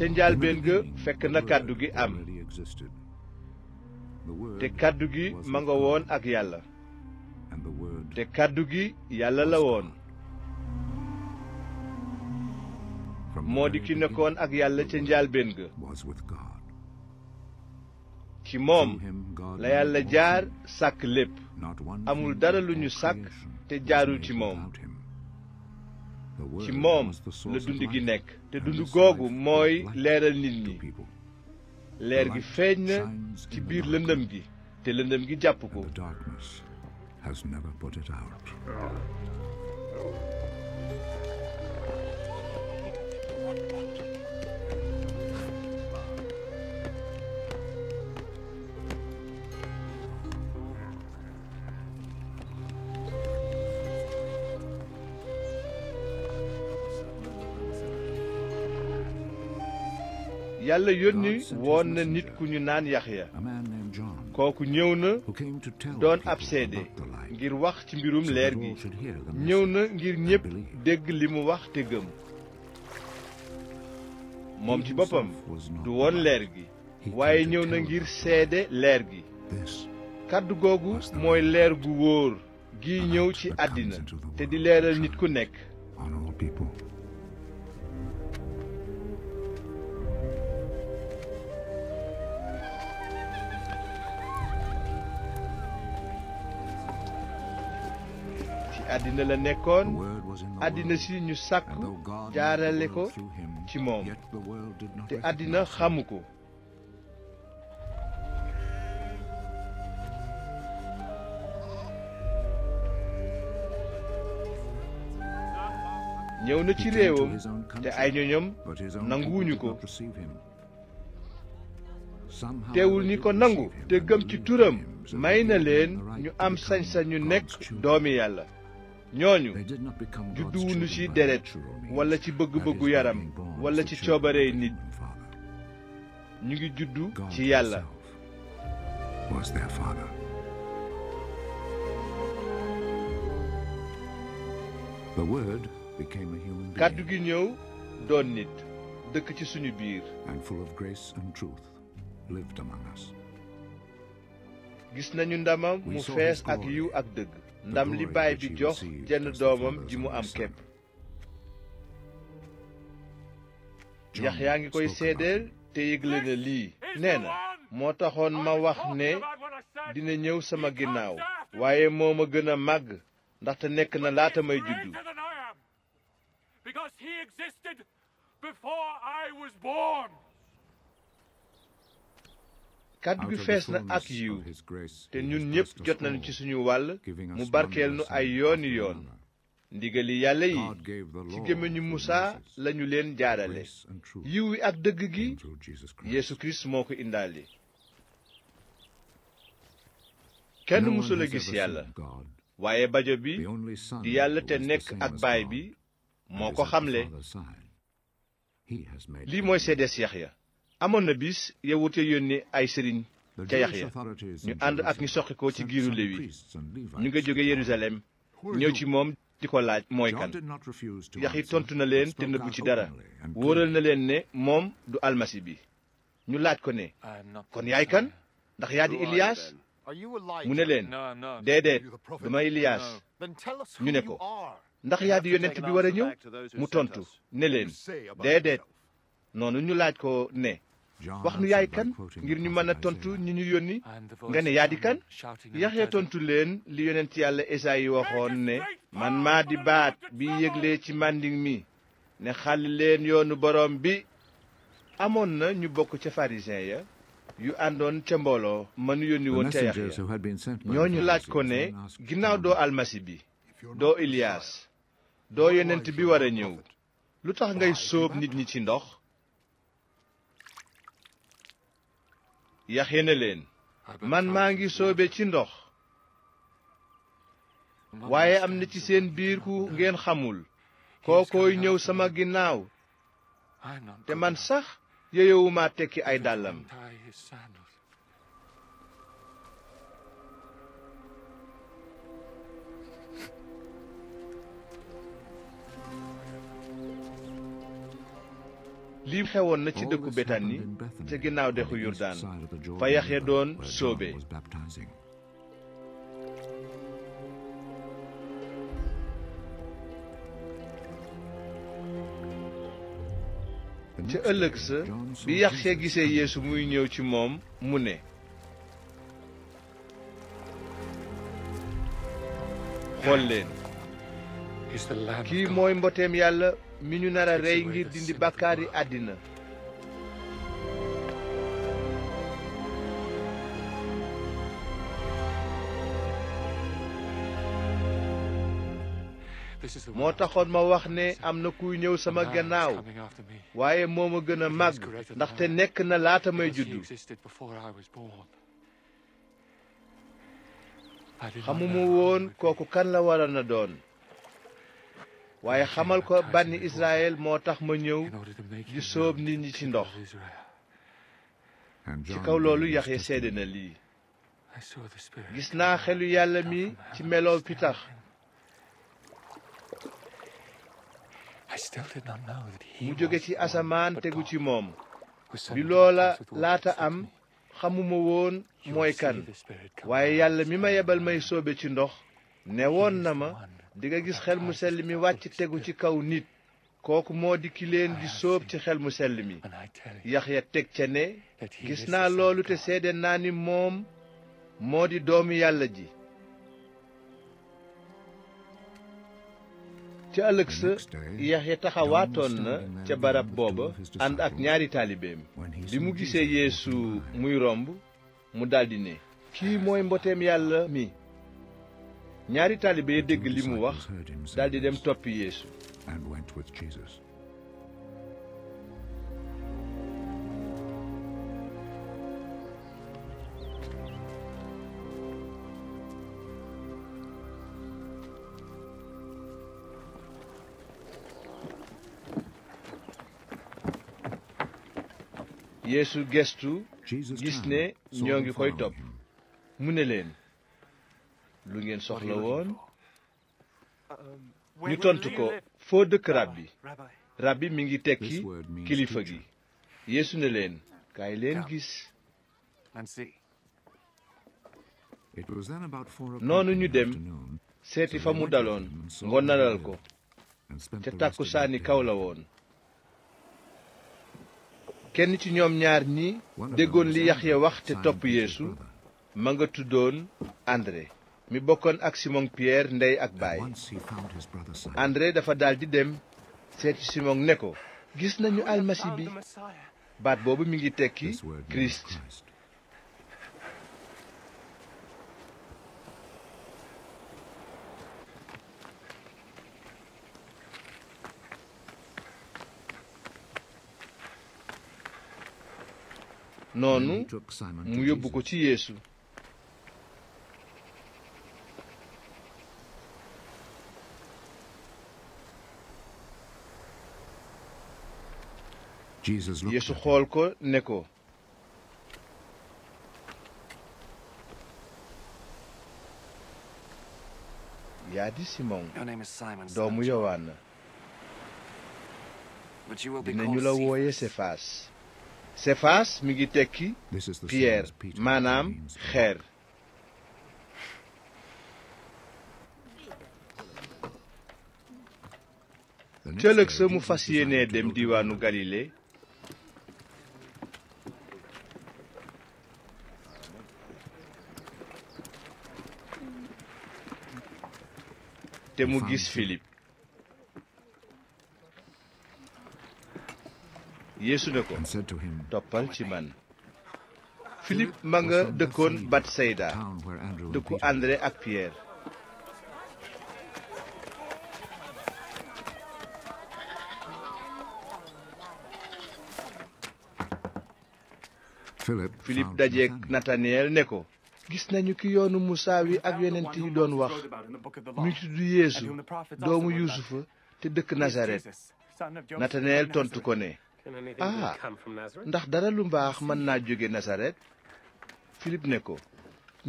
ca njaalbéen ga fekk na kàddu gi am te kàddu gi ma nga woon ak yàlla te kàddu gi yàlla la woon moo di ki nekkoon ak yàlla ca njaalbéen ga ci moom la yàlla jaar sàkk lépp amul dara lu ñu sàkk te jaarul ci moom ci moom la dund gi nekk te dund googu mooy leeral nit ñi leer gi feeñ na ci biir lëndëm gi te lëndëm gi jàpp ko yàlla yónni woon na nit ku ñu naan yaxya kooku ñëw na doon ab seede ngir wax ci mbirum leer gi ñëw na ngir ñépp dégg li mu wax te gëm moom ci boppam du woon leer gi waaye ñëw na ngir seede leer gi kàddu googu mooy leer gu wóor gi ñëw ci àddina te di leeral nit ku nekk àddina la nekkoon si ñu sàkk jaarale ko ci te àddina xamu ko ñëw na ci réewam te ay ñoñam nanguwuñu ko teewul ñi ko nangu te ci turam may na leen ñu am sañ-sañu nekk doomi yàlla ñooñu judduwuñu ci deret walla ci bëgg-bëggu yaram walla ci coobarey nit ñu ngi juddu ci yàlla kàddu gi ñëw doon nit dëkk ci suñu biir gis nañu ndamam mu fees ak yiw ak dëgg ndam li baay bi jenn doomam ji mu am képp yaxyaa ngi koy seedeel te yëgle na lii nee na moo taxoon ma wax ne dina ñëw sama ginnaaw waaye moo ma gën a màgg ndaxte nekk na laata may juddu kàddu fees na ak yiw te ñun ñépp jot nañu ci suñu wàll mu barkeel nu ay yooni yoon ndigali yàlla yi ci gémmiñu musaa lañu leen jaarale yiw wi ak dëgg gi Yeesu Kirist moo ko indaale kenn mësul a gis yàlla waaye bajo bi di yàlla te nekk ak baay bi moo ko xamle lii mooy seedes Yaxya amoon na bis yawut ya yónni ay sëriñ ca Yaxya ñu ànd ak ñu soqi ko ci giiru Léwi ñu nga jóge Yerusalem ñëw ci moom di ko laaj mooy kan yi tontu na leen te nëbbu ci dara wóoral na leen ne moom du almasi bi ñu laaj ko ne kon yaay kan ndax yaa di Iliyaas mu ne leen déedéet dama Iliyaas ñu ne ko ndax yaa di yonent bi war a ñëw mu tontu ne leen déedéet noonu ñu laaj ko ne wax nu yaay kan ngir ñu mën a tontu ñi ñu yónni nga ne yaa di kan yaxya tontu leen li yonent yàlla esaayi waxoon ne man maa di baat bi yëgle ci màndiŋ mi ne xàll leen yoonu boroom bi amoon na ñu bokk ca pharisien ya yu àndoon ca mbooloo mënu yónni woon ca yaxya ñu laaj ko ne ginnaaw doo almasi bi doo iliyaas doo yonent bi war a ñëw lu tax ngay sóob nit ñi ci ndox yaxye na leen man maa ngi soobe ci ndox waaye am na ci seen biir ku ngeen xamul kookooy ñëw sama ginnaaw te man sax yeyowuma tekki ay dàllam lii xewoon na ci dëkku betani ca ginnaaw dexu yurdaan fa yaxya doon sóobe ca ëllëg sa bi yaxya gisee yeesu muy ñëw ci moom mu ne xool leen kii mooy mboteem yàlla mi ñu nar a rey ngir dindi bàkkaari àddina moo taxoon ma wax ne am na kuy ñëw sama gannaaw waaye moo ma gën a màgg ndaxte nekk na laata may juddu xamuma woon kooku kan la waroon a doon waaye xamal ko bànni Israël moo tax ma ñëw di sóob nit ñi ci ndox ci kaw loolu Yaxya seede na lii gis naa xelu yàlla mi ci meloo pitax mu jóge ci asamaan tegu ci moom bi loola laata am xamuma woon mooy kan waaye yàlla mi ma yebal may sóobe ci ndox ne woon na ma di nga gis xel mu sell mi wàcc tegu ci kaw nit kooku moo di ki leen di sóob ci xel mu sell mi ya teg ca ne gis naa loolu te seede naa ni moom moo di doomi yàlla ji ca ëllëg sa Yaxya taxawaatoon na ca barab booba ànd ak ñaari taalibeem bi mu gisee Yeesu muy romb mu daldi ne kii mooy mboteem yàlla mi ñaari taalibe dégg li mu wax daldi dem topp Yeesu gestu gis ne ñoo ngi koy topp mu ne leen lu ngeen soxla woon um, ñu tontu ko foo dëkk ah, rabbi rabbi mi ngi tekki kilifa gi yeesu ne leen kaay leen gis noonu ñu dem seeti fa mu daloon ngonalal ko te tàkkusaani kaw la woon kenn ci ñoom ñaar ñi déggoon li Yaxya wax te topp Yeesu ma nga tuddoon André mi bokkoon ak simon pierre ndey ak baay andré dafa daldi dem seeti simon ne ko gis nañu almasi bi baat boobu mi ngi tekki kirist noonu mu yóbbu ko ci yéesu Yeesu xool ko ne ko yaa di Simon doomu Yowaana dinañu la wooye Sefaas Sefaas mi ngi tekki Pierre maanaam xeer cëlëg mu fas yéene dem diiwaanu Galile te mu gis Philippe yeesu ne ko toppal ci man Philippe ma nga dëkkoon Batsayda dëkku André ak Pierre Philippe dajeek Nataniyel ne ko gis nañu ki yoonu musaa wi ak yonent yi doon wax mu ngi tudd yeesu doomu yuusufa te dëkk nasaret nataneel tontu ko ne ah ndax dara lu mbaax mën naa jóge nasaret filip ne ko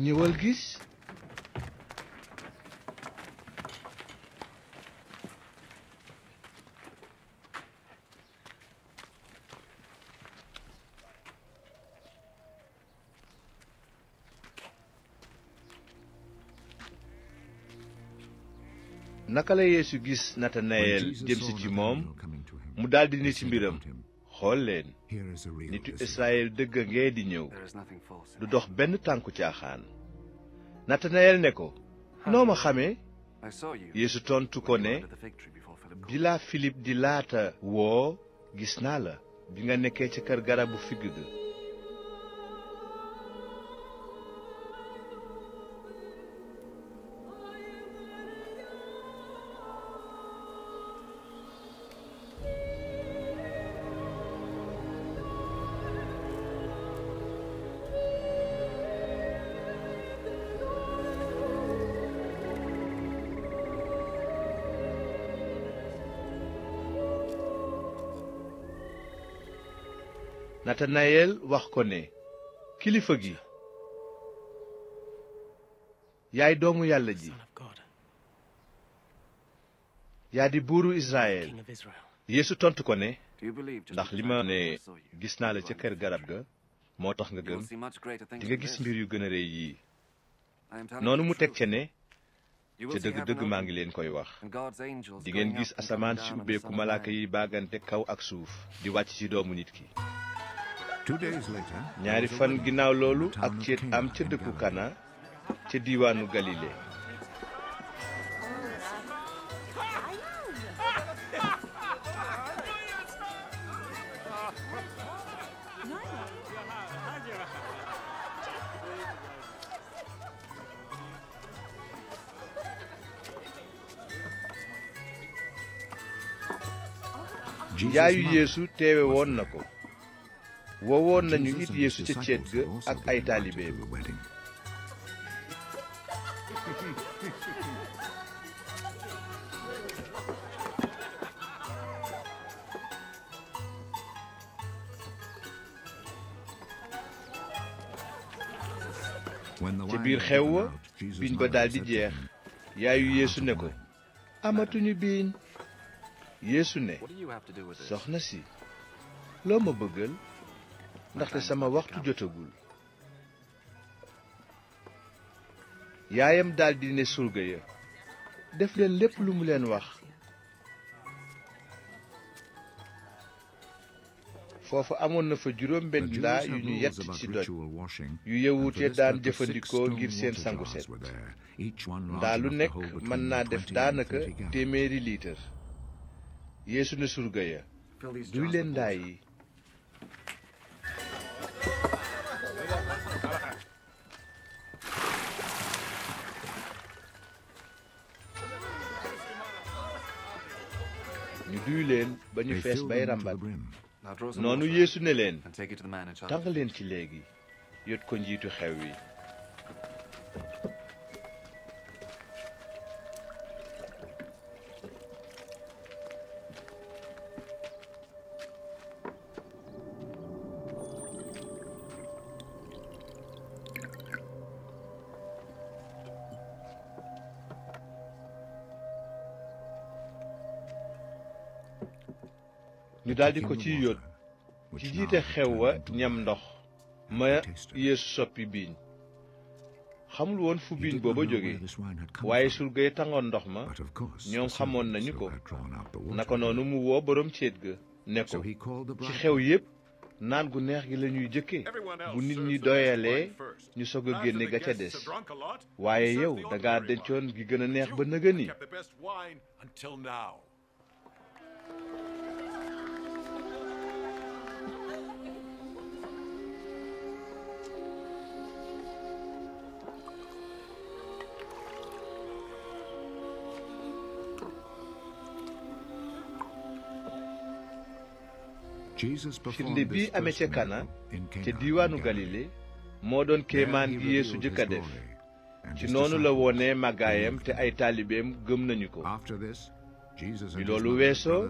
ñëwal gis naka la yeesu gis natanayel jëm si ci moom mu daldi ni ci mbiram xool leen nitu israyel dëgg a ngee di ñëw du dox benn tànku caaxaan natanayel ne ko noo ma xamee yeesu tontu ko ne bi la filip di laata woo gis naa la bi nga nekkee ca kër garabu figg ga natanayel wax ko ne kilifa gi yaay doomu yàlla ji yaa di buuru Israël Yeesu tontu ko ne ndax li ma ne gis naa la ca kër garab ga moo tax nga gëm di nga gis mbir yu gën a rëy yii noonu mu teg ca ne ca dëgg-dëgg maa ngi leen koy wax di ngeen gis asamaan si ubbeeku malaaka yi baagante kaw ak suuf di wàcc ci doomu nit ki ñaari fan ginnaaw loolu ak ci am ca dëkku Kana ca diiwaanu Galile yaayu Yeesu teewe ko woowoon nañu it yeesu ca ceet ga ak ay taalibeem ca biir xew wa biiñ ba daldi jeex yaayu yeesu ne ko amatuñu biiñ yeesu ne soxna si loo ma bëggal ndaxte sama waxtu jotagul yaayam daldi ne surga ya def leen lépp lu mu leen wax foofu amoon na fa juróom benn laa yu ñu yett ci doj yu yëwute daan jëfandikoo ngir seen sangu set ndaa lu nekk mën naa def daanaka téeméeri liitar yeesu ne surga ya duy leen ndaa yi duy leen ba ñu fees bay rambat noonu yéesu ne leen tànq leen ci léegi yot ko njiitu xew wi daldi ko ci yót ci jiite xew wa ñam ndox ma yeesu soppi biiñ xamul woon fu biiñ booba jóge waaye surga ya tangoon ndox ma ñoom xamoon nañu ko naka noonu mu woo boroom céet ga ne ko ci xew yépp naan gu neex gi lañuy jëkke bu nit ñi doyalee ñu sog a génne ga ca des waaye yow danga dencoon gi gën a neex ba nëgëni firnde bi amee ca kana te diiwaanu galile moo doon kéemaan gi yeesu jëkk a def ci noonu la wone màggaayam te ay taalibeem gëm nañu ko bi loolu weesoo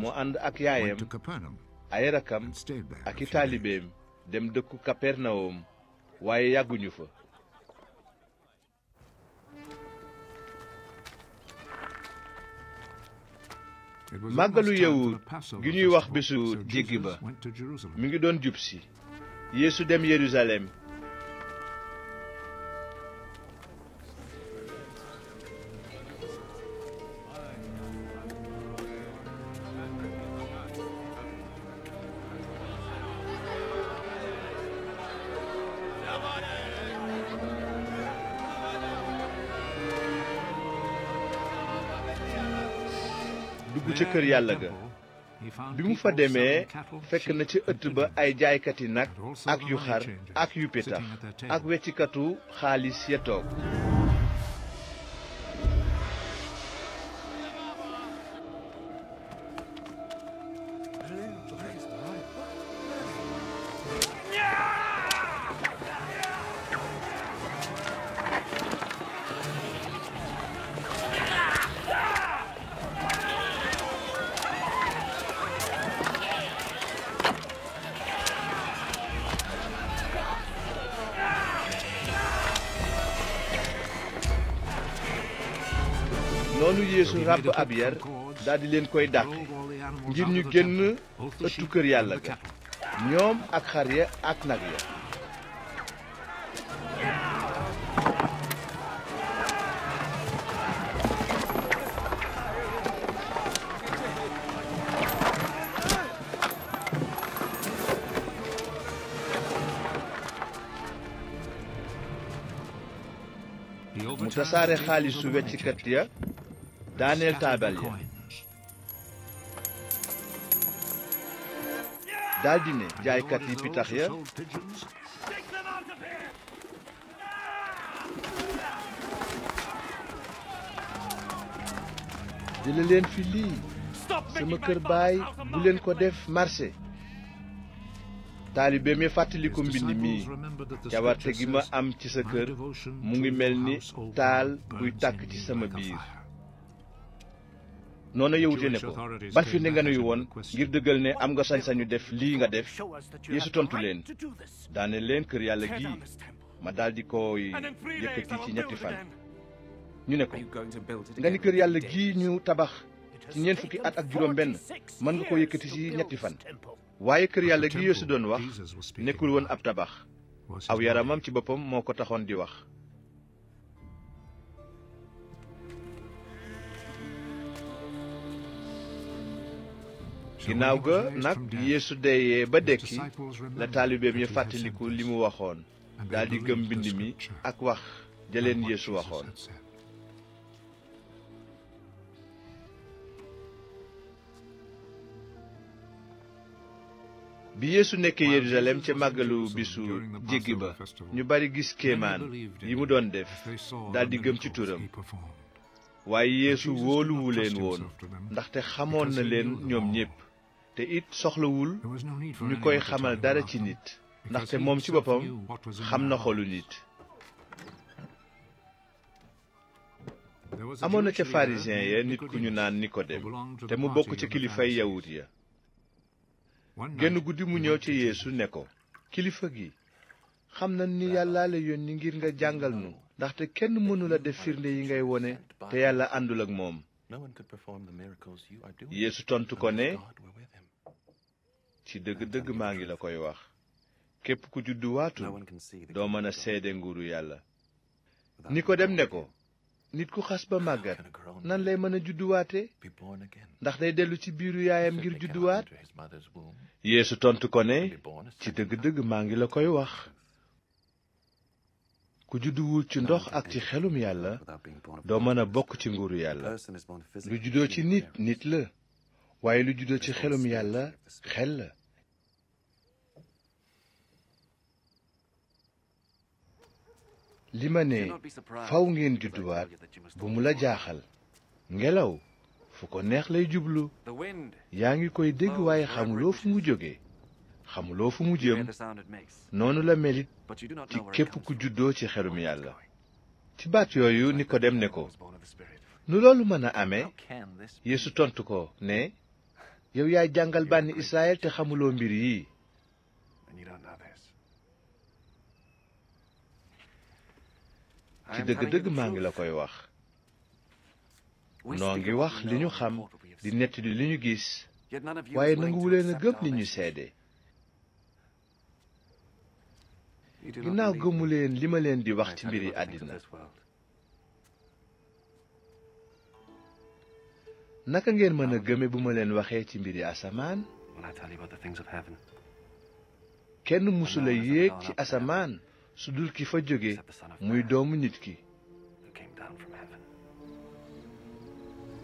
mu ànd ak yaayam ay rakam ak i taalibeem dem dëkku kapernawum waaye yàgguñu fa màggalu yawut gi ñuy wax bésu jéggi ba mi ngi doon jub si yéesu dem yerusalem ca kër yàlla ga bi mu fa demee fekk na ca ëtt ba ay jaaykati nag ak yu xar ak yu pitax ak weccikatu xaalis ya toog màbb ab yar kër yàlla ga ñoom ak mu tasaare xaalisu wecckat ya Daniel Taabalya daldi ne jaaykat yi pitax ya jële fi lii sama kër baay bu leen ko def marché taalibe mi fàttaliku mbind mii cawarte gi ma am ci sa kër mu ngi mel ni taal buy tàkk ci sama biir noona yëwute ne ko basi ni nga nuyu woon ngir dëggal ne am nga sañ-sañu def lii nga def yeesu tontu leen daane leen kër yàlla gii ma daldi koy yëkkati ci ñetti fan ñu ne ko nga ni kër yàlla gii ñu tabax ci ñeent fukki at ak juróom benn mën nga ko yëkkati ci ñetti fan waaye kër yàlla gi yeesu doon wax nekkul woon ab tabax aw yaramam ci boppam moo ko taxoon di wax ginnaaw ga nag bi yeesu deyee ba dekki la taalibeem ya fàttaliku li mu waxoon daldi gëm mbind mi ak wax jaleen yeesu waxoon bi yeesu nekkee yerusalem ca màggalu bisu jéggi ba ñu bari gis kéemaan yi mu doon def daldi gëm ci turam waaye yeesu wóoluwu leen woon ndaxte xamoon na leen ñoom ñépp te it soxlawul ñu koy xamal dara ci nit ndaxte moom ci boppam xam na xolu nit amoon na ca pharisien ya nit ku ñu naan ni Nikodem te mu bokk ca kilifay yawut ya genn guddi mu ñëw ci Yeesu ne ko kilifa gi xam na ni yàllaa yoon yónni ngir nga jàngal nu ndaxte kenn mënula def firnde yi ngay wone te yàlla àndul ak moom Yeesu tontu ko ne ci dëgg-dëgg maa ngi la koy wax képp ku judduwaatul doo mën a seede nguuru yàlla ni ko dem ne ko nit ku xas ba màggat nan lay mën a judduwaate ndax day dellu ci biiru yaayam ngir judduwaat yéesu tontu ko ne ci dëgg-dëgg maa ngi la koy wax ku judduwul ci ndox ak ci xelum yàlla doo mën a bokk ci nguuru yàlla lu juddoo ci nit nit la waaye lu juddoo ci xelum yàlla xel la li ma ne faw ngeen judduwaat bu mu la jaaxal ngelaw fu ko neex lay jublu yaa ngi koy dégg waaye xamuloo fu mu jóge xamuloo fu mu jëm noonu la melit ci képp ku juddoo ci xelum yàlla ci baat yooyu ni ko dem ne ko nu loolu mën a amee Yeesu tontu ko ne yow yaay jàngal bànni Israyil te xamuloo mbir yi ci maa ngi la koy wax wax li ñu xam di nettali li ñu gis waaye nanguwuleen a gëm li ñu seede ginnaaw gëmuleen li ma leen di wax ci mbiri àddina naka ngeen mën a gëme bu ma leen waxee ci mbiri asamaan kenn mësula yéeg ci asamaan su dul ki fa jóge muy doomu nit ki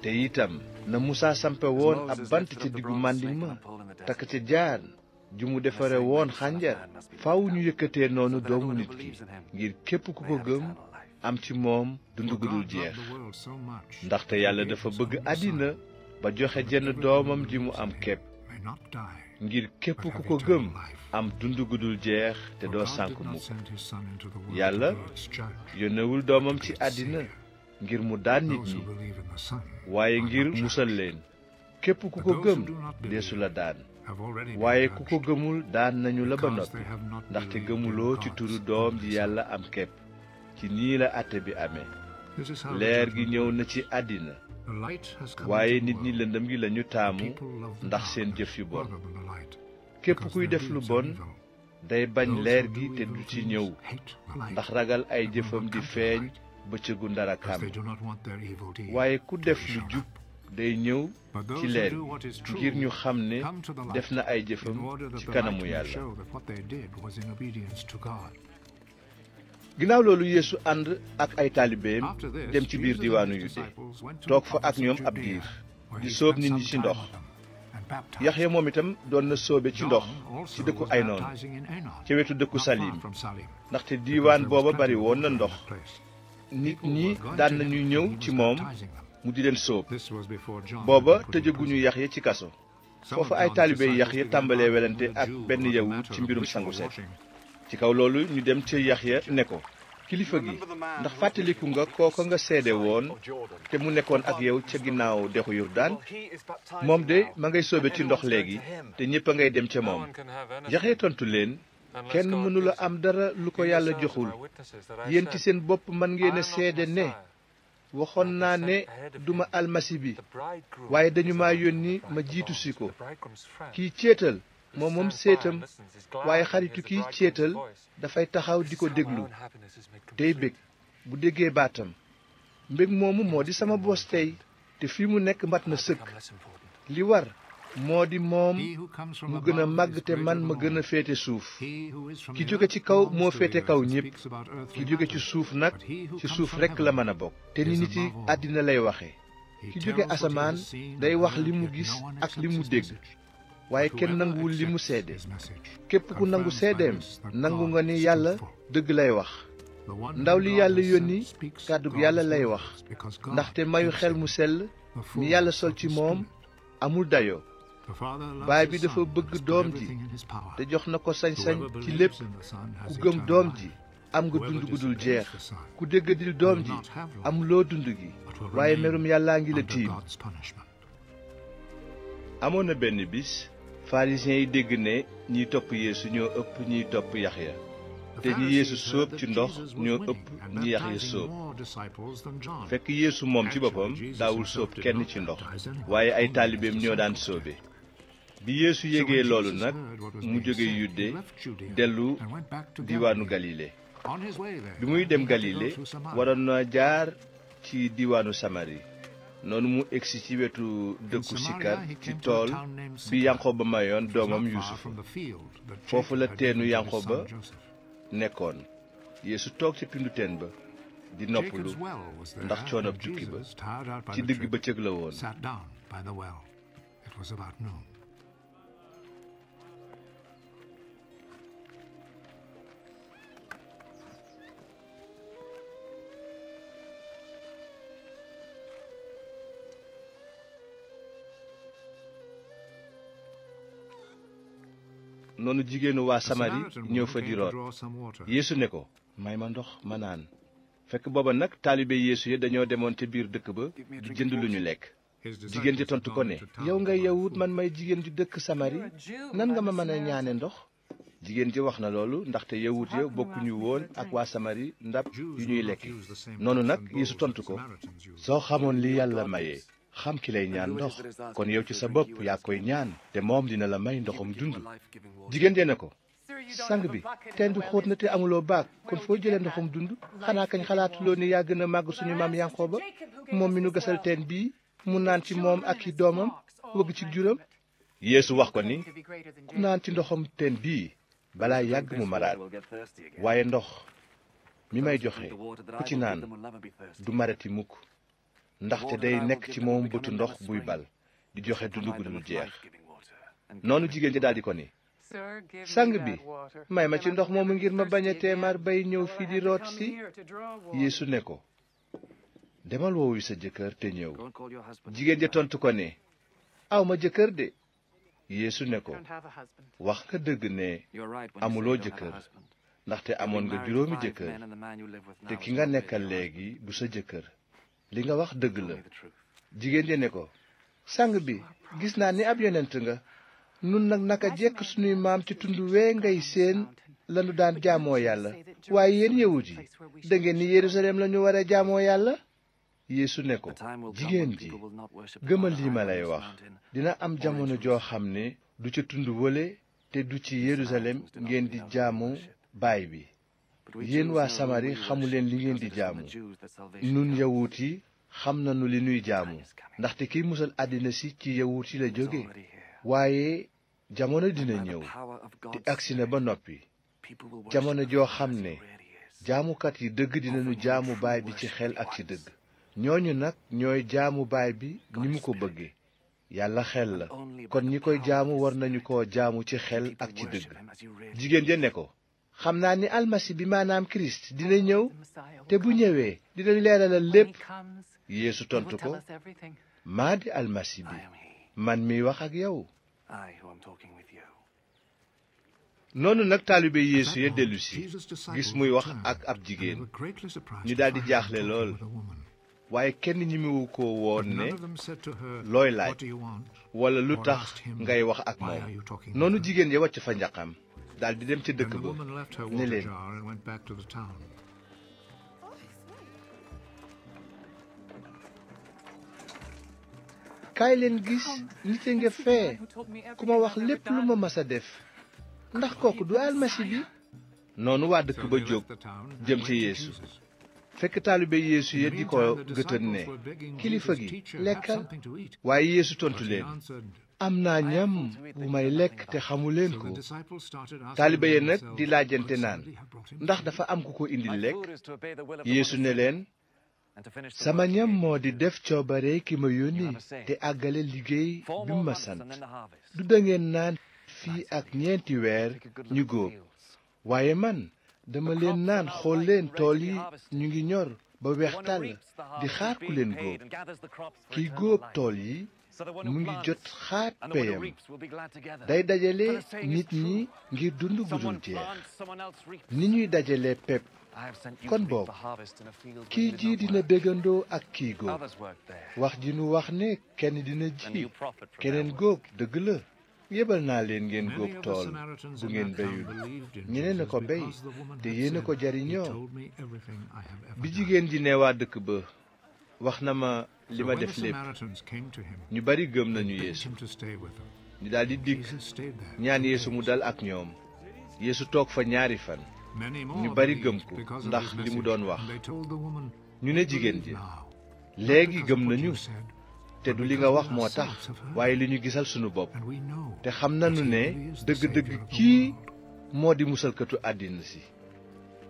te itam na Musaa sampe woon ab bant ci diggu màndiŋ ma takk ca jaan ju mu defare woon xànjar faaw ñu yëkkatee noonu doomu nit ki ngir képp ku ko gëm am ci moom dund gu dul jeex ndaxte yàlla dafa bëgg àddina ba joxe jenn doomam ji mu am képp ngir képp ku ko gëm am dund gu dul jeex te doo sànku mukk yàlla yónnewul doomam ci àddina ngir mu daan nit ñi waaye ngir musal leen képp ku ko gëm deesu la daan waaye ku ko gëmul daan nañu la ba noppi ndaxte gëmuloo ci turu doom ji yàlla am képp ci nii la àtte bi ame leer gi ñëw na ci àddina waaye nit ñi lëndëm gi lañu taamu ndax seen jëf yu bon képp kuy def lu bon day bañ leer gi te du ci ñëw ndax ragal ay jëfam di feeñ bëccëgu ndarakaam waaye ku def lu jub day ñëw ci leer ngir ñu xam ne def na ay jëfam ci kanamu yàlla ginnaaw loolu yeesu ànd ak ay taalibeem dem ci biir diiwaanu yude toog fa ak ñoom ab diir di sóob nit ñi ci ndox yaxya moom itam doon na sóobe ci ndox ci dëkku aynoon ca wetu dëkku salim ndaxte diiwaan booba bari woon na ndox nit ñi daan nañu ñëw ci moom mu di leen sóob booba tëjaguñu yaxya ci kaso foofa ay taalibe yaxya tàmbalee welante ak benn yawut ci mbirum sangu set ci kaw loolu ñu dem ca ya ne ko kilifa gi ndax fàttaliku nga kooko nga seede woon te mu nekkoon ak yow ca ginnaaw dexu Yordaan moom de ma ngay soobe ci ndox léegi te ñépp a ngay dem ca moom Yaxya tontu leen kenn mënula am dara lu ko yàlla joxul yéen ci seen bopp man ngeen a seede ne waxoon naa ne duma almasi bi waaye dañu ma yónni ma jiitu si ko kiy céetal moom moom séetam waaye xaritu kiy céetal dafay taxaw di ko déglu day bég bu déggee baatam mbég moomu moo di sama bos tey te fii mu nekk mat na sëkk li war moo di moom mu gën a màgg te man ma gën a féete suuf ki jóge ci kaw moo féete kaw ñépp ki jóge ci suuf nag ci suuf rekk la mën a bokk te ni nit yi àddina lay waxe ki jóge asamaan day wax li mu gis ak li mu dégg waaye kenn nanguwul li mu seede képp ku nangu seedeem nangu nga ni yàlla dëgg lay wax ndaw li yàlla yónni kàddug yàlla lay wax ndaxte mayu xel mu sell mi yàlla sol ci moom amul dayoo baay bi dafa bëgg doom ji te jox na ko sañ-sañ ci lépp ku gëm doom ji am nga dund gu dul jeex ku déggadil doom ji am loo dund gi waaye merum yàllaa ngi la tiim amoon na benn bis farisiyen yi dégg ne ñiy topp yeesu ñoo ëpp ñiy topp yaxya te ñi yeesu sóob ci ndox ñoo ëpp ñi yaxya sóob fekk yeesu moom ci boppam daawul sóob kenn ci ndox waaye ay taalibeem ñoo daan sóobe bi yeesu yégee loolu nag mu jóge yudde dellu diiwaanu galile bi muy dem galile waroon na jaar ci diiwaanu samari noonu mu egsi ci wetu dëkku Sikar ci tool bi ba mayoon doomam Yuusufa foofu la teenu ba nekkoon Yeesu toog ca pindu teen ba di noppalu ndax coonob tukki ba ci digg bëccëg la woon noonu jigéenu waa samari ñëw fa di root yeesu ne ko may ma ndox ma naan fekk booba nag taalibe yéesu ya dañoo demoon ca biir dëkk ba di jënd lu ñu lekk jigéen ji tontu ko ne yow ngay yawut man may jigéen ju dëkk samari nan nga ma mën a ñaane ndox jigéen ji wax na loolu ndaxte yawut ya bokkuñu woon ak waa samari ndab yu ñuy lekk noonu nag yeesu tontu ko soo xamoon li yàlla maye xam ki lay ñaan ndox kon yow ci sa bopp yaa koy ñaan te moom dina la may ndoxum dund jigéen dee na ko sang bi teen bi xóot na te amuloo baag kon foo jëlee ndoxum dund xanaa kañ xalaatuloo ni yaa gën a màgg suñu maam Yanqooba moom mi nu gasal teen bii mu naan ci moom ak i doomam wëgg ci juróom yéesu wax ko ni ku naan ci ndoxum teen bii balaa yàgg mu maraat waaye ndox mi may joxe ku ci naan du marati mukk ndaxte day nekk ci moom bëtu ndox buy bal di joxe dund gu dul jeex noonu jigéen ji daal di ko ni sang bi may ma ci ndox moomu ngir ma bañ a teemaar bay ñëw fii di root si yeesu ne ko demal woowu sa jëkkër te ñëw jigéen ja tontu ko ne aw ma jëkkër de yeesu ne ko wax nga dëgg ne amuloo jëkkër ndaxte amoon nga juróomi jëkkër te ki nga nekkal léegi bu sa jëkkër li nga wax dëgg la jigéen ja ne ko sang bi gis naa ni ab yonent nga nun nag naka jekk sunuy maam ci tund wee ngay seen lanu daan jaamoo yàlla waaye yéen yawut yi dangeen ni yerusalem lañu war a jaamoo yàlla yeesu ne ko jigéen ji gëmal li ma lay wax dina am jamono joo xam ne du ca tund wële te du ci yerusalem ngeen di jaamu baay bi yéen waa samari xamu leen li ngeen di jaamu nun yawut yi xam nañu li nuy jaamu ndaxte kiy musal àddina si ci yawut yi la jóge waaye jamono dina ñëw te agsi na ba noppi jamono joo xam ne jaamukat yi dëgg dinañu jaamu baay bi ci xel ak ci dëgg ñooñu nag ñooy jaamu baay bi ni mu ko bëgge yàlla xel la kon ñi koy jaamu war nañu ko jaamu ci xel ak ci dëgg jigéen ja ko xam naa ni almasi bi maanaam kirist dina ñëw te bu ñëwee dinañ leeralal lépp yéesu tontu ko maa di almasi bi man miy wax ak yow noonu nag taalibe yeesu ya dellusi gis muy wax ak ab jigéen ñu daldi jaaxle lool waaye kenn ñimiwu ko woon ne looy laaj walla lu tax ngay wax ak moom noonu jigéen ya wàcc fa njaqam daal di dem ci dëkk kaay leen gis nit a nga ku ma wax lépp lu ma mës def ndax kooku du almasi bi noonu waa dëkk ba jóg jëm ci yeesu fekk taalibe yeesu ya di ko gëtën ne kilifa gi lekkal waaye yeesu tontu leen am naa ñam bu may lekk te xamuleen ko taalibe yi di laajante naan ndax dafa am ku ko indil lekk yeesu ne leen sama ñam moo di def coobare ki ma yónni te àggale liggéey bi mu ma sant du dangeen naan fii ak ñeenti weer ñu góob waaye man dama leen naan xool leen tool yi ñu ngi ñor ba weex tàll di xaar ku leen góob kiy góob tool yi mu ngi jot xàppeeyam day dajale nit ñi ngir dund gu dul jeex ni ñuy dajale pepp kon boog kii ji dina béggandoo ak kii góob wax ji nu wax ne kenn dina ji keneen góob dëgg la yebal naa leen ngeen góob tool bu ngeen béyul ñeneen a ko béy te yéen ko jariñoo bi jigéen ji neewaa dëkk ba wax na ma li ma def lépp ñu bari gëm nañu yeesu ñu daal di dikk ñaan yeesu mu dal ak ñoom yéesu toog fa ñaari fan ñu bari gëm ko ndax li mu doon wax ñu ne jigéen ji léegi gëm nañu te du li nga wax moo tax waaye li ñu gisal sunu bopp te xam nañu ne dëgg-dëgg kii moo di musalkatu àddina si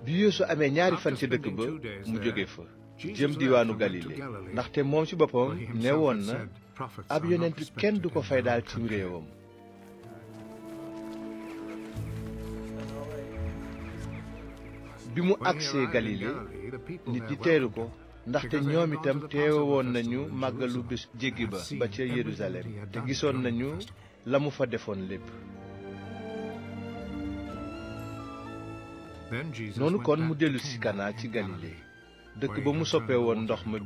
bi yeesu amee ñaari fan ci dëkk ba mu jóge fa jëm diwaanu Galile ndaxte moom ci boppam ne woon na ab yonent kenn du ko fay daal cim réewam bi mu agsee Galile nit di teeru ko ndaxte ñoom itam teewe woon nañu màggalu bés jéggi ba ca Yerusalem te gisoon nañu la mu fa defoon lépp noonu kon mu dellu si Kana ci Galile dëkk ba mu soppee woon ndox ma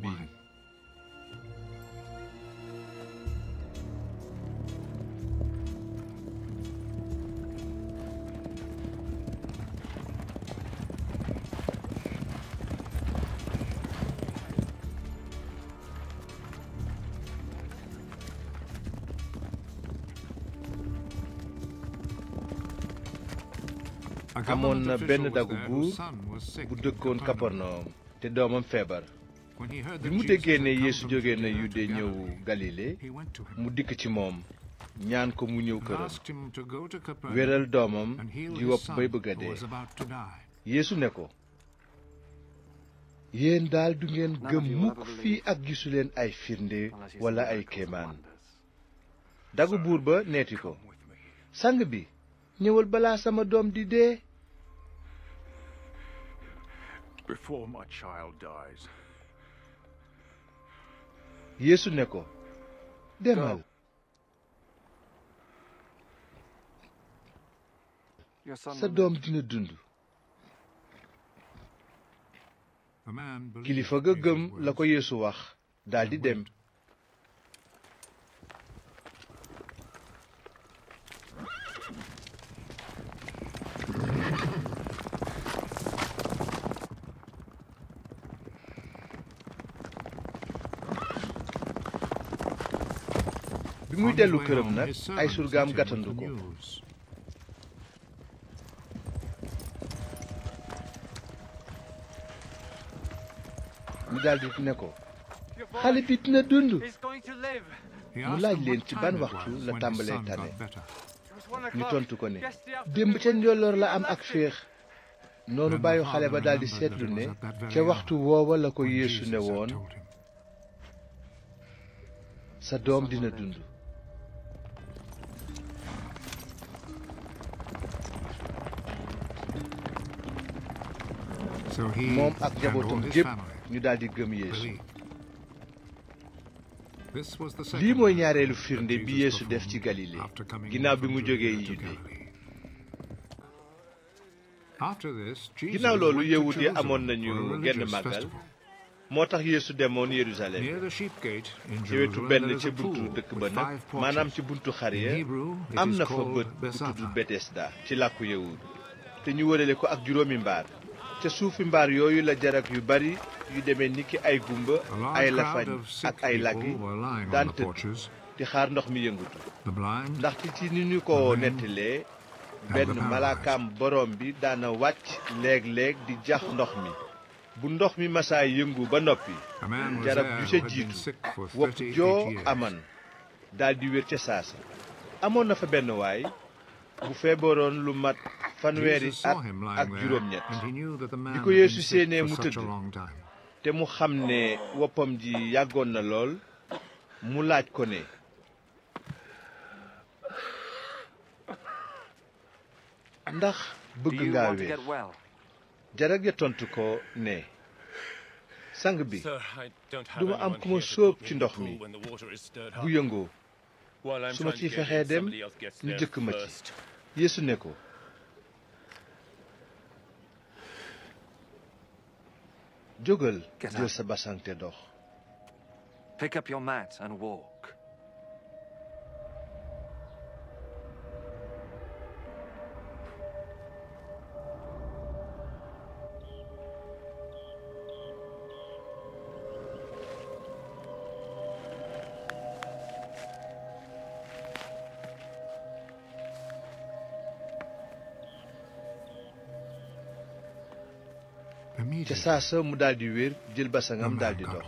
amoon na benn dagu buur bu dëkkoon Kapernaum te doomam feebar bi mu déggee ne yeesu jóge na yude ñëw galile mu dikk ci moom ñaan ko mu ñëw këram wéral doomam di wopp bay bëgg a dee yeesu ne ko yéen daal du ngeen gëm mukk fii ak gisuleen ay firnde walla ay kéemaan dagu buur ba neeti ko sang bi ñëwal balaa sama doom di dee before my child dies. ne ko demal. sa doom dina dund. kilifa ga gëm la ko Yesu wax daldi dem. bi muy dellu këram nag ko mu daldi ne ko xale bi dina dund mu laaj leen ci ban waxtu la tàmbalee tane ñu tontu ko ne démb ca njolloor la am ak féex noonu bàyyi xale ba daldi seetlu ne ca waxtu woowa la ko yeesu ne woon sa doom dina dund moom ak njabootam ñu daal di gëm yeesu lii mooy ñaareelu firnde bi yeesu def ci galile ginnaaw bi mu jógee Yude ginnaaw loolu yawut yi amoon nañu genn màggal moo tax yeesu demoon Yerusalem ci wetu benn ca buntu dëkk ba nag maanaam ci buntu xar ya am na fa bët bu tudd Betesda ci làkku yawut te ñu wërale ko ak juróomi mbaar ca suufi mbaar yooyu la jarak yu bari yu demee niki ay gumba ay lafañ ak ay làggi daan tëdd di xaar ndox mi yëngutu ndaxte ci ni ñu ko nettalee benn malaakaam borom bi daana wàcc léeg-léeg di jax ndox mi bu ndox mi masaa yëngu ba noppi jarab ju ca jiitu wopp joo aman daldi wér ca saasa amoon na fa benn waay bu feebaroon lu mat fanweeri at ak juróom-ñett bi ko yeesu séenee mu tëdd te mu xam ne woppam ji yàggoon na lool mu laaj ko ne ndax bëgg nga wér jarag ya tontu ko ne sang bi duma am ku ma sóob ci ndox mi bu yëngoo su ma ciy fexee dem ñu jëkk ma ci yeesu ne ko jógal jël sa basan te dox. Pick up your mat and walk. ca saa sa mu daldi wér jël basangam daldi dox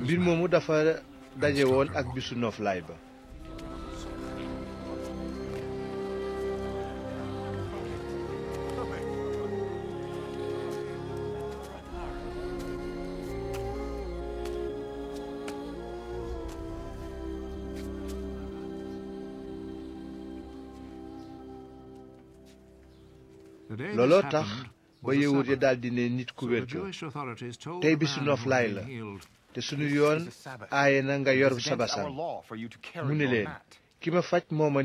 mbir moomu dafa daje woon ak bisu noflaay ba looloo tax ba yawut ya daldi ne nit ku wér ko tey bisu noflaay la te sunu yoon aaye na nga yor sa basang mu ne leen ki ma faj moo ma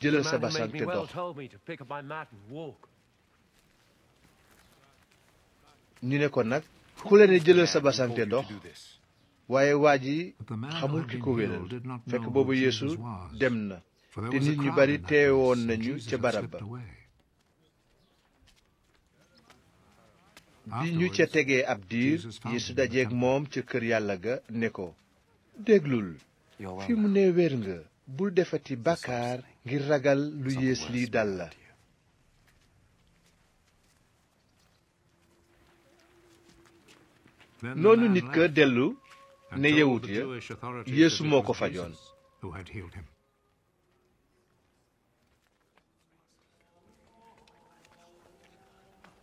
jëlal sa basang te dox ne ko nag ku la ne sa basang te dox waaye waa ji xamul ki ko wéral fekk boobu Yeesu dem na te nit ñu bari teewoon nañu ca barab ba bi ñu ca tegee ab diir Yeesu dajeeg moom ca kër yàlla ga ne ko déglul fi mu ne wér nga bul defati bàkkaar ngir ragal lu yées lii dal la noonu nit ka dellu ko fajoon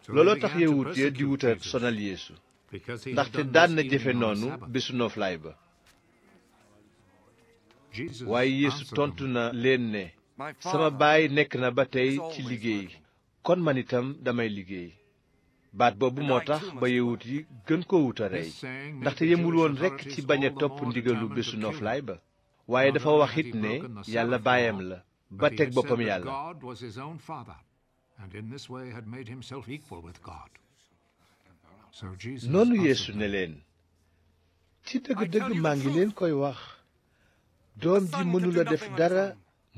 looloo tax yawut ya di wuta sonal daan na jëfe noonu bésu nooflaay ba waaye yeesu tontu na leen ne sama baay nekk na ba tey ci liggéey kon man itam damay liggéey baat boobu moo tax ba yawut yi gën koo wuta rey ndaxte yemul woon rekk ci bañ a topp ndigalu bésu nooflaay ba waaye dafa wax it ne yàlla baayam la ba teg boppam yàlla noonu yeesu ne leen ci dëgg-dëgg maa ngi leen koy wax doom ji mënula def dara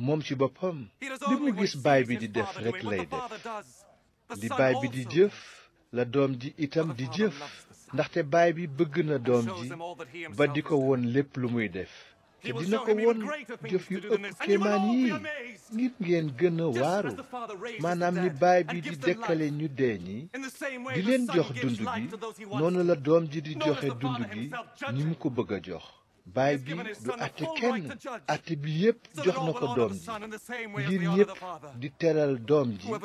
moom ci boppam li mu gis baay bi di def rekk lay def li baay bi di jëf la doom ji itam di jëf ndaxte baay bi bëgg na doom ji ba di ko won lépp lu muy def te dina ko woon jëf yu ëpp kéemaan yi ngir ngeen gën a waaru maanaam ni baay bi di dekkale ñu dee ñi di leen jox dund gi noonu la doom ji di joxe dund gi ñi mu ko bëgg a jox baay bi du àtte kenn àtte bi yépp jox na ko doom ji ngir ñépp di teral doom ji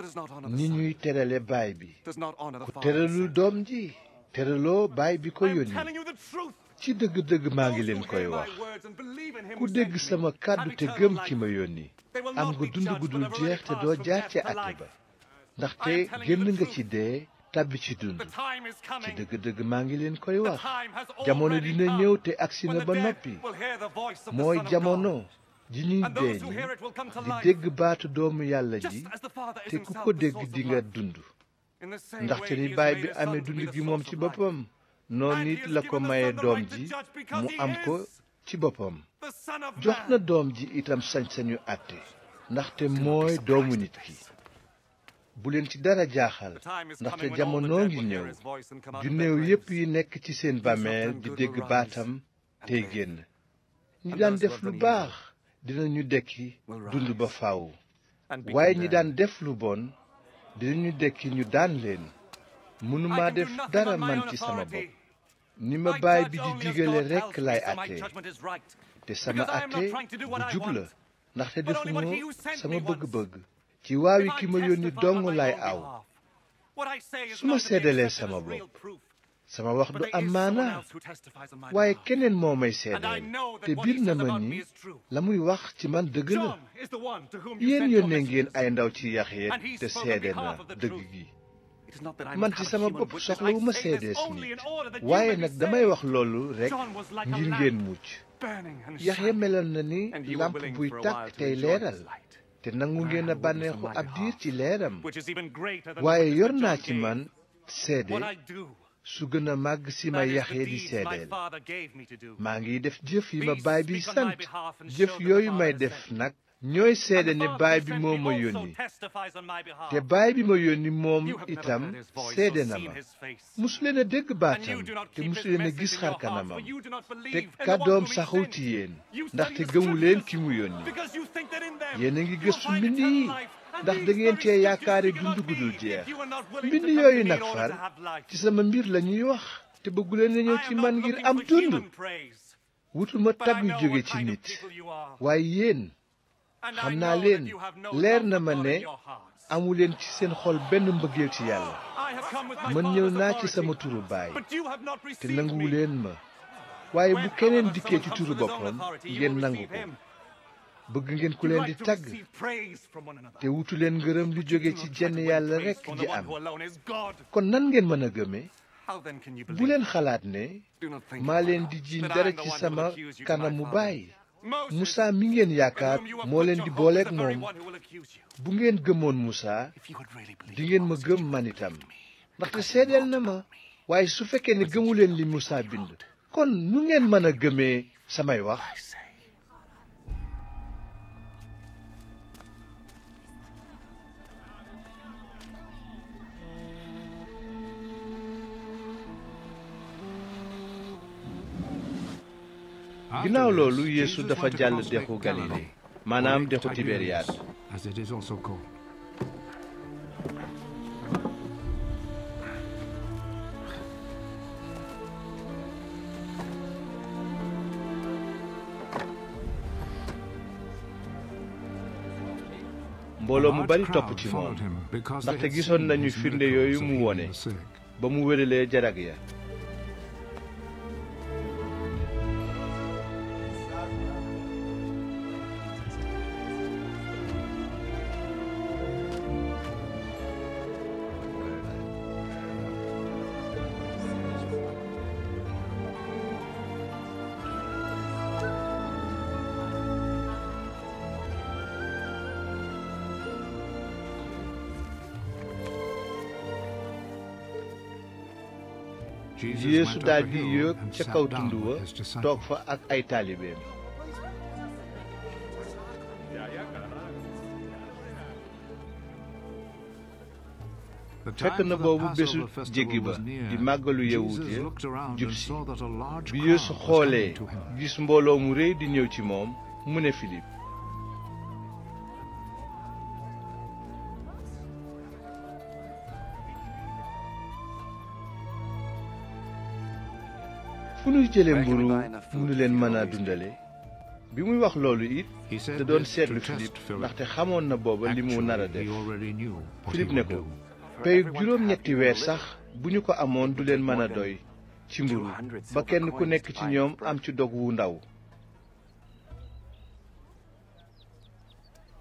ni ñuy terale baay bi ku teralul doom ji teraloo baay bi ko yónni ci dëgg-dëgg maa ngi leen koy wax ku dégg sama kàddu te gëm ki ma yónni am nga dund gu dul jeex te doo jaar ci àtte ba ndaxte génn nga ci dee tàbbi ci dund ci dëgg-dëgg maa ngi leen koy wax jamono dina ñëw te agsi na ba noppi mooy jamono ji ñuy dee ñi di dégg baatu doomu yàlla ji te ku ko dégg di nga dund ndaxte ni baay bi amee dund gi moom ci boppam noonu it la ko maye doom ji mu am ko ci boppam jox na doom ji itam sañ-sañu àtte ndaxte mooy doomu nit ki bu leen ci dara jaaxal ndaxte jamono ngi ñëw ju néew yépp yi nekk ci seen bàmmeel di dégg baatam tey génn ñi daan def lu baax dinañu dekki dund ba faaw waaye ñi daan def lu bon dinañu dekki ñu daan leen mënuma def dara man ci sama bopp ni ma baay bi di digale rekk lay àtte te sama àtte bu jub la ndaxte defuma sama bëgg-bëgg ci waawi ki ma yónni dong laay aw su ma seddalee sama bopp sama wax du am maanaa waaye keneen moo may seedeel te biir na ma ni la muy wax ci man dëgg la yéen yónnee ngeen ay ndaw ci Yaxya te seede na dëgg gi man ci sama bopp soxlawu ma seedees nit waaye nag damay wax loolu rekk ngir ngeen mucc Yaxya meloon na ni làmp buy tàkk tey leeral te nangu ngeen a bànneexu ab diir ci leeram waaye yor naa ci man seede su gën a màgg si ma Yaxya di seedeel maa ngi def jëf yi ma baay bi sant jëf yooyu may def nag ñooy seede ne baay bi moo ma yónni te baay bi ma yónni moom itam seede na ma musu leen a dégg baatam te musu leen a gis xar kanamam te kàddoom saxul ci yéen ndaxte gëmu leen ki mu yónni yéen a ngi gëstu mbind yi ndax da ngeen cee yaakaare dund gudul jeex mbind yooyu nag far ci sama mbir la ñuy wax te bëgguleen a ci man ngir am dund wutuma ma yu jóge ci nit waaye yéen xam naa leen leer na ma ne amu leen ci seen xol benn mbëggeel ci yàlla man ñëw naa ci sama turu baay te nanguwu leen ma waaye bu keneen dikkee ci turu boppam ngeen nangu ko bëgg ngeen ku leen di tagg te wutu leen ngërëm lu jóge ci jenn yàlla rekk ji am kon nan ngeen mën a gëmee bu leen xalaat ne maa leen di jiiñ dara ci sama mu baay Musaa mi ngeen yaakaar moo leen di booleeg moom bu ngeen gëmoon Musaa di ngeen ma gëm man itam ndaxte seedeel na ma waaye su fekkee ne gëmuleen li Musaa bind kon nu ngeen mën a gëmee samay wax ginnaaw loolu yeesu dafa jàll dexu galile maanaam dexu tiberiyaad ah, mbooloo mu bari topp ci moom ndaxte gisoon nañu firnde yooyu mu wone ba mu wéralee jarag ya yeesu daldi yéeg fekk na boobu bésu jéggi ba di màggalu yawut ya jub si bi xoolee gis mbooloo mu réy di ñëw ci moom mu ne Filip ku nuy jële mburu mu nu leen mën a dundale bi muy wax loolu it te doon seetlu Philippe ndaxte xamoon na booba li mu nar a def Philippe ne ko peyug juróom ñetti weer sax bu ñu ko amoon du leen mën a doy ci mburu ba kenn ku nekk ci ñoom am ci dog wu ndaw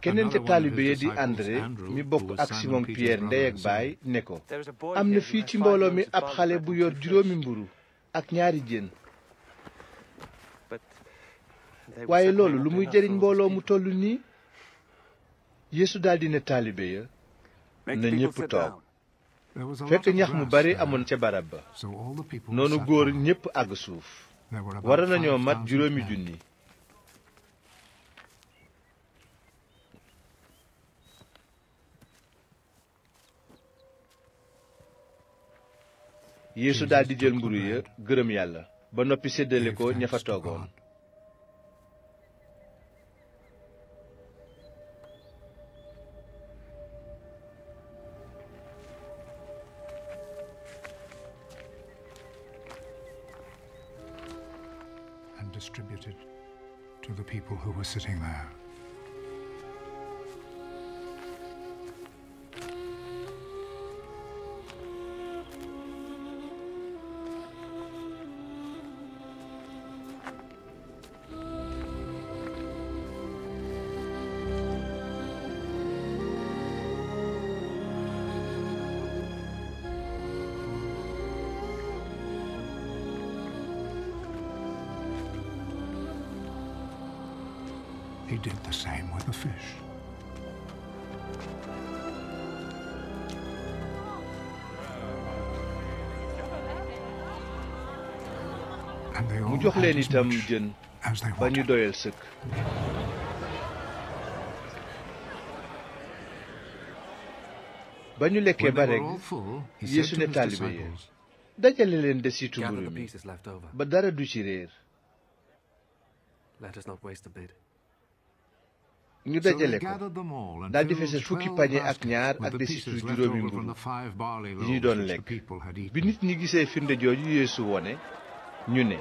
keneen ca taalibe ya di André mi bokk ak Simon Pierre ndey ak baay ne ko am na fii ci mbooloo mi ab xale bu yor juróomi mburu ak ñaari jën waaye loolu lu muy jëriñ mbooloo mu toll nii yéesu daldi ne taalibe ya na ñépp toog fekk ñax mu bari amoon ca barab ba noonu góor ñépp àgg suuf war nañoo mat juróomi junni yéesu daldi jël mburu ya gërëm yàlla ba noppi séddale ko ña fa toogoon and distributed to the people who were sitting there. itam jën ba ñu doyal sëkk ñu lekkee ba rek yeesu ne taalibe yi dajale leen desitu mburu mi ba dara du ci réer ñu dajale ko daal di fukki pañe ak ñaar ak desitu juróomi mburu yi ñu doon lekk bi nit ñi gisee firnde jooju yeesu wone ñu ne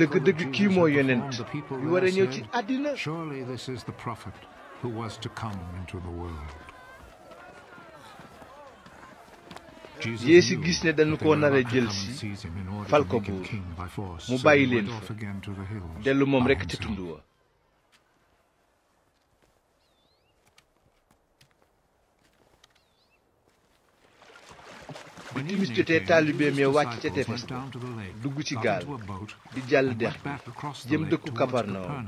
dëgg-dëgg kii moo yonent yu war a ñëw ci àddina Yeesu gis ne dañu ko nar a jël si fal ko buur mu bàyyi leen fa dellu moom rekk ca tund wa bi timis jotee taalibeem ya wàcc ca tefes dugg ci gaal di jàll dex bi jëm dëkku kaparnawum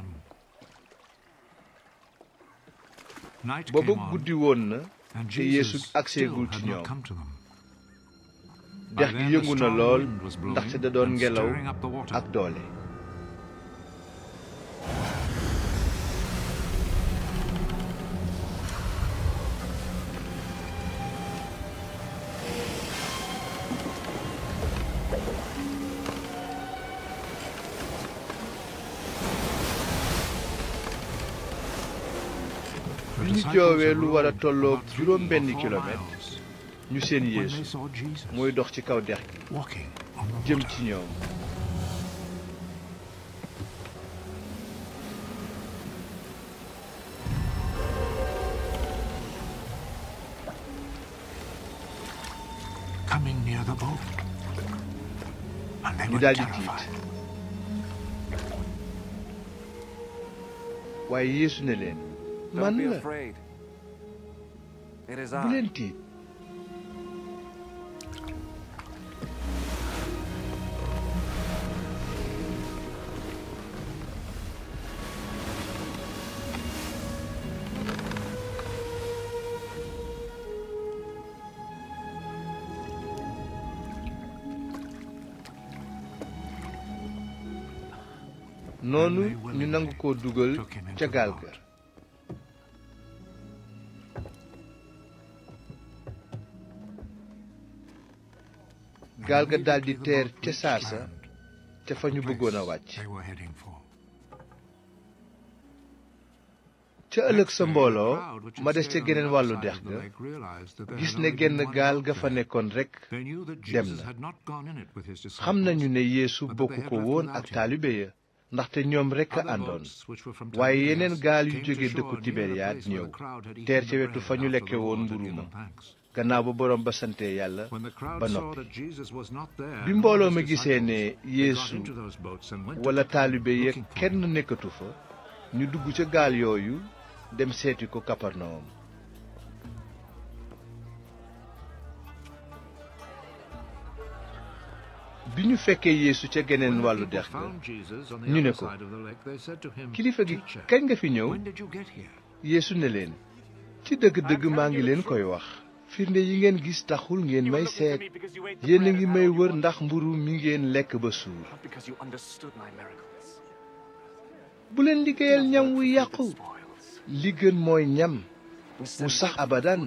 booba guddi woon na te yeesu agseegul ci ñoom dex gi yëngu na lool ndaxte da doon ngelaw ak doole joowee lu wara a tolloog juróom benn kilomètre ñu seen yeesu muy dox ci kaw dex gi jëm ci ñoom ñu daal di tiit waaye yeesu ne leen man la bu leen noonu ñu nangu ko dugal ca gaal ga gaal ga daldi teer ca saasa ca ñu bëggoon a wàcc ca ëllëg sa mbooloo ma des ca geneen wàllu dex ga gis ne genn gaal ga fa nekkoon rekk dem na xam nañu ne yeesu bokk ko woon ak taalibe ya ndaxte ñoom rekk a àndoon waaye yeneen gaal yu jóge dëkku tiberiyaat ñëw teer ca wetu fa ñu lekke woon mburu ma gannaaw ba boroom ba sante yàlla ba noppi bi mbooloo ma gisee ne yeesu walla taalibe ya kenn nekkatu fa ñu dugg ca gaal yooyu dem seeti ko kaparnawum bi ñu fekkee yéesu ca geneen wàllu dex ga ñu ne ko kilifa gi kañ nga fi ñëw yeesu ne leen ci dëgg-dëgg maa ngi leen koy wax firnde yi ngeen gis taxul ngeen may seet yéen a ngi may wër ndax mburu mi ngeen lekk ba suur bu leen liggéeyal ñam wu yàqu li gën mooy ñam mu sax abadan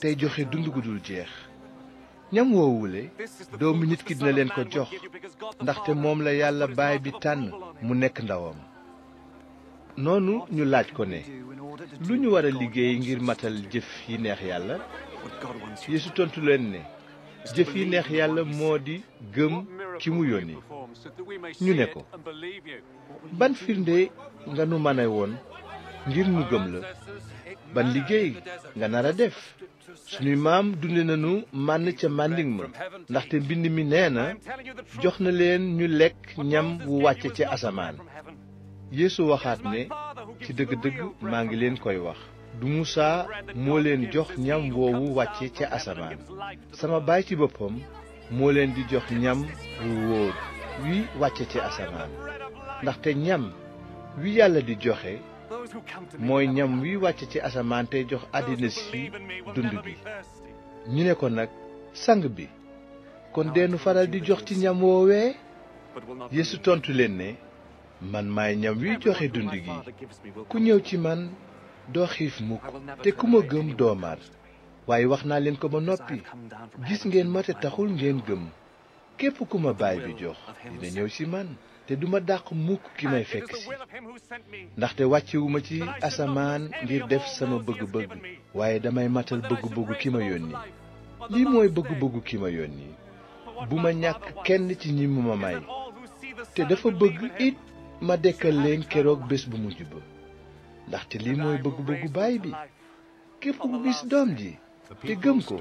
tey joxe dund gu jeex ñam woowule doomu nit ki dina leen ko jox ndaxte moom la yàlla baay bi tànn mu nekk ndawam noonu ñu laaj ko ne lu ñu war a liggéey ngir matal jëf yi neex yàlla Yeesu tontu leen ne jëf yi neex yàlla moo di gëm ki mu yónni ñu ne ko ban firnde nga nu a woon ngir nu gëm la ban liggéey nga nar a def suñuy maam dunde nañu mànn ca màndiŋ ma ndaxte mbind mi nee na jox na leen ñu lekk ñam wu wàcce ca asamaan yéesu waxaat ne ci dëgg-dëgg maa ngi leen koy wax du Musaa moo leen jox ñam woowu wàcce ca asamaan sama baay ci boppam moo leen di jox ñam wu wóor wi wàcce ci asamaan ndaxte ñam wi yàlla di joxe mooy ñam wi wàcce ci asamaan tey jox àddina si dund bi ñu ne ko nag sang bi kon deenu faral di jox ci ñam woowee Yeesu tontu leen ne man maay ñam wi joxe dund gi ku ñëw ci man doo xiif mukk te ku ma gëm doo mar waaye wax naa leen ko ba noppi gis ngeen ma te taxul ngeen gëm képp ku ma baay bi jox dina ñëw ci man te duma dàq mukk ki may fekk si ndaxte wàccewuma ci asamaan ngir def sama bëgg-bëgg waaye damay matal bëgg-bëggu ki ma yónni lii mooy bëgg bëgg ki ma yónni bu ma ñàkk kenn ci ñi mu ma may te dafa bëgg it ma dekkal leen keroog bés bu mu ba ndaxte lii mooy bëgg-bëggu baay bi képp ku gis doom ji te gëm ko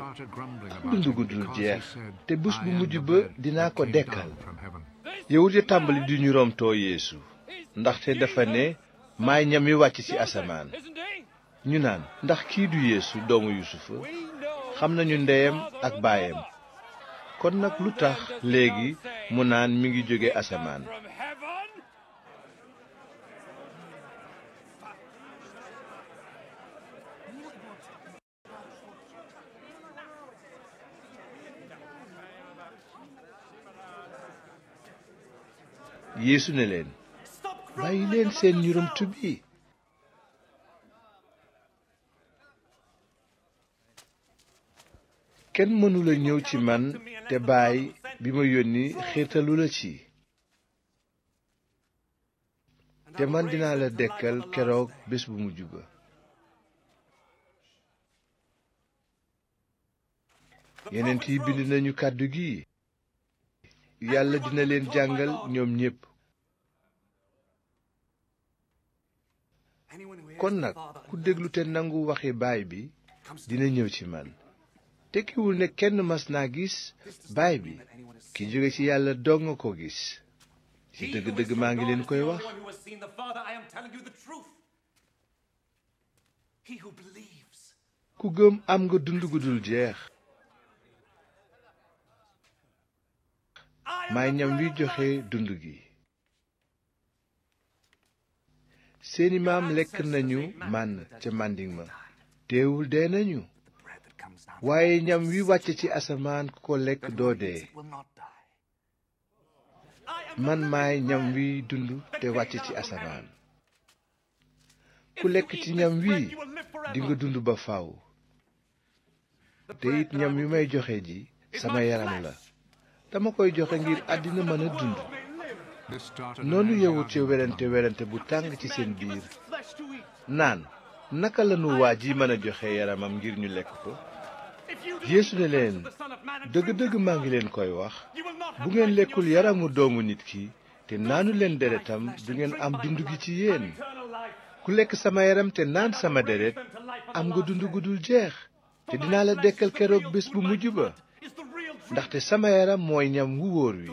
am dund gu dul jeex te bés bu mujj ba dinaa ko dekkal yawut ya tàmbali di ñu yéesu yeesu ndaxte dafa ne may ñam yi wàcc ci asamaan ñu naan ndax kii du yeesu doomu yusufa xam nañu ndeyam ak baayam kon nag lu tax léegi mu naan mi ngi jóge asamaan yeesu ne leen bàyyi leen seen ñurumtu bi kenn mënula ñëw ci man te baay bi ma yónni xiirtalu la ci te man dinaa la dekkal keroog bés bu mujj ba kàddu gi yàlla dina leen jàngal ñoom ñépp kon nag ku déglu te nangu waxi baay bi dina ñëw ci man tekkiwul ne kenn mas naa gis baay bi ki jóge ci yàlla doo nga ko gis ci dëgg-dëgg maa ngi leen koy wax ku gëm am nga dund gu jeex maay ñam wi joxe dund gi seeni maam lekk nañu mànn ca màndiŋ ma teewul dee nañu waaye ñam wi wàcc ci asamaan ku ko lekk doo dee man maay ñam wi dund te wàcc ci asamaan ku lekk ci ñam wii dinga dund ba faw te ñam wi may joxe ji sama yaram la dama koy joxe ngir àddina mën a dund noonu yawut ya werante werante bu tàng ci seen biir naan naka lanu waa ji mën a joxe yaramam ngir ñu lekk ko yeesu ne leen dëgg-dëgg maa ngi leen koy wax bu ngeen lekkul yaramu doomu nit ki te naanu leen deretam bu ngeen am dund gi ci yéen ku lekk sama yaram te naan sama deret am nga dund gu dul jeex te dinaa la dekkal keroog bés bu mujj ba ndaxte sama yaram mooy ñam wu wóor wi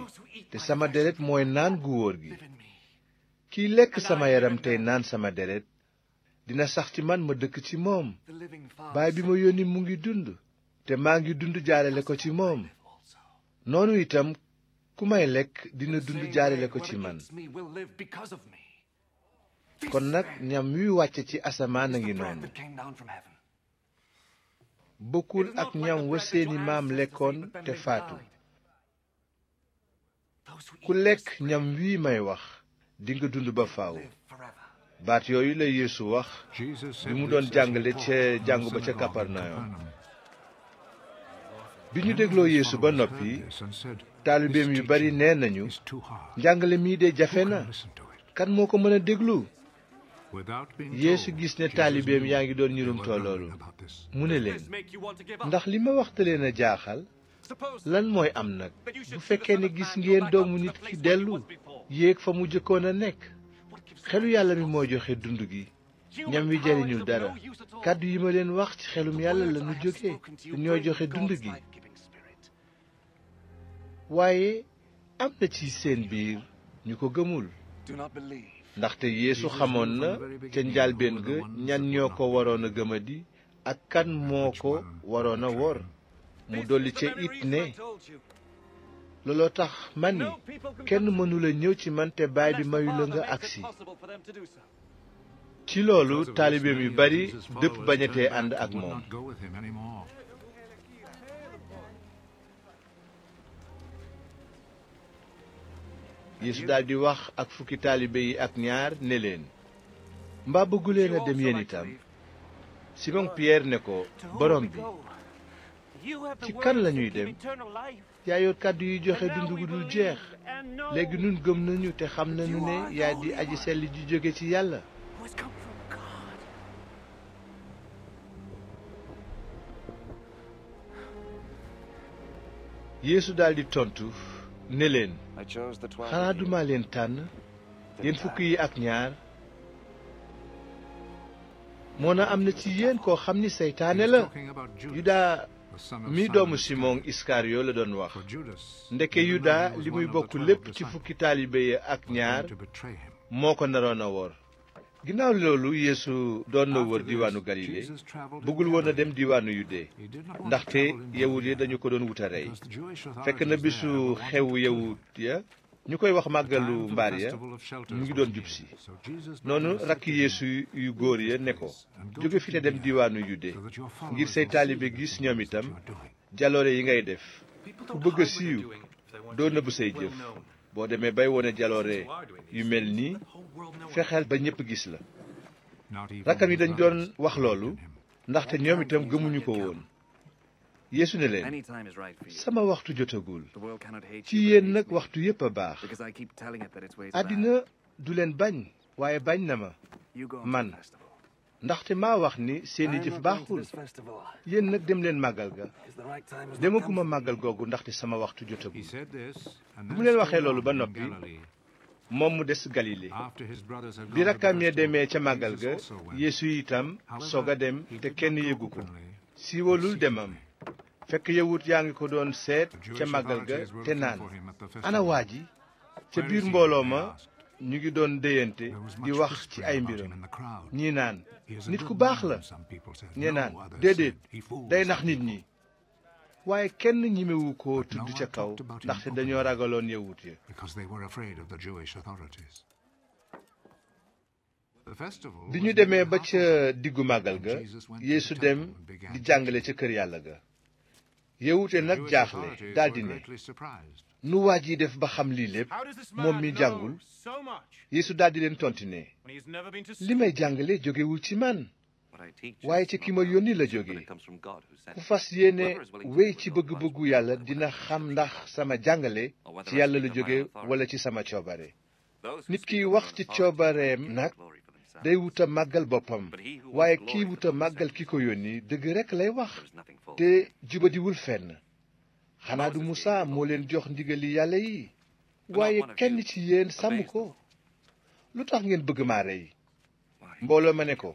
te sama deret mooy naan gu wóor gi kiy lekk sama yaram tey naan sama deret dina sax ci man ma dëkk ci moom baay bi ma yónni mu ngi dund te maa ngi dund jaarale ko ci moom noonu itam ku may lekk dina dund jaarale ko ci man kon nag ñam wi wàcce ci asamaan a ngi noonu bokkul ak ñam wa seeni maam lekkoon te faatu ku lekk ñam wi may wax dinga dund ba faaw baat yooyu la Yeesu wax bi mu doon jàngale ca jàngu ba ca Kaparnayom bi ñu dégloo Yeesu ba noppi taalibeem yu bari nee nañu jàngale mii de jafe na kan moo ko mën a déglu yeesu gis ne taalibeem yaa ngi doon ñurumtoo loolu mu ne leen ndax li ma waxta leen a jaaxal lan mooy am nag bu fekkee ne gis ngeen doomu nit ki dellu yéeg fa mu jëkkoon a nekk xelu yàlla mi moo joxe dund gi ñam wi jariñul dara kàddu yi ma leen wax ci xelum yàlla la ñu jóge ñoo joxe dund gi waaye am na ci seen biir ñu ko gëmul ndaxte yeesu xamoon na ca njaalbeen ga ñan ñoo ko waroon a gëmadi ak kan moo ko waroon a wor mu dolli ca it ne looloo tax man ni kenn mënula ñëw ci man te baay bi mayu la nga agsi ci loolu taalibeem yu bari dëpp bañatee ànd ak moom Yeesu daldi wax ak fukki taalibe yi ak ñaar ne leen mbaa bëgguleen a dem yéen itam Simon Pierre ne ko borom bi ci kan lañuy dem yaa kàddu yi joxe dund gu dul jeex léegi nun gëm nañu te xam nañu ne yaa di aji sell ji jóge ci yàlla Yeesu daldi tontu ne leen xanaa duma leen tànn yéen fukk yi ak ñaar moo na am na ci yéen koo xam ni seytaane la yuda mi doomu simon iskariyo la doon wax ndeke yuda li muy bokk lépp ci fukki taalibe yi ak ñaar moo ko naroon a wor ginnaaw loolu yéesu doon na wër diiwaanu galile bëggul woon a dem diiwaanu yude ndaxte yawut yi dañu ko doon wuta rey fekk na bisu xewu yawut ya ñu koy wax màggalu mbaar ya mu ngi doon jub si noonu rakk yeesu yu góor ya ne ko jóge fi te dem diiwaanu yude ngir say taalibe gis ñoom itam jaloore yi ngay def ku bëgg a siiw doo nëbb say jëf boo demee bay wone jaloore yu mel nii fexeel ba ñépp gis la rakkam yi dañ doon wax loolu ndaxte ñoom itam gëmuñu ko woon yeesu ne leen sama waxtu jotagul ci yéen nag waxtu yépp a baax àddina du leen bañ waaye bañ na ma man ndaxte maa wax ni seeni jëf baaxul yéen nag dem leen màggal ga demaguma màggal googu ndaxte sama waxtu jotagul bu leen waxee loolu ba noppi moom mu des Galile bi rakkam ya demee ca màggal ga yeesu itam soog a dem te kenn yëgu ko siiwalul demam fekk yawut yaa ngi ko doon seet ca màggal ga te naan ana waa ji ca biir mbooloo ma ñu ngi doon déyante di wax ci ay mbiram ñii naan nit ku baax la ñee naan déedéet day nax nit ñi waaye kenn ñimewu ko tudd ca kaw ndaxte dañu ragaloon yawut ya bi ñu demee ba ca diggu màggal ga yeesu dem di jàngale ca kër yàlla ga yawute nag jaaxle daldi ne nu waa ji def ba xam lii lépp moom mi jàngul Yeesu daldi leen tontu ne li may jàngale jógewul ci man waaye ci ki ma yónni la jóge ku fas yéene wéy ci bëgg-bëggu yàlla dina xam ndax sama jàngale ci yàlla la jóge walla ci sama coobare nit kiy wax ci coobareem nag day wut a màggal boppam waaye kiy wut màggal ki ko yónni dëgg rekk lay wax te jubadiwul fenn xanaa du Musaa moo leen jox ndigali yàlla yi waaye kenn ci yéen sàmm ko lu tax ngeen bëgg maa rey mbooloo ma ne ko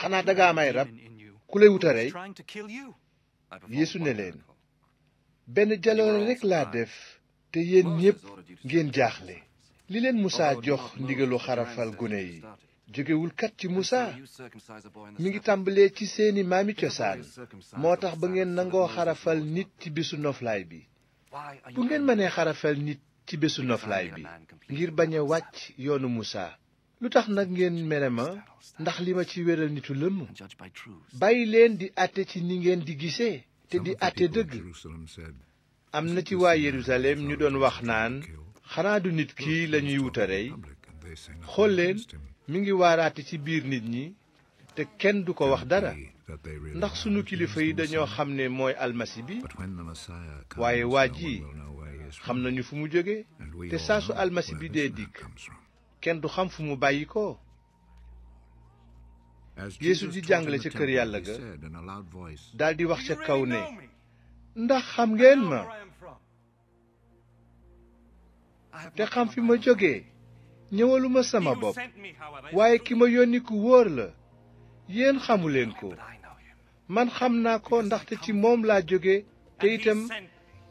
xanaa dangaa may rab ku lay wut a rey Yeesu ne leen benn jaloore rekk laa def te yéen ñépp ngeen jaaxle li leen Musaa jox ndigalu xarafal gune yi jógewul kat ci musaa mi ngi tàmbalee ci seeni maami cosaan moo tax ba ngeen nangoo xarafal nit ci bésu noflaay bi bu ngeen mënee xarafal nit ci bésu noflaay bi ngir bañ a wàcc yoonu musaa lu tax nag ngeen mere ma ndax li ma ci wéral nitu lëmm bàyyi leen di àtte ci ni ngeen di gisee te di àtte dëgg am na ci waa Yerusalem ñu doon wax naan xanaa du nit kii lañuy wuta rey xool leen mi ngi waaraate ci biir nit ñi te kenn du ko wax dara ndax sunu kilifa yi dañoo xam ne mooy almasi bi waaye waa ji xam nañu fu mu jóge te saa almasi bi dee dikk kenn du xam fu mu bàyyi ko yéesu di jàngale ca kër yàlla ga daldi wax ca kaw ne ndax xam ngeen ma te xam fi ma jóge ñëwaluma sama bopp waaye ki ma yónni ku wóor la yéen xamuleen ko man xam naa ko ndaxte ci moom laa jóge te itam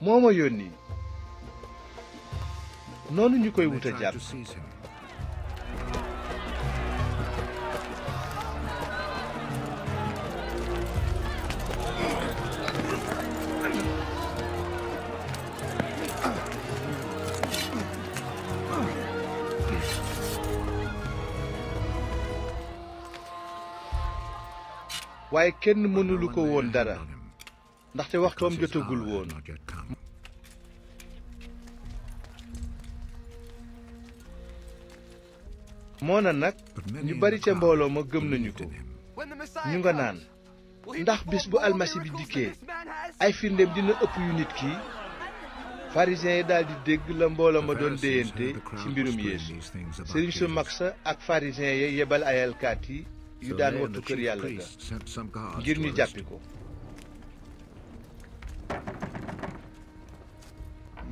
moo ma yónni noonu ñu koy wuta jàpp waaye kenn mënulu ko woon dara ndaxte waxtoom jotagul woon moona nag ñu bari ca mbooloo ma gëm nañu ko ñu nga naan ndax bis bu almasi bi dikkee ay firndeem dina ëpp yu nit ki pharisiens yi daldi dégg la mbooloo ma doon déyante ci mbirum yeesu sëriñ su mag sa ak pharisiens ya yebal ay alkaat yu daan wattu kër yàlla ga ngir ñu jàppi ko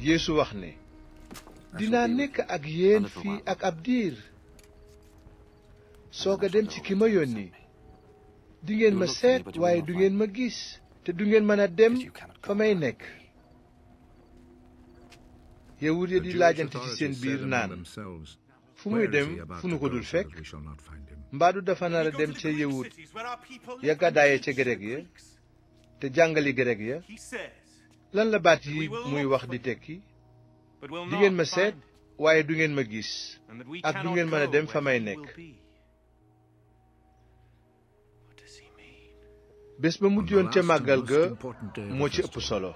Yeesu wax ne dinaa nekk ak yéen fii ak ab diir soog a dem ci ki ma yónni dingeen ma seet waaye du ngeen ma gis te du ngeen mën a dem fa may nekk yawut ya di laajante ci seen biir naan fu muy dem fu nu ko dul fekk mbaadu dafa nar a dem ca yawut ya gàddaaye ca grek ya te jàngali grek ya lan la baat yi muy wax di tekki di ngeen ma seet waaye du ngeen ma gis ak du ngeen mën a dem fa may nekk bés ba mujj yoon ca màggal ga moo ci ëpp solo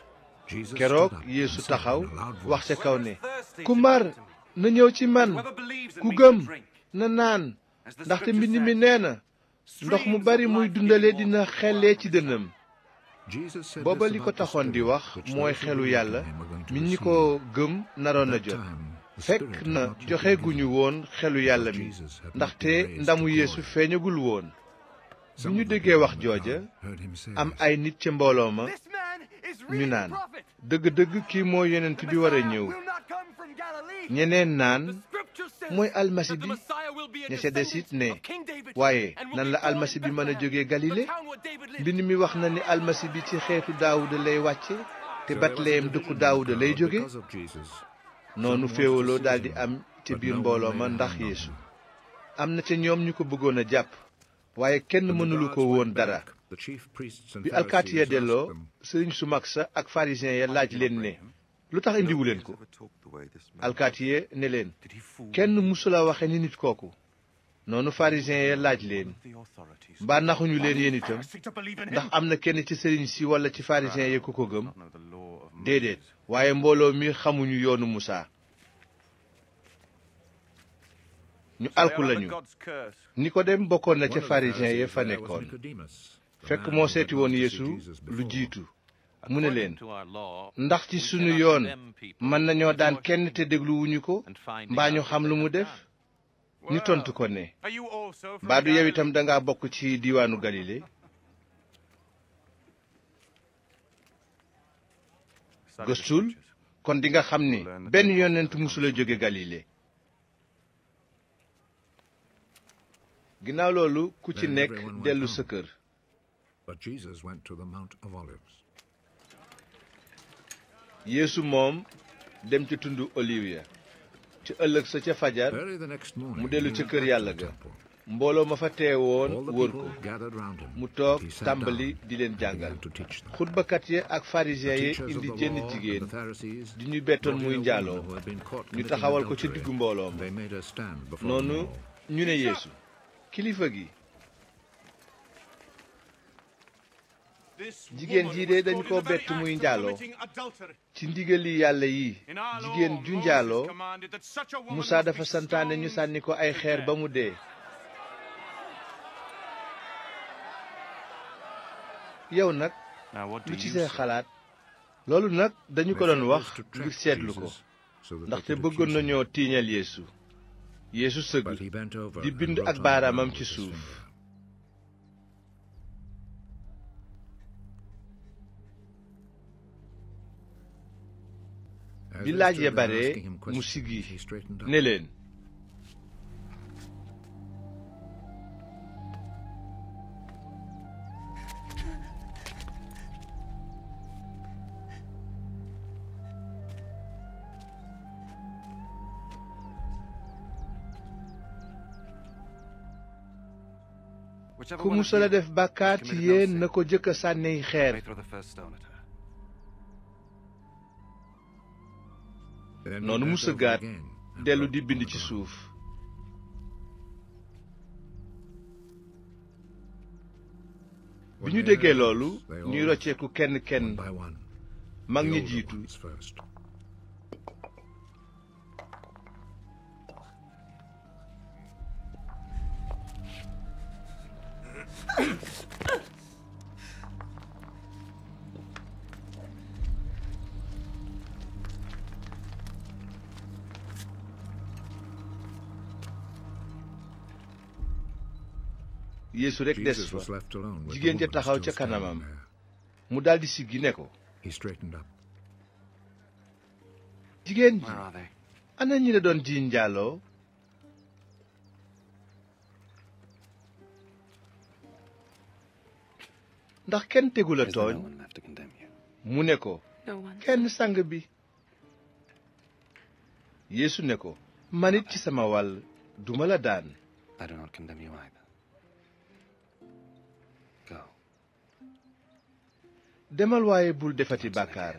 keroog Yeesu taxaw wax ca kaw ne ku mar na ñëw ci man ku gëm na naan ndaxte mbind mi nee na ndox mu bari muy dundale dina xellee ci dënnam booba li ko taxoon di wax mooy xelu yàlla mi ñi ko gëm naroon a jot fekk na joxe woon xelu yàlla mi ndaxte ndamu yéesu feeñagul woon bi ñu déggee wax jooja am ay nit ca mbooloo ma ñu naan dëgg-dëgg kii moo yonent bi war ñëw ñeneen naan mooy almasi bi ña ca desit ne waaye nan la almasi bi mën a jóge galile mbind mi wax na ni almasi bi ci xeetu daawuda lay wàcce te batleyem dëkku daawuda lay jóge noonu féewaloo daldi am ci biir mbooloo ma ndax yeesu am na ca ñoom ñu ko bëggoon a jàpp waaye kenn mënulu ko woon dara bi alkaati ya delloo sëriñ su mag sa ak pharisien ya laaj leen ne lu tax indiwu leen ko alkaati ye ne leen kenn mësula waxe ni nit kooku noonu pharisiens ya laaj leen mbaa naxuñu leen yéen itam ndax am na kenn ci sëriñ si walla ci pharisiens yi ku ko gëm déedéet waaye mbooloo mi xamuñu yoonu Musaa ñu alku lañu dem bokkoon na ca pharisiens ya fa nekkoon fekk moo seeti woon Yeesu lu jiitu mu ne leen ndax ci sunu yoon mën nañoo daan kenn te dégluwuñu ko mbaa ñu xam lu mu def ñu tontu ko ne baadu yow itam danga bokk ci diiwaanu Galile gëstul kon di nga xam ni benn yonent musula jóge loolu ku ci nekk dellu sa kër. But Jesus yeesu moom dem ca tundu oliw ya ci ëllëg sa ca fajar mu dellu ca kër yàlla ga mbooloo ma fa teewoon wër ko mu toog tàmbali di leen jàngal xutbakat ya ak pharisien yi indi jenn jigéen di ñu bettoon muy njaaloo ñu taxawal ko ci diggu mbooloo ma noonu ñu ne yeesu kilifa gi jigéen jii de dañ ko bett muy njaaloo ci ndigali yàlla yi jigéen ju njaaloo Musaa dafa santaane ñu sànni ko ay xeer ba mu dee yow nag lu ci see xalaat loolu nag dañu ko doon wax ngir seetlu ko ndaxte bëggoon nañoo tiiñal Yeesu Yeesu sëgg di bind ak baaraamam ci suuf bi laaj ya bare mu siggi ne leen ku mu def bàkkaar ci yéen na ko jëkka a xeer noonu mu sëggaat dellu di bind ci suuf bi ñu déggee loolu ñuy rocceeku kenn kenn mag ñi jiitu yeesu rek des fa jigéen ja taxaw ca mu daldi siggi ne ko jigéen ji ana ñi la doon jiiñ njaaloo ndax kenn tegu la tooñ mu ne ko kenn sang bi yéesu ne ko man ci sama wàll duma la daan demal waaye bul defati bàkkaar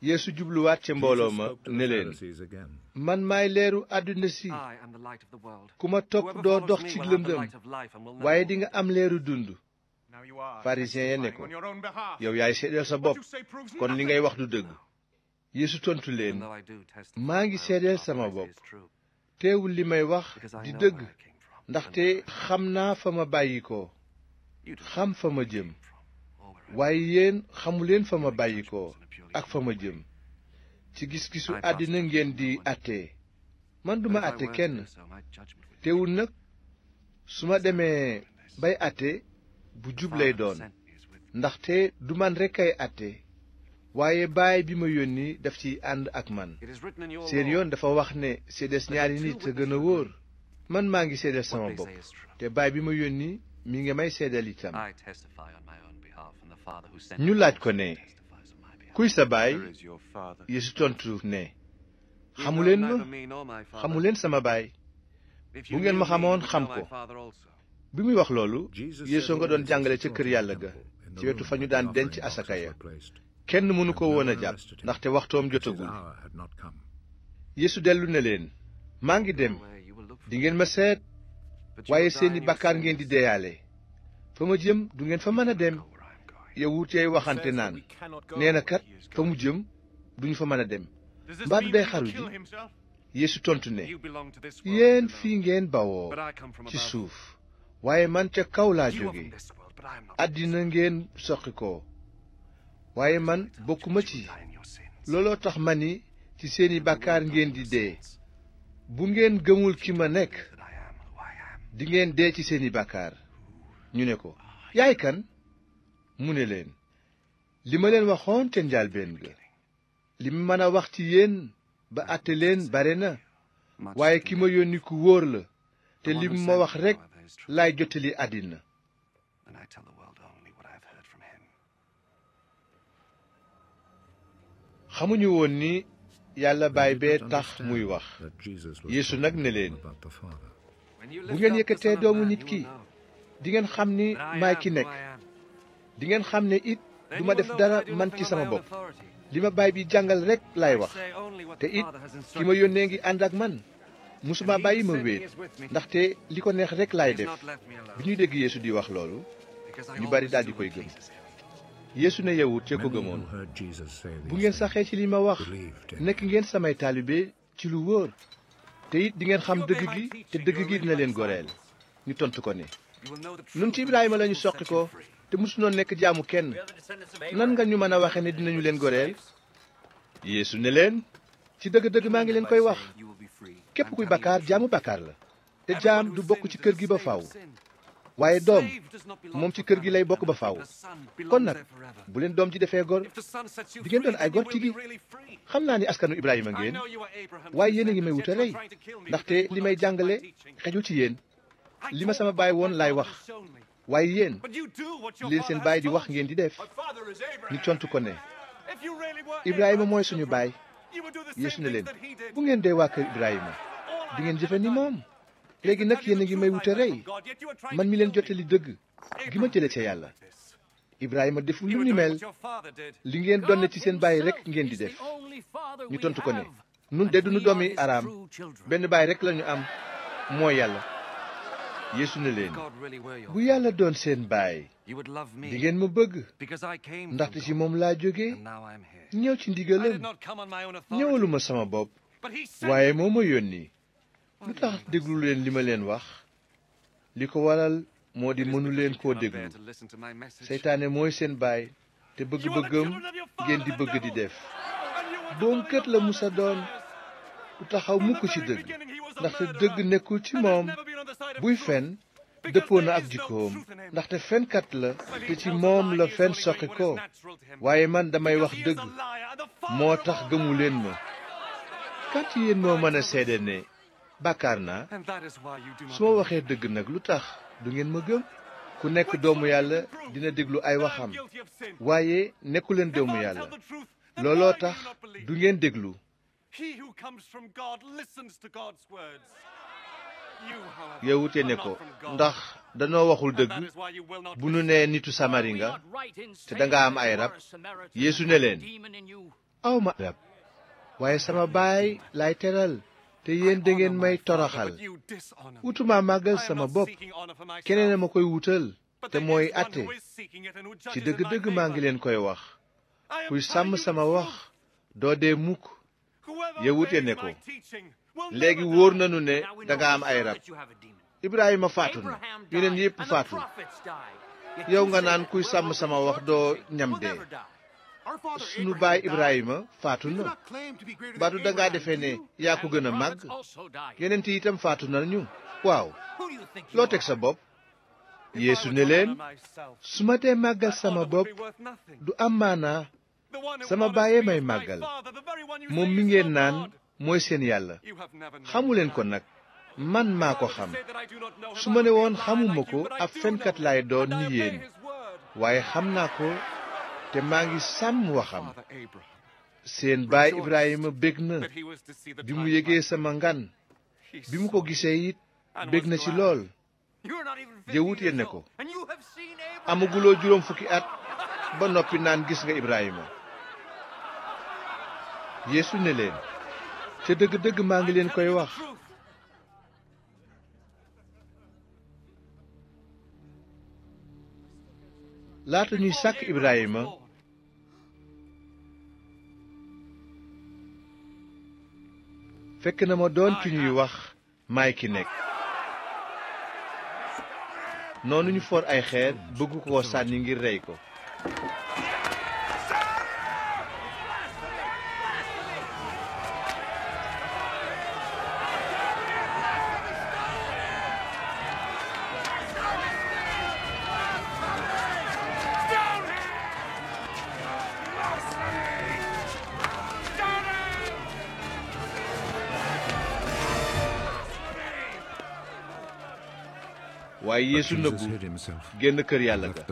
yeesu jubluwaat ca mbooloo ma ne leen man maay leeru àdduna si ku ma topp doo dox ci lëndëm waaye dinga am leeru dund pharisien ya ne ko yow yaay seedeel sa bopp kon li ngay wax du dëgg Yeesu tontu leen maa ngi seedeel sama bopp teewul li may wax di dëgg ndaxte xam naa fa ma bàyyi koo xam fa ma jëm waaye yéen xamuleen fa ma bàyyi koo ak fa ma jëm ci gis-gisu àddina ngeen di àtte man duma àtte kenn teewul nag su ma demee bay àtte bu jub lay doon ndaxte du man rekk ay àtte waaye baay bi ma yónni daf ci ànd ak man seen yoon dafa wax ne seedes ñaari nit a gën a wóor man maa ngi seedal sama bopp te baay bi ma yónni mi ngi may seedal itam ñu laaj ko ne kuy sa baay Yeesu tontu ne xamuleen ma xamuleen sama baay bu bi muy wax loolu yeesu nga doon jàngale ca kër yàlla ga ci wetu fa ñu daan denc asaka ya kenn mënu ko woon a jàpp ndaxte waxtoom jotagul yeesu dellu na leen maa ngi dem dingeen ma seet waaye seeni bàkkaar ngeen di deeyaale fa ma jëm du ngeen fa mën a dem yawut yay waxante naan nee na kat fa mu jëm duñu fa mën a dem mbaa du day xaru ji yeesu tontu ne yéen fii ngeen bawoo ci suuf waaye man ca kaw laa jóge àddina ngeen soqi ko waaye man bokkuma ci looloo tax ma ni ci seeni bàkkaar ngeen di dee bu ngeen gëmul ki ma nekk dingeen dee ci seeni bàkkaar ñu ne ko yaay kan mu ne leen li ma leen waxoon te njaalbeen ga li ma mën a wax ci yéen ba àtte leen bare na waaye ki ma yónni ku wóor la te li mu ma wax rekk laay jottali àddina xamuñu woon ni yàlla baay bee tax muy wax yeesu nag ne leen bu ngeen yëkkatee doomu nit ki di ngeen xam ni maay ki nekk di ngeen xam ne it du ma def dara man ci sama bopp li ma baay bi jàngal rekk laay wax te it ki ma yónnee ngi ànd ak man musuma bàyyi ma wéet ndaxte li ko neex rek laay def bi ñuy dégg yéesu di wax loolu ñu bari daldi koy gëm Yeesu ne yawut ya ko gëmoon bu ngeen saxee ci li ma wax nekk ngeen samay taalibe ci lu wóor te it di ngeen xam dëgg gi te dëgg gi dina leen goreel ñu tontu ko ne nun ci Ibrahima lañu soqi ko te mësunoon nekk jaamu kenn nan nga ñu mën a waxe ne dinañu leen goreel Yeesu ne leen ci dëgg-dëgg maa ngi leen koy wax képp kuy bàkkaar jaamu bàkkaar la te jaam du bokk ci kër gi ba faaw waaye doom moom ci kër gi lay bokk ba faaw kon nag bu leen doom ji defee gor di ngeen doon ay gor tigi xam naa ni askanu Ibrahima ngeen waaye yéen a ngi may wut a rey ndaxte li may jàngale xejul ci yéen li ma sama baay woon laay wax waaye yéen leen seen baay di wax ngeen di def ñu tontu ko ne Ibrahima mooy suñu baay. Yeesu na leen bu ngeen dee waa kër Ibrahima di ngeen jëfe ni moom léegi nag yéen a ngi may wute rey man mi leen jottali dëgg gi ma jële ca yàlla Ibrahima deful lu ni mel li ngeen donne ci seen bàyyi rek ngeen di def ñu tontu ko ne nun de duñu doomi araam benn bàyyi rek lañu am moo yàlla yeesu ne leen bu yàlla doon seen baay di ngeen ma bëgg ndaxte ci moom laa jóge ñëw ci ndigalam ñëwaluma sama bopp waaye moo ma yónni lu tax déglu leen li ma leen wax li ko waral moo di mënu leen koo déglu seytaane mooy seen baay te bëgg-bëggam ngeen di bëgg di def boomkat la musa doon du taxaw mukk ci dëgg ndaxte dëgg nekkul ci moom buy fen dëppoo na ak jikkoom ndaxte fenkat la te ci moom la fen soqi ko waaye man damay wax dëgg moo tax gëmu leen ma kan ci yéen moo mën a seede ne bàkkaar naa su ma waxee dëgg nag lu tax du ngeen ma gëm ku nekk doomu yàlla dina déglu ay waxam waaye nekkuleen doomu yàlla looloo tax du ngeen déglu He who comes from God listens ne ko ndax danoo waxul dëgg bu nu nee nitu samari nga te danga am ay rab yeesu ne leen awma rab waaye sama baay laay teral te yéen dangeen may toroxal wutuma màggal sama bopp keneen a ma koy wutal te mooy àtte ci dëgg-dëgg maa ngi leen koy wax kuy sàmm sama wax doo dee mukk ya wute ne ko léegi wóor nañu ne danga am ay rab Ibrahima faatu na yeneen yépp faatu yow nga naan kuy sàmm sama wax doo ñam dee sunu baay Ibrahima faatu na baatu dangaa defe ne yaa ko gën a màgg yeneen ci itam faatu nañu waaw loo teg sa bopp Yeesu ne leen su ma dee màggal sama bopp du am maanaa sama bàyyee may màggal moom mi ngeen naan mooy seen yàlla xamuleen ko nag man maa ko xam su ma ne woon xamuma ko ab fenkat lay doon ni yéen waaye xam naa ko te maa ngi sàmm waxam seen baay Ibrahima bég na bi mu yégee sama ngan bi mu ko gisee it bég na ci lool yëwut ya ne ko amaguloo juróom fukki at ba noppi naan gis nga Ibrahima yeesu ne leen ca dëgg-dëgg maa ngi leen koy wax laata ñuy sàkk Ibrahima fekk na ma doon ki ñuy wax maay ki nekk noonu ñu for ay xeer bëgg koo sànni ngir rey ko waaye kër yàlla ga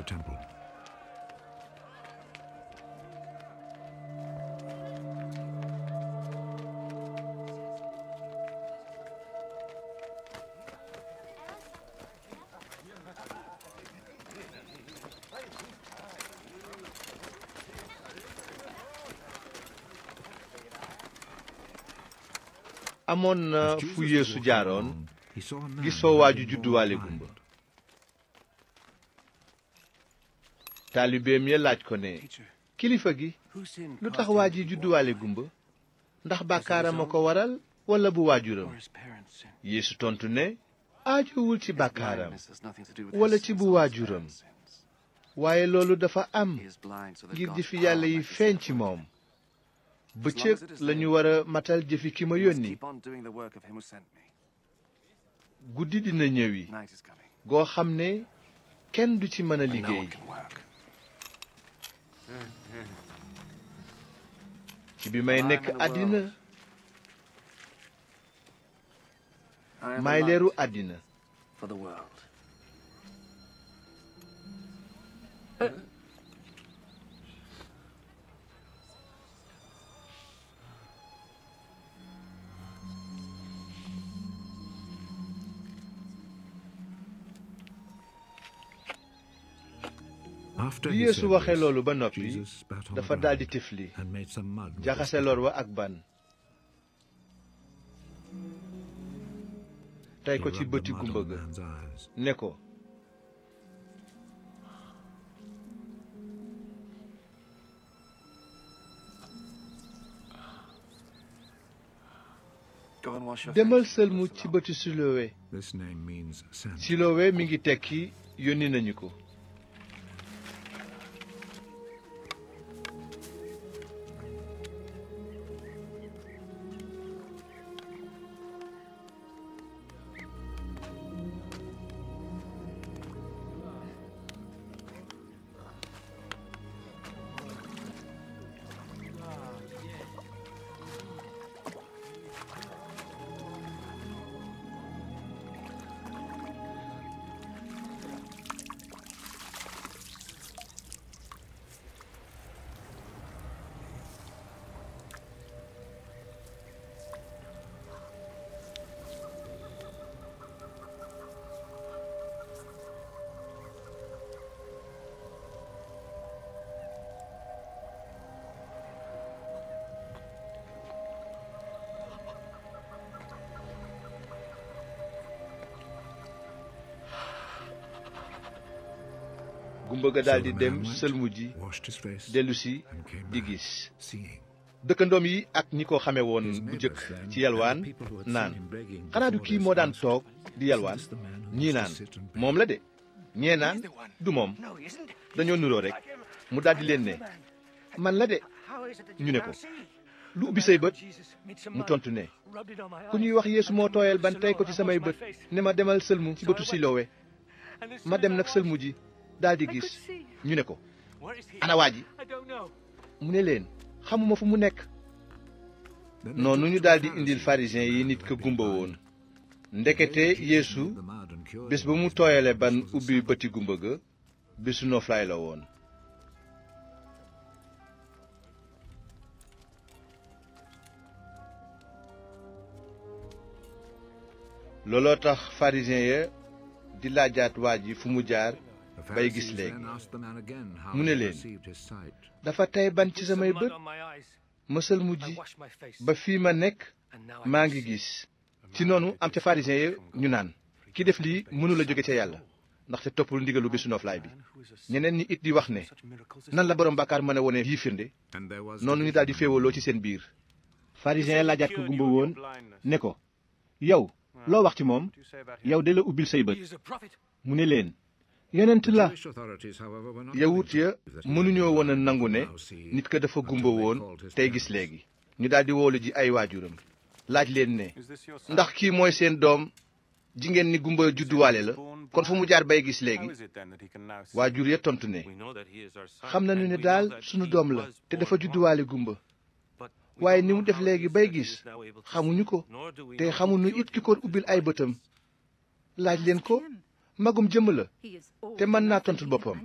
amoon na fu yeesu jaaroon gisoo waaju judduwaale gumba taalibeem ya laaj ko ne kilifa gi lu tax waa ji judduwaale gumba ndax bàkkaaram a ko waral walla bu waajuram yéesu tontu ne aajowul ci bàkkaaram walla ci bu waajuram waaye loolu dafa am ngir jëfi yàlla yi feeñ ci moom bëccëg lañu war a matal jëfi ki ma yónni guddi dina ñëwi goo xam ne kenn du ci mën a liggéey ci bi may ah, nekk àddina ah, may leeru àddina bi yeesu waxee loolu ba noppi dafa daldi tifli jaxase lor wa ak ban tey ko ci bëti gumba ga ne ko demal sëlmu ci bëti silowe silowe mi ngi tekki yónni nañu ko bëgg a daldi dem sëlmu ji dellusi di gis dëkkandoom yi ak ñi ko xame woon bu jëkk ci yalwaan naan xanaa du kii moo daan toog di yalwaan ñii naan moom la de ñee naan du moom dañoo nuroo rek mu daldi leen ne man la de ñu ne ko lu ubbi say bët mu tontu ne ku ñuy wax yeesu moo tooyal ban tey ko ci samay bët ne ma demal sëlmu ci bëtu silowe ma dem nag sëlmu ji daldi di gis ñu ne ko ana waa ji mu ne leen xamuma fu mu nekk noonu ñu daldi indil pharisiens yi nit ka gumba woon ndekete yeesu bés ba mu tooyale ban ubbi bëti gumba ga bésu noflaay la woon looloo tax pharisiens ya di waa ji fu mu jaar bay gis léegi mu ne leen dafa tey ban ci samay bët mësal mujj ba fii ma nekk maa ngi gis ci noonu am ca pharisiens yi ñu naan ki def lii mënula jóge ca yàlla ndax ndaxte toppul ndigalu bésu noflaay bi ñeneen ñi it di wax ne nan la borom bàkkaar mën a wone yii firnde noonu ñu daal di féewaloo ci seen biir pharisiens yi laajaat ko gumba woon ne ko yow loo wax ci moom yow de la ubbil say bët mu ne leen yonent la yawut ya mënuñoo woon a nangu ne nit ka dafa gumba woon tey gis léegi ñu daldi woolu ji ay waajuram laaj leen ne ndax kii mooy seen doom ji ngeen ni gumba judduwaale la kon fu mu jaar bay gis léegi waajur ya tontu ne xam nañu ne daal suñu doom la te dafa judduwaale gumba waaye ni mu def léegi bay gis xamuñu ko te xamuñu it ki ko ubbil ay bëtam laaj leen ko magum jëmm la te mën naa tontul boppam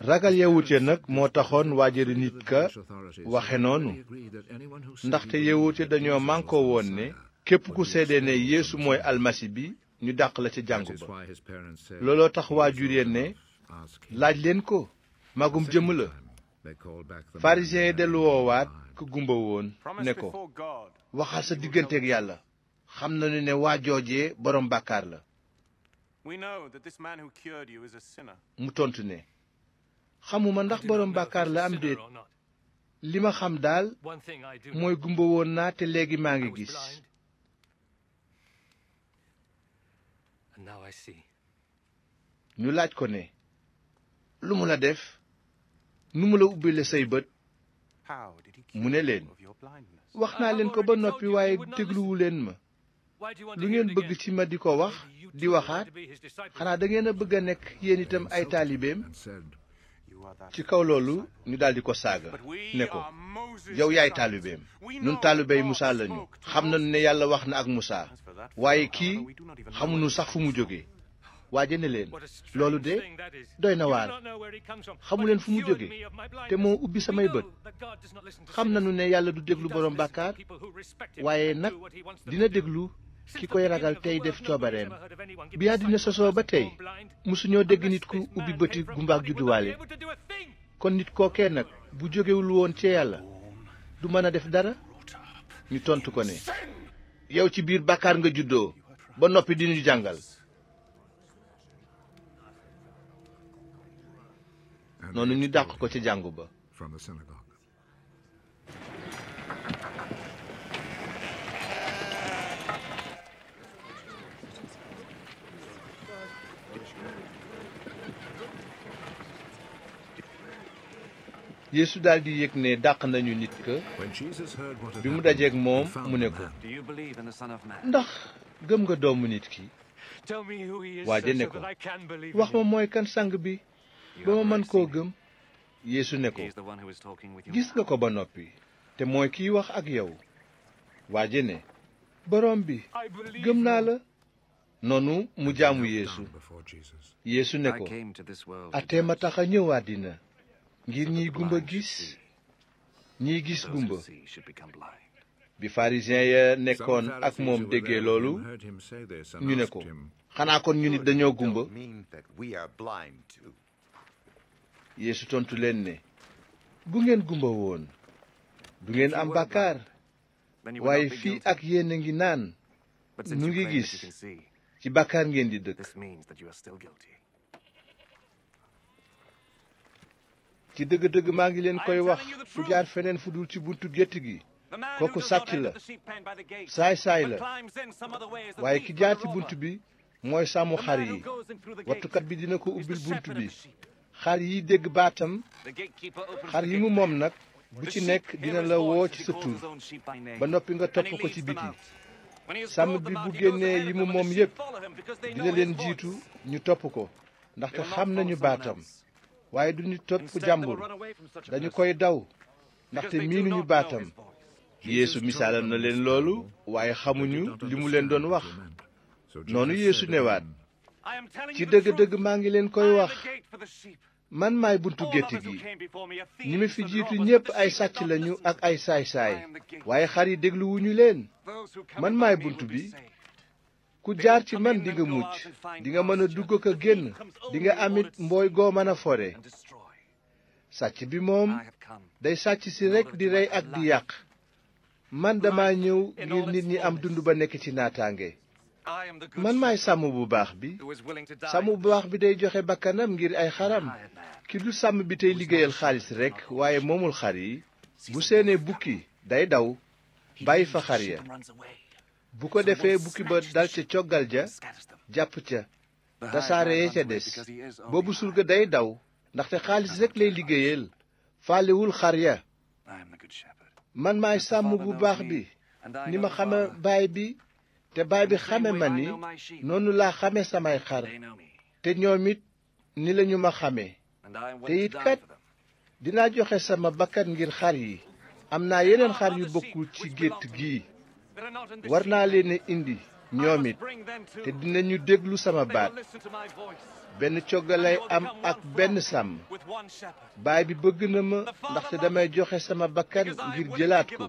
ragal yawut ya nag moo taxoon waajari nit ka waxe noonu ndaxte yawut ya dañoo mànkoo woon ne képp ku seede ne yéesu mooy almasi bi ñu dàq la ca jàngu ba looloo tax waajur ya ne laaj leen ko magum jëmm la farisiyen yi dellu woowaat ku gumba woon ne ko waxal sa digganteeg yàlla xam na nañu ne waa joojee boroom bàkkaar la mu tontu ne xamuma ndax boroom bàkkaar la am déet li ma xam daal mooy gumba woon naa te léegi maa ngi gis ñu laaj ko ne lu mu la def nu mu la ubbile say bët mu ne leen wax naa leen ko ba noppi waaye dégluwu leen ma lu ngeen bëgg ci ma di ko wax di waxaat xanaa da ngeen a bëgg a nekk yéen itam ay taalibeem ci kaw loolu ñu daldi ko saaga ne ko yow yaay taalibeem nun taalibey Musaa lañu xam nañu ne yàlla wax na ak Musaa waaye kii xamuñu sax fu mu jóge waaje ne leen loolu de doy na waar xamuleen fu mu jóge te moo ubbi samay bët xam nañu ne yàlla du déglu boroom bàkkaar waaye nag dina déglu ki koy ragal tey def coobareem bi àddina sosoo ba tey mësuñoo dégg nit ku ubbi bëti gumbaak judduwaale kon nit kookee nag bu jógewul woon ci yàlla du mën a def dara ñu tontu ko ne yow ci biir bàkkaar nga juddoo ba noppi di ñu jàngal noonu ñu dàq ko ci jàngu ba yéesu daal di yëg ne dàq nañu nit ka bi mu dajeek moom mu ne ko ndax gëm nga doomu nit ki waaja ne ko wax ma mooy kan sang bi ba ma mën koo gëm yeesu ne ko gis nga ko ba noppi te mooy kiy wax ak yow waaja ne boroom bi gëm naa la noonu mu jaamu yeesu yeesu ne ko atee ma tax a ñëw àddina ngir ñiy gumba gis ñiy gis gumba bi pharisien ya nekkoon ak moom déggee loolu ñu ne ko xanaa kon ñu nit dañoo gumba Yeesu tontu leen ne bu ngeen gumba woon du ngeen am bàkkaar waaye fii ak yéen ngi naan nu ngi gis ci bàkkaar ngeen di dëkk ci dëgg-dëgg maa ngi leen koy wax ku jaar feneen fu dul ci buntu gétt gi kooku sàcc la saay-saay la waaye ki jaar ci bunt bi mooy sàmm xar yi wattukat bi dina ko ubbil bunt bi xar yi dégg baatam xar yi mu moom nag bu ci nekk dina la woo ci sa tur ba noppi nga topp ko ci biti sàmm bi bu génnee yi mu moom yépp dina leen jiitu ñu topp ko ndaxte xam nañu baatam waaye du ñu topp jàmbur dañu koy daw ndaxte miinuñu baatam yeesu misaalal na leen loolu waaye xamuñu li mu leen doon wax noonu yeesu newaat ci dëgg-dëgg maa ngi leen koy wax man maay buntu gétt gi ñi ma fi jiitu ñépp ay sàcc lañu ak ay saay-saay waaye xar yi dégluwuñu leen man maay bunt bi ku jaar ci man dinga mucc dinga mën a dugg ko génn dinga it mbooy goo mën a fore sàcc bi moom day sàcc si rekk di rey ak di yàq man dama ñëw ngir nit ñi am dund ba nekk ci naataange man maay sàmm bu baax bi sàmm bu baax bi day joxe bakkanam ngir ay xaram ki du sàmm bi tey liggéeyal xaalis rekk waaye moomul xar yi bu seenee bukki day daw bàyyi fa xar ya bu ko defee bukki ba dal ca coggal ja jàpp ca tasaare ya ca des boobu surga day daw ndaxte xaalis rekk lay liggéeyal faalewul xar ya man maay sàmm bu baax bi ni ma xame baay bi te baay bi xame ma ni noonu laa xame samay xar te ñoom it ni lañu ma xame te it kat dinaa joxe sama bakkat ngir xar yi am naa yeneen xar yu bokkul ci gétt gi war naa leen a indi ñoom it te dinañu déglu sama baat benn coggalay am ak benn sàmm baay bi bëgg na ma ndaxte damay joxe sama bakkan ngir jëlaat ko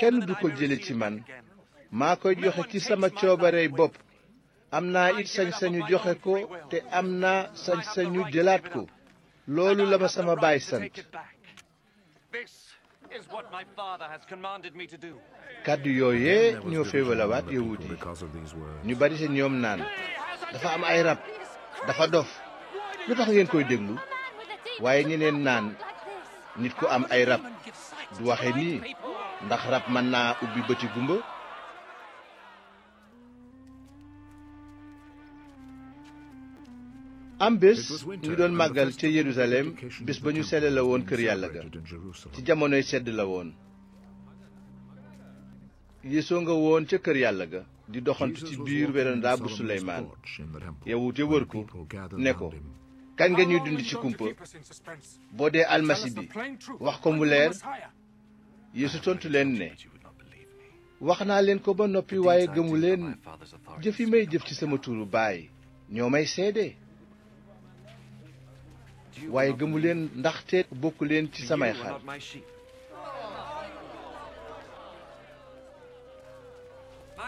kenn du ko jële ci man maa koy joxe ci sama coobarey bopp am naa it sañ joxe ko te am naa sañ-sañu jëlaat ko loolu la ma sama baay sant kàddu yooyee ñoo féewalawaat yawut yi ñu bari ci ñoom naan dafa am ay rab dafa dof lu tax ngeen koy déglu waaye ñeneen naan nit ku am ay rab du waxe nii ndax rab mën naa ubbi bëti gumba am bés ñu doon màggal ca Yerusalem bés ba ñu sele la woon kër yàlla ga ci jamonoy sedd la woon yéesu nga woon ca kër yàlla ga di doxantu ci biir werandaa bu Suleymaan yawut ya wër ko ne ko kañ nga ñuy oh, dund ci kumpa boo dee almasi bi wax ko mu leer yéesu tontu leen ne wax naa leen ko ba noppi waaye gëmu leen jëf yi may jëf ci sama tuuru baay ñoo may seede waaye gëmu leen ndaxte bokku leen ci samay xar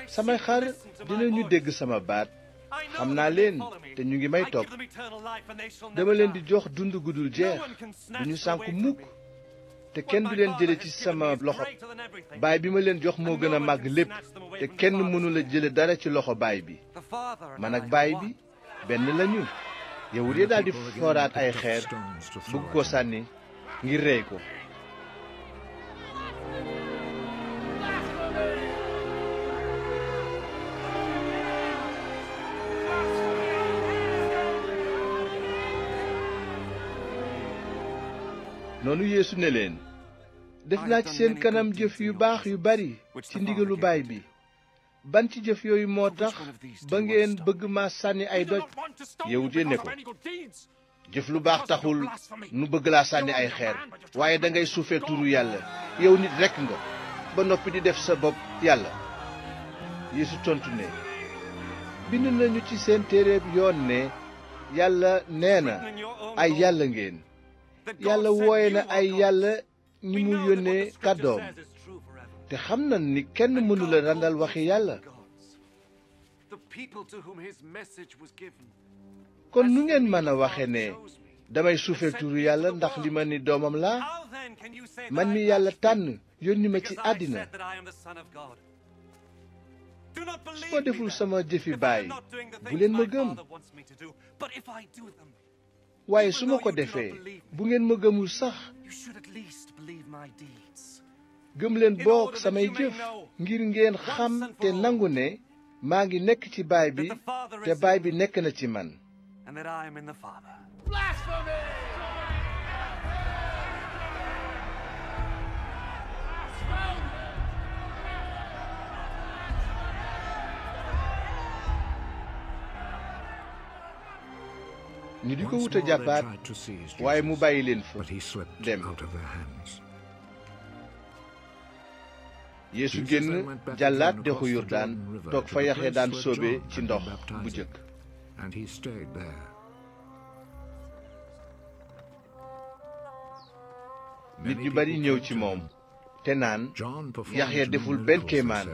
samay xar dinañu dégg sama baat xam naa leen te ñu ngi may topp dama leen di jox dund gudul jeex du ñu sànku mukk te kenn du leen jële ci sama loxo baay bi ma leen jox moo gën a màgg lépp te kenn mënula jële dara ci loxo baay bi man ak baay bi benn lañu yawut ya daldi fooraat ay xeer bëgg ko sànni ngir rey ko noonu yeesu ne leen def naa ci seen kanam jëf yu baax yu bari ci ndigalu baay bi ban ci jëf yooyu moo tax ba ngeen bëgg ma sànni ay doj yawut ya ne ko jëf lu baax taxul nu bëgg laa sànni ay xeer waaye da ngay suufee yàlla yow nit rekk nga ba noppi di def sa bopp yàlla Yeesu tontu ne bind nañu ci seen téereeb yoon ne yàlla nee na ay yàlla ngeen yàlla wooye na ay yàlla ñi mu yónnee kàddoom te xam na ni kenn mënula randal waxi yàlla kon nu ngeen mën a waxe ne damay suufee turu yàlla ndax li ma ni doomam laa man mi yàlla tànn yónni ma ci àddina su ma deful sama jëfi baay bu leen ma gëm waaye su ma ko defee bu ngeen ma gëmul sax gëm leen boog samay jëf ngir ngeen xam te nangu ne maa ngi nekk ci baay bi te baay bi nekk na ci man ñu di ko wut a jàppaat waaye mu bàyyi leen fa dem yéesu génn jàllaat dexu yurdaan toog fa yaxya daan sóobe ci ndox bu jëkk nit ñu bari ñëw ci moom te naan yaxya deful benn kéemaan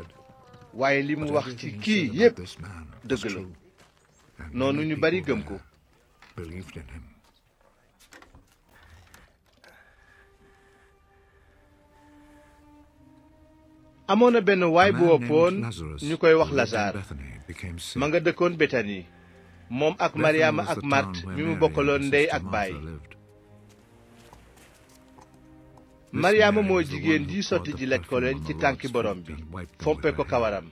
waaye li mu wax ci kii yépp dëgg la noonu ñu bari gëm ko amoon na benn waay bu woppoon ñu koy wax lasaar ma nga dëkkoon betani moom ak maryaama ak màrt mi mu bokkaloon ndey ak baay maryaama mooy jigéen ji sotti ji laj koleen ci tànki borom bi fompe ko kawaram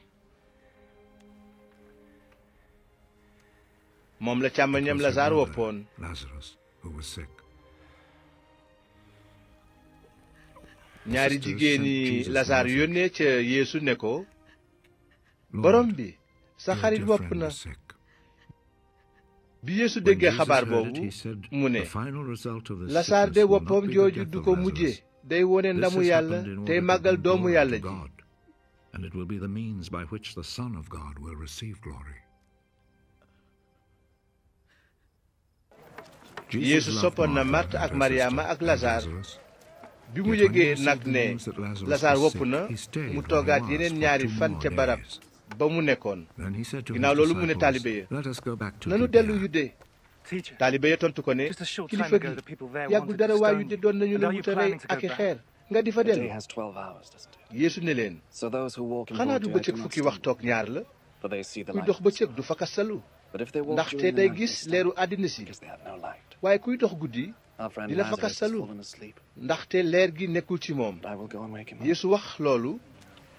moom la càmmoñam lasaar woppoon ñaari jigéeni lasaar yónnee ca yeesu ne ko borom bi sa xarit wopp na bi yeesu déggee xabaar boobu mu ne lasaar de woppam jooju du ko mujje day wone ndamu yàlla tey màggal doomu yàlla ji yeesu soppoon na màrt ak maryaama ak lasaar bi mu yëgee nag ne lasaar wopp na mu toogaat yeneen ñaari fan ca barab ba mu nekkoon ginnaaw loolu mu ne taalibe ya nanu dellu yudde taalibe ya tontu ko ne kilifa gi yàggul dara waa yudde doon nañu la wuta rey ak i xeer nga di fa dellu yeesu ne leen xanaa du bëccëg fukki wax toog ñaar la kuy dox bëccëg du fa kastalu ndaxte day gis leeru àddina si waaye kuy dox guddi di la fakkastalu ndaxte leer gi nekkul ci moom Yeesu wax loolu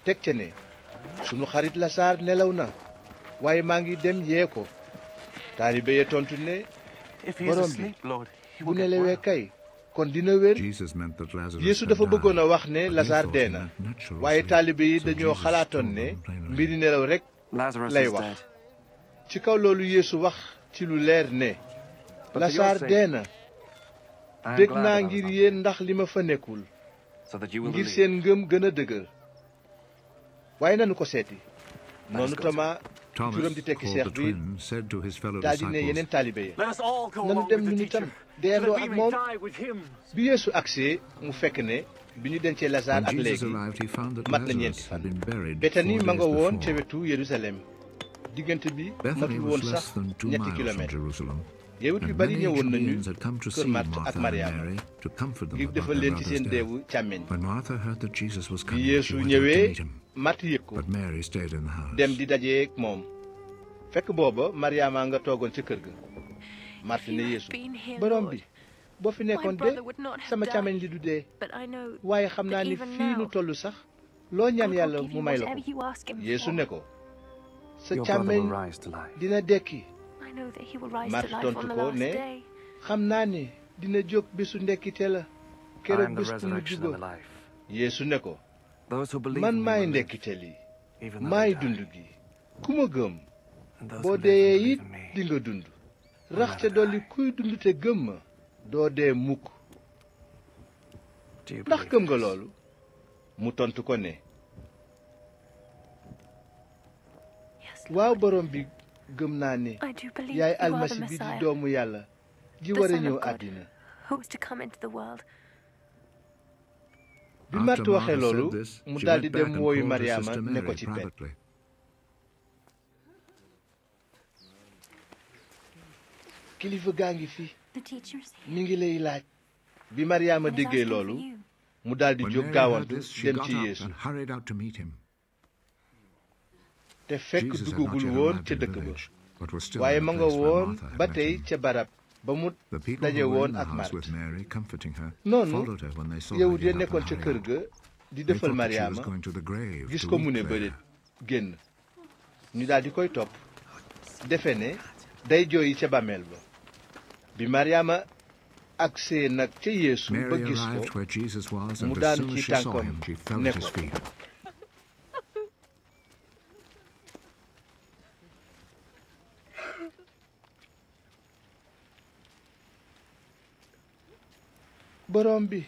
teg ca ne sunu xarit Lasaar nelaw na waaye maa ngi dem yee ko taalibe ya tontu ne borom bi bu nelawee kay kon dina wér yéesu dafa bëggoon a wax ne Lasaar dee na waaye taalibe yi dañoo xalaatoon ne mbiri nelaw rekk lay wax ci kaw loolu yéesu wax ci lu leer ne Lasaar dee na bég naa ngir yéen ndax li ma fa nekkul ngir seen ngëm gën a dëgër waaye nanu ko seeti noonu Tomaa turam di tekki seex bi daldi ne yeneen taalibe ya nanu dem ñu tam deeloo ak moom bi Yeesu agsee mu fekk ne bi ñu dencee Lasaar ak léegi mat na ñeenti fan Betani ma nga woon ca wetu Yerusalem diggante bi matul woon sax ñetti kilomètre yawut yu bari ñëwoon nañu kër Marta ak Mariama ngir defal leen ci seen deewu càmmeñ bi Yeesu ñëwee Marta yëg ko dem di dajeek moom fekk booba Mariama nga toogoon ca kër ga Marta ne borom bi boo fi nekkoon de sama càmmeñ li du dee waaye xam naa ni fii nu toll sax loo ñaan yàlla mu may la ko Yeesu ne ko sa càmmeñ dina dekki Mars tontu ko ne xam naa ni dina jóg bésu ndekkite la keroog bés bu mujj ba Yeesu ne ko man maay ndekkite li maay dund gi ku ma gëm boo deeyee it dinga dund raxte dolli kuy dund te gëm ma doo dee mukk ndax gëm nga loolu mu tontu ko ne gëm naa ne yaay doomu yàlla ji war àddina bi Màrt waxee loolu mu daldi dem wooyu Maryaama ne ko ci kilifa gaa ngi fi mi ngi lay laaj bi Maryaama déggee loolu mu daldi jóg gaawantu dem ci Yeesu te fekk duggagul woon ca dëkk ba waaye ma nga woon ba tey ca barab ba mu daje woon ak Màrt noonu yawut ya nekkoon ca kër ga di defal Maryaama gis ko mu ne bëreet génn ñu daal di koy topp defe ne day jooyi ca bàmmeel ba bi Maryaama agsee nag ca Yeesu ba gis ko mu daan ci tànkam ne ko borom bi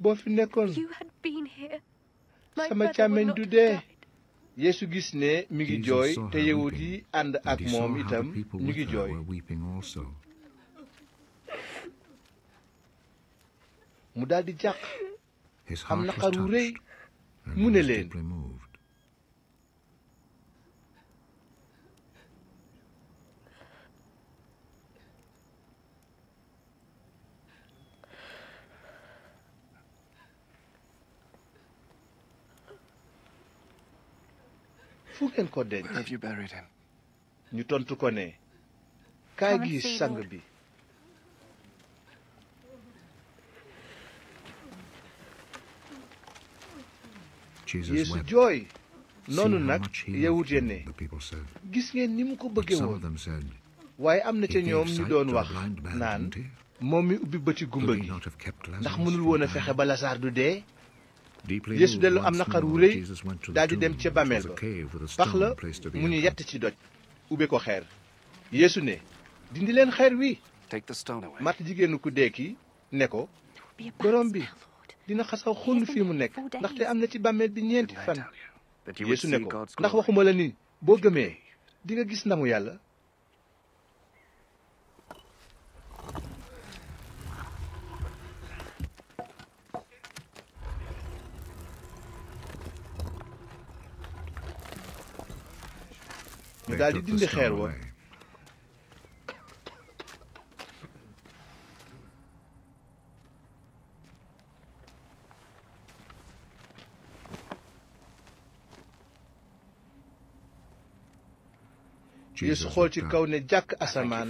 boo fi nekkoon sama càmmeñ du dee yeesu gis ne mi ngi jooy te yawut yi ànd ak moom itam ñu ngi jooy mu daldi jàq am naqar wu rëy mu ne leen fu ngeen ko denc. ñu tontu ko ne. kaay gi sang bi. Yeesu jooy. noonu nag yawut ya ne gis ngeen ni mu ko bëgge woon waaye am na ca ñoom ñu doon wax naan moom mi ubbi bëti gumba gi ndax mënul woon fexe ba lasaar du dee Yeesu dellu am naqar wu rëy daal dem ca bàmmeel ba pax la mu ñu yett ci doj ubbe ko xeer Yeesu ne dindi leen xeer wi Màrt jigéenu ku dee ki ne ko borom bi dina xasaw xunn fii mu nekk ndaxte am na ci bàmmeel bi ñeenti fan Yeesu ne ko ndax waxuma la ni boo gëmee di nga gis ndamu yàlla daal xool ci kaw ne jàkk asamaan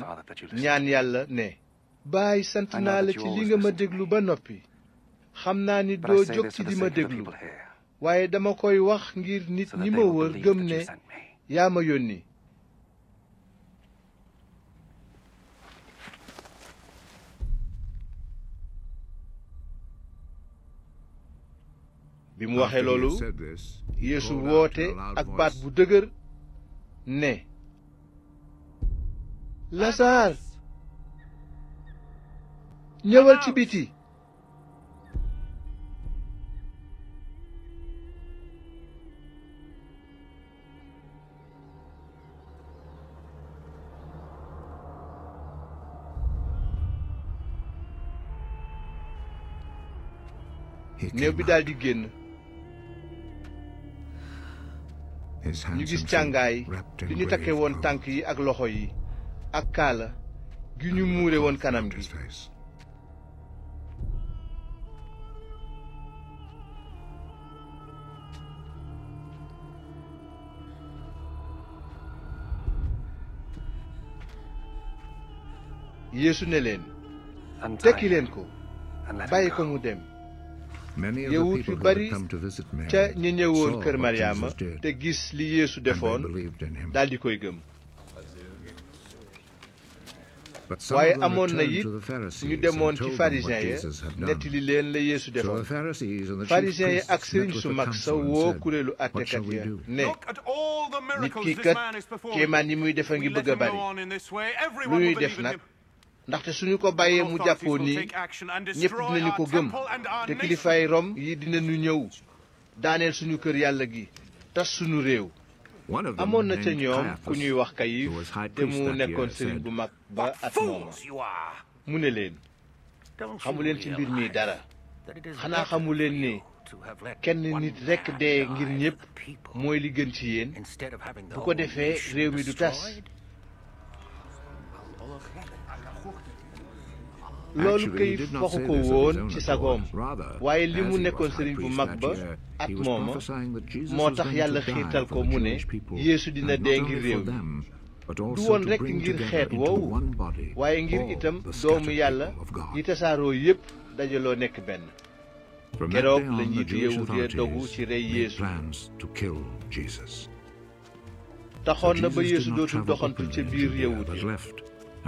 ñaan yàlla ne bàyyi sant naa la ci li nga ma déglu ba noppi xam naa ni doo jóg ci di ma déglu waaye dama koy wax ngir nit ñi ma wër gëm ne yaa ma yónni bi mu waxee loolu Yeesu woote ak baat bu dëgër ne Lasaar ñëwal ci biti néew bi daal génn ñu gis càngaay li ñu takke woon tànk yi ak loxo yi ak kaala gi ñu muure woon kanam gi yeesu ne leen tekki leen ko bàyyi ko mu dem yawut yu bari ca ñu ñëwoon kër Maryaama te gis li Yeesu defoon daal di koy gëm waaye amoon na it ñu demoon ci pharisiens ya nettali leen la Yeesu defoon pharisiens ya ak sëriñ su mag sa woo kuréelu àttekat ya ne nit ki kat yi muy defa ngi bëgg a bari lu ñuy def nag ndaxte suñu ko bàyyee mu jàppoo nii ñépp dinañu ko gëm te kilifaay Rom yi dinañu ñëw daaneel suñu kër yàlla gi tas suñu réew amoon na ca ñoom ku ñuy wax Kayif te mu nekkoon sëriñ bu mag ba at mooma mu ne leen xamuleen ci mbir mi dara xanaa xamuleen ni kenn nit rekk dee ngir ñépp mooy li gën ci yéen bu ko defee réew mi du tas loolu kay waxu ko woon ci sagoom waaye li mu nekkoon sëriñ bu mag ba at mooma moo tax yàlla xiirtal ko mu ne yéesu dina dee ngir réew du woon rekk ngir xeet woowu waaye ngir itam doomu yàlla yi tasaaroo yépp dajaloo nekk benn keroog la njiitu yawut ya dogu ci rey yeesu taxoon na ba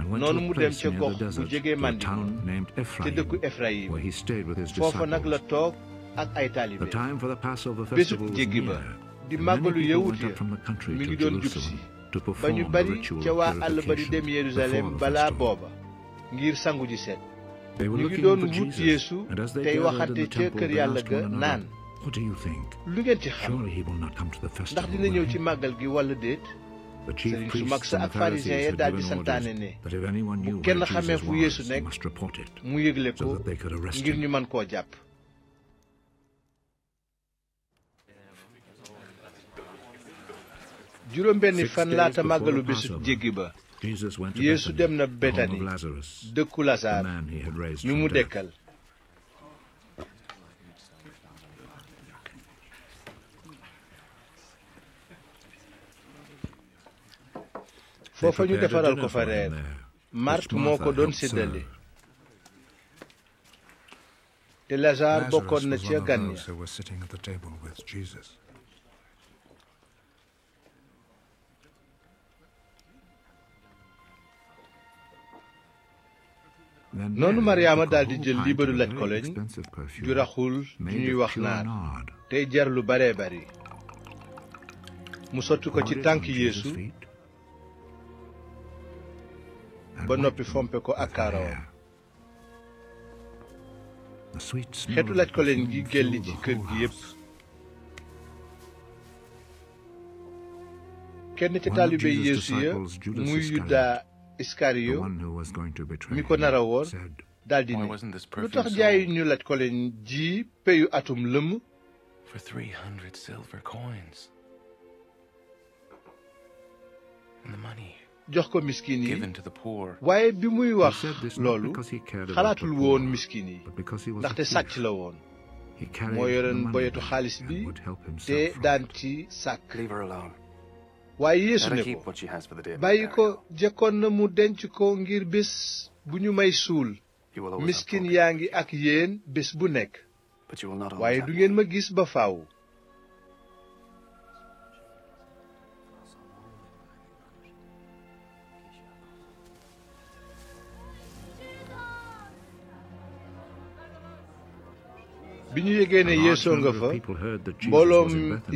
noonu mu dem ca gox bu jege Manding te dëkku Efraïm foofa nag la toog ak ay taalibe bésub jéggi ba di màggalu yawut ya mi ngi doon jub si ba ñu bari ca waa àll ba di dem Yerusalem balaa booba ngir sangu ji set ñu ngi doon wut Yeesu tey waxante ca kër yàlla ga naan lu ngeen ci xam ndax dina ñëw ci màggal gi walla déet sëriñ su mag sa ak pharisien ya daal di santaane ne bu kenn xamee fu yeesu nekk mu yëgle ko ngir ñu koo jàpp. juróom benni fan laata màggalu bésu jéggi ba. yeesu dem na betani dëkku lasaar mi mu dekkal. foofa ñu defaral ko fa reer màrt moo ko doon séddale te Lazare bokkoon na ca gan ya noonu Mariama daldi jël liibaru laj koloñ ju raxul ju ñuy wax naar tey jar lu bare bari mu sotti ko ci tànk Yeesu ba noppi fompe ko ak kaarawam xeetu laaj ko gi gelli ci kër gi yépp kenn ca taalibe yeesu ya muy yuda iskariyo mi ko nara woon daldi ne lu tax jaayu ñu laaj ko leen ji peyu atum lëmm jox ko miskin yi waaye bi muy wax loolu xalaatul woon miskin yi ndaxte sàcc la woon moo yoroon boyetu xaalis bi te daan ci sàkk waaye yeesu ne ko bàyyi ko jekkoon na mu denc ko ngir bés bu ñu may suul miskin yaa ngi ak yéen bés bu nekk waaye du ngeen ma gis ba faaw bi ñu yégee ne yeesoo nga fa mbooloom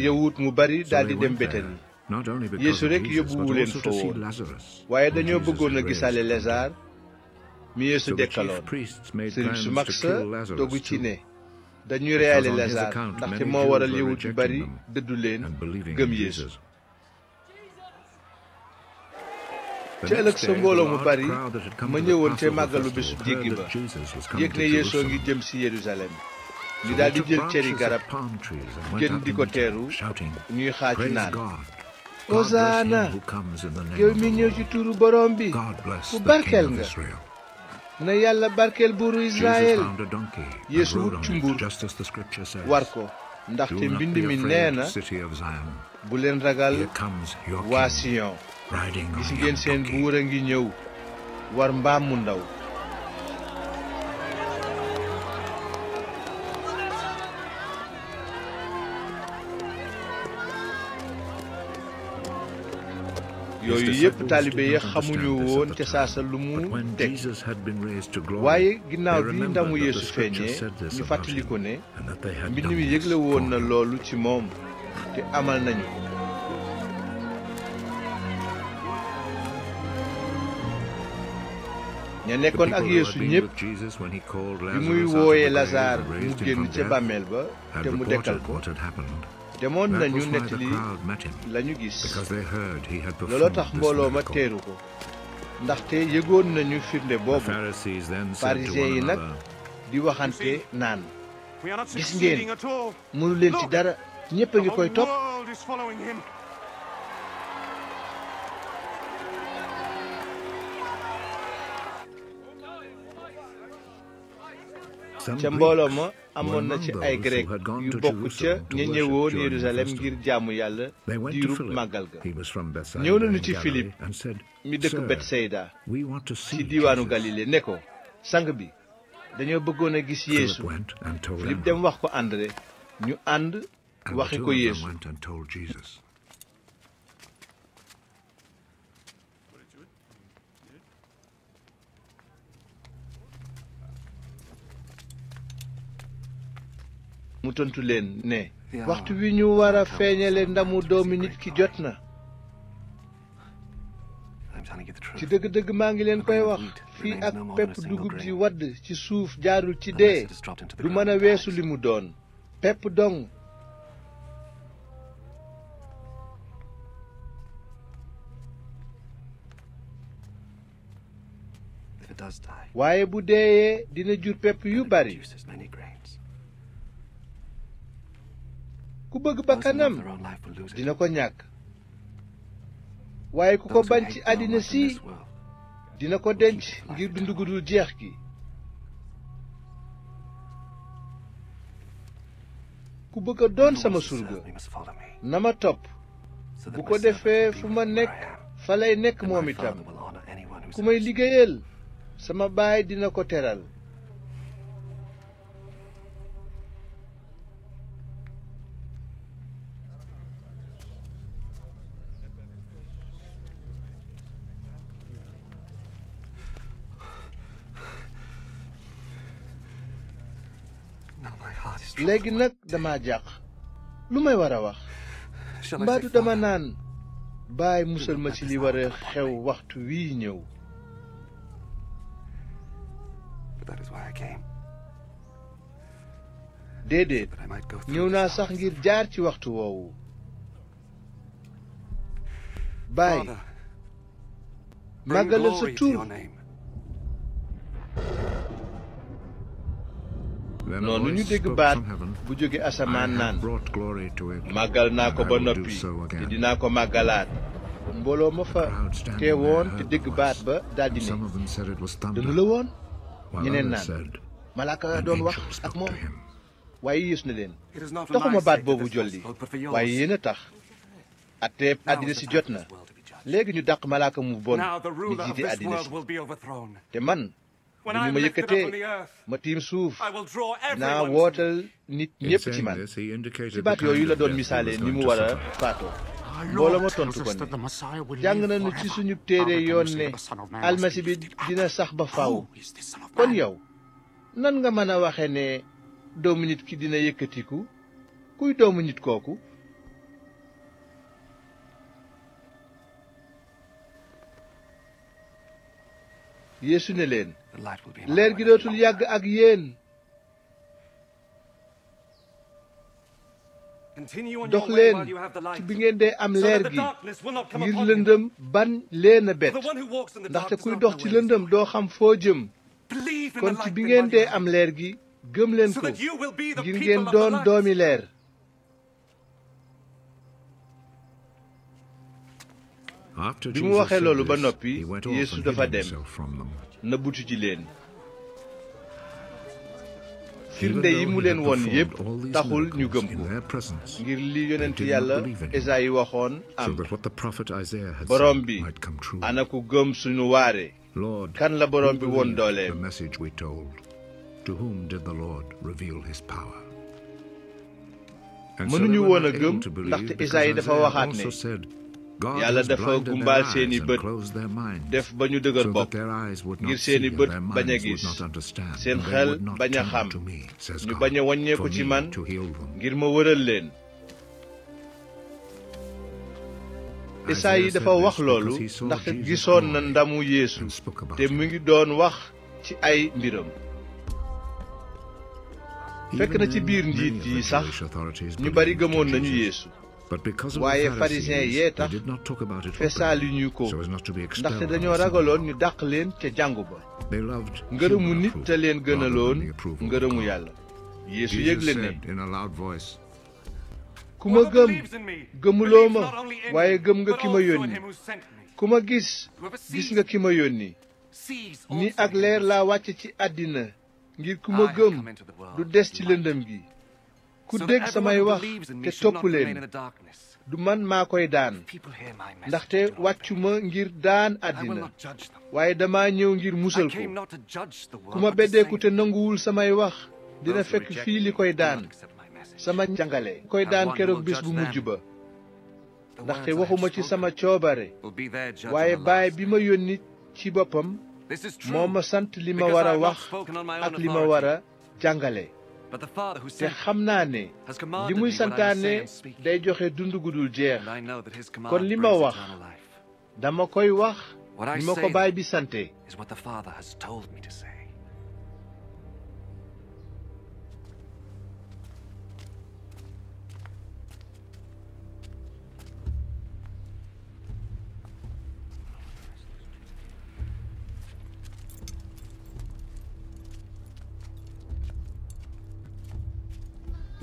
yawut mu bari daldi dem betani yeesu rekk yóbbuwu leen fa woon waaye dañoo bëggoon a gisaale lasaar mi yeesu dekkaloon sëriñ su mag sa dogu ci ne dañuy reyaale lasaar ndaxte moo waral yawut yu bari dëddu leen gëm yeesu ca ëllëg sa mbooloo mu bari ma ñëwoon te màggalu bésu jéggi ba yëg ne yeesoo ngi jëm si yerusalem ñu daal di jël ceri garab gën di ko teeru ñuy xaaj naan Hosanna mi ñëw ci turu borom bi ku barkeel nga na yàlla barkeel buuru Israël Yeesu wut ci mbur war ko ndaxte mbind mi nee na bu leen ragal waa Siyon gis ngeen seen buur a ngi ñëw war mbaam mu ndaw yooyu yépp taalibe ya xamuñu woon ca saasa lu mu teg waaye ginnaaw bi ndamu yeesu feeñee ñu fàttali ko ne mbind mi yëgle woon na loolu ci moom te amal nañu nekkoon ak yeesu ñépp bi muy wooyee lasaar mu génn ca bàmmeel ba mu dekkal ko demoon nañu nettali la gis looloo tax mbooloo ma teeru ko ndaxte yëgoon nañu firnde boobu pharisiens yi nag di waxante naan gis ngeen mënu leen ci dara ñépp a ngi koy topp ca amoon na ci ay grec yu bokk ca ña ñëwoon Yerusalem ngir jaamu yàlla diirub màggal ga ñëw nañu ci Philippe mi dëkk Betsayda ci diiwaanu Galilée ne ko sang bi dañoo bëggoon a gis Yeesu Philippe dem wax ko André ñu ànd waxi ko Yeesu mu tontu leen ne waxtu wi ñu war a feeñale ndamu doomi nit ki jot na ci dëgg-dëgg maa ngi leen koy wax fii ak pepp dugub ji wadd ci suuf jaarul ci dee du mën a weesu li mu doon pepp dong waaye bu deeyee dina jur pepp yu bari ku bëgg bakkanam dina ko ñàkk waaye ku ko bañ ci àddina si dina ko denc ngir dund gu jeex gi ku bëgg a doon sama surga na ma topp bu ko defee fu ma nekk fa lay nekk moom itam ku may liggéeyal sama baay dina ko teral léegi nag dama jàq lu may war a wax mbaatu dama naan baay musal ma ci li war xew waxtu wii ñëw déedéet ñëw naa sax ngir jaar ci waxtu woowu baay màggalal sa tur noonu ñu dégg baat bu jóge asamaan naan màggal naa ko ba noppi te dinaa ko màggalaat mbooloo ma fa teewoon te dégg baat ba daldi ne dëgg la woon ñeneen naan malaaka doon wax ak moom waaye yées na leen taxuma baat boobu jolli waaye yéen a tax atteeb àddina si jot na léegi ñu daq malaaka mu bon mi jiite àddina si te man bu ñu ma yëkkatee ma tiim suuf naa wootal nit ñëpp ci man baat yooyu la doon misaale ni mu war faatoo mbooloo ma tontu ko ne jàng nañu ci suñu téere yoon ne almasi bi dina sax ba faw kon yow nan nga mën a waxe ne doomu nit ki dina yëkkatiku kuy doomu nit kooku yeesu leen leer gi dootul yàgg ak yéen dox leen ci bi ngeen dee am leer gi ngir lëndëm ban leen a bett ndaxte kuy dox ci lëndëm doo xam foo jëm kon ci bi ngeen dee am leer gi gëm leen ko ngir ngeen doon doomi leer bi mu waxee loolu ba noppi Yeesu dafa nëbbutu ji leen yi mu leen woon yépp taxul ñu gëm ko ngir li yonentu yàlla Esayi waxoon am borom bi ana ku gëm suñu waare kan la borom bi woon dooleem mënuñu woon a gëm ndaxte Esayi dafa waxaat ne yàlla dafa gumbaal seeni bët def ba ñu dëgër bopp ngir seeni bët bañ a gis seen xel bañ a xam ñu bañ a wàññeeku ci man ngir ma wëral leen Isaayi dafa wax loolu ndaxte gisoon na ndamu Yeesu te mu ngi doon wax ci ay mbiram fekk na ci biir njiit yi sax ñu bari gëmoon nañu Yeesu waaye pharisien yee tax fesaaluñu ko ndaxte dañoo ragaloon ñu dàq leen ca jàngu ba ngërëmu nit te leen gënaloon ngërëmu yàlla yéesu yégle ne ku ma gëm gëmuloo ma waaye gëm nga ki ma yónni ku ma gis gis nga ki ma yónni ni ak leer laa wàcc ci àddina ngir ku ma gëm du des ci lëndëm gi ku dégg samay wax te topp leen du man maa koy daan ndaxte wàccuma ngir daan àddina waaye dama ñëw ngir musal ko ku ma beddeeku te nanguwul samay wax dina fekk fii li koy daan sama jàngale koy daan keroog bés bu mujj ba ndaxte waxuma ci sama coobare waaye baay bi ma yónni ci boppam moo ma sant li ma war a wax ak li ma war a jàngale te xam naa ne li muy santaane day joxe dund gu dul jeex kon li ma wax dama koy wax li ma ko baay bi sante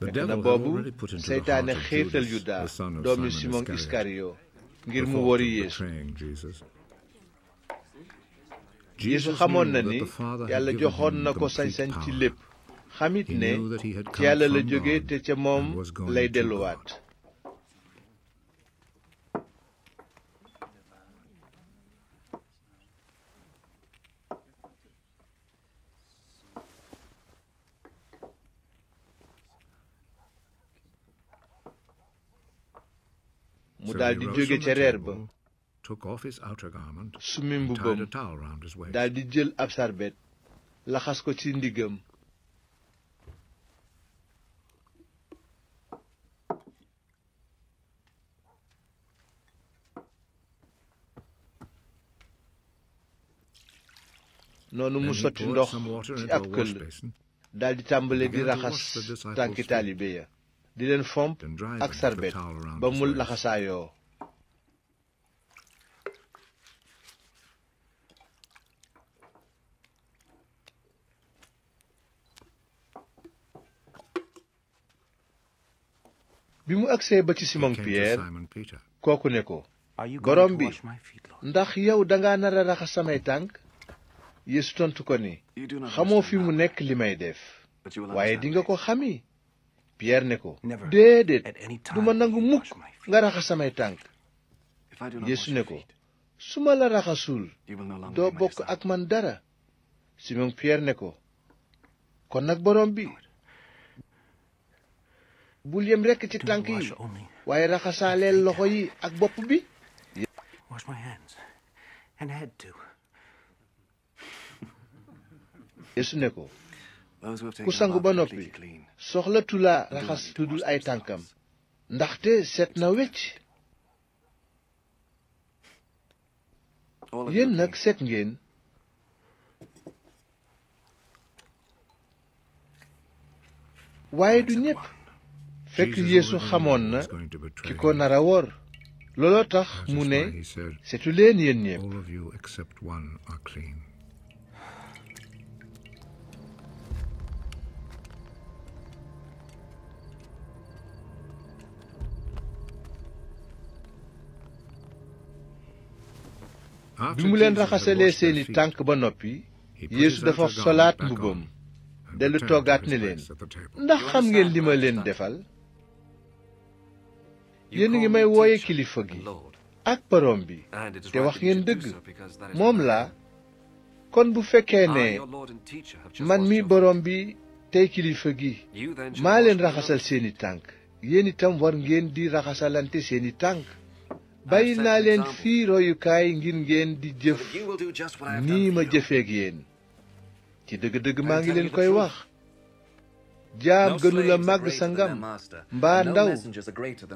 fekk na boobu seytaane xéetal yuda doomi simon iskariyo ngir mu wori yeesu yeesu xamoon na ni yàlla joxoon na ko sañ-sañ ci lépp xam it ne ci yàlla la jóge te ca moom lay delluwaat mu daal di jóge ca reer ba summi mbubbam daal jël ab sarbet laxas ko ci ndiggam noonu mu sotti ndox ci ab këll daal di di raxas tànki taalibe ya di leen fomp ak sarbet ba mu bi mu agsee ba ci Simon Pierre kooku ne ko borom bi ndax yow danga nar raxas samay tànk Yeesu tontu ko ni xamoo fi mu nekk li may def waaye dinga ko xami Pierre ne ko déedéet du ma nangu mukk nga raxas samay tànk Yeesu ne ko su ma la raxasul doo bokk ak man dara Simon Pierre ne ko kon nag borom bi bul yem rekk ci tànk yi waaye raxasaaleel loxo yi ak bopp bi Yeesu ne ko ku sangu ba noppi soxlatu la raxas tuddul ay tànkam ndaxte seet na wecc yéen nag set ngeen waaye du ñépp fekk yeesu xamoon na ki ko nar a wor looloo tax mu ne setu leen yéen ñépp bi mu leen raxasalee seeni tànk ba noppi yéesu dafa solaat mbubbam dellu toogaat ne leen ndax xam ngeen li ma leen defal yéen ngi may wooye kilifa gi ak boroom bi te wax ngeen dëgg moom laa kon bu fekkee ne man mi boroom bi tey kilifa gi maa leen raxasal seeni tànk yéen itam war ngeen di raxasalante seeni tànk bàyyil naa leen fii royukaay ngir ngeen di jëf nii ma jëfeeg yéen ci dëgg-dëgg maa ngi leen koy wax jaam gënula màgg sangam mbaa ndaw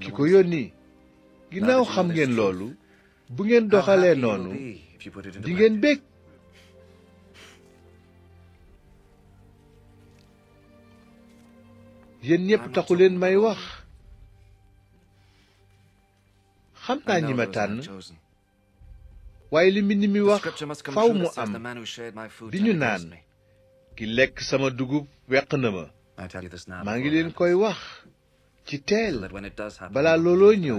ki ko yónni ginnaaw xam ngeen loolu bu ngeen doxalee noonu di ngeen bég yéen ñépp taxu leen may wax xam naa ñi ma tànn waaye li mbind mi wax faw mu am di ñu naan ki lekk sama dugub weq na ma maa ngi leen koy wax ci teel balaa looloo ñëw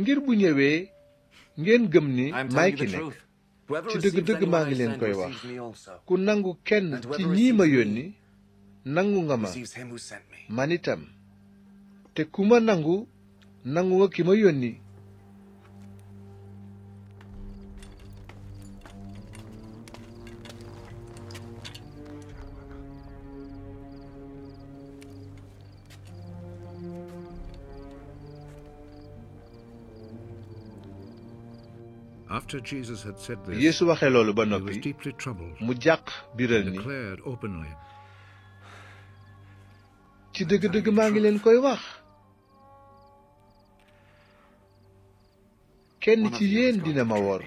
ngir bu ñëwee ngeen gëm ni maay ki nekk ci dëgg-dëgg maa ngi leen koy wax ku nangu kenn ci ñii ma yónni nangu nga ma man itam te ku ma nangu nangu nga ki ma yónni bi Yeesu waxee loolu ba noppi mu jàq biral ni ci dëgg-dëgg maa ngi leen koy wax kenn ci yéen dina ma wor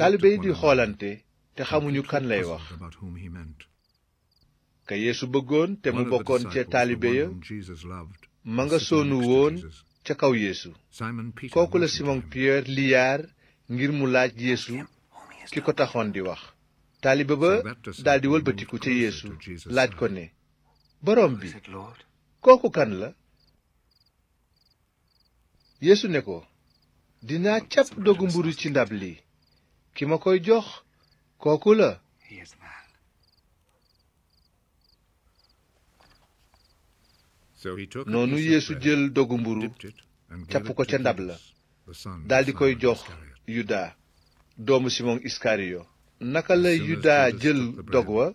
taalibe yi di xoolante te xamuñu kan lay wax ka bëggoon te mu bokkoon ca taalibe ya soonu woon kaw yeesu kooku la simon pierre liyaar ngir mu laaj yeesu ki ko taxoon di wax taalibe ba daldi wëlbatiku ca yeesu laaj ko ne boroom bi kooku kan la yeesu ne ko dinaa càpp dogu mburu ci ndab li ki ma koy jox kooku la noonu yéesu jël dogu mburu capp ko ca ndab la daldi koy jox yuda doomu simon iskariyo naka la yuda jël dog wa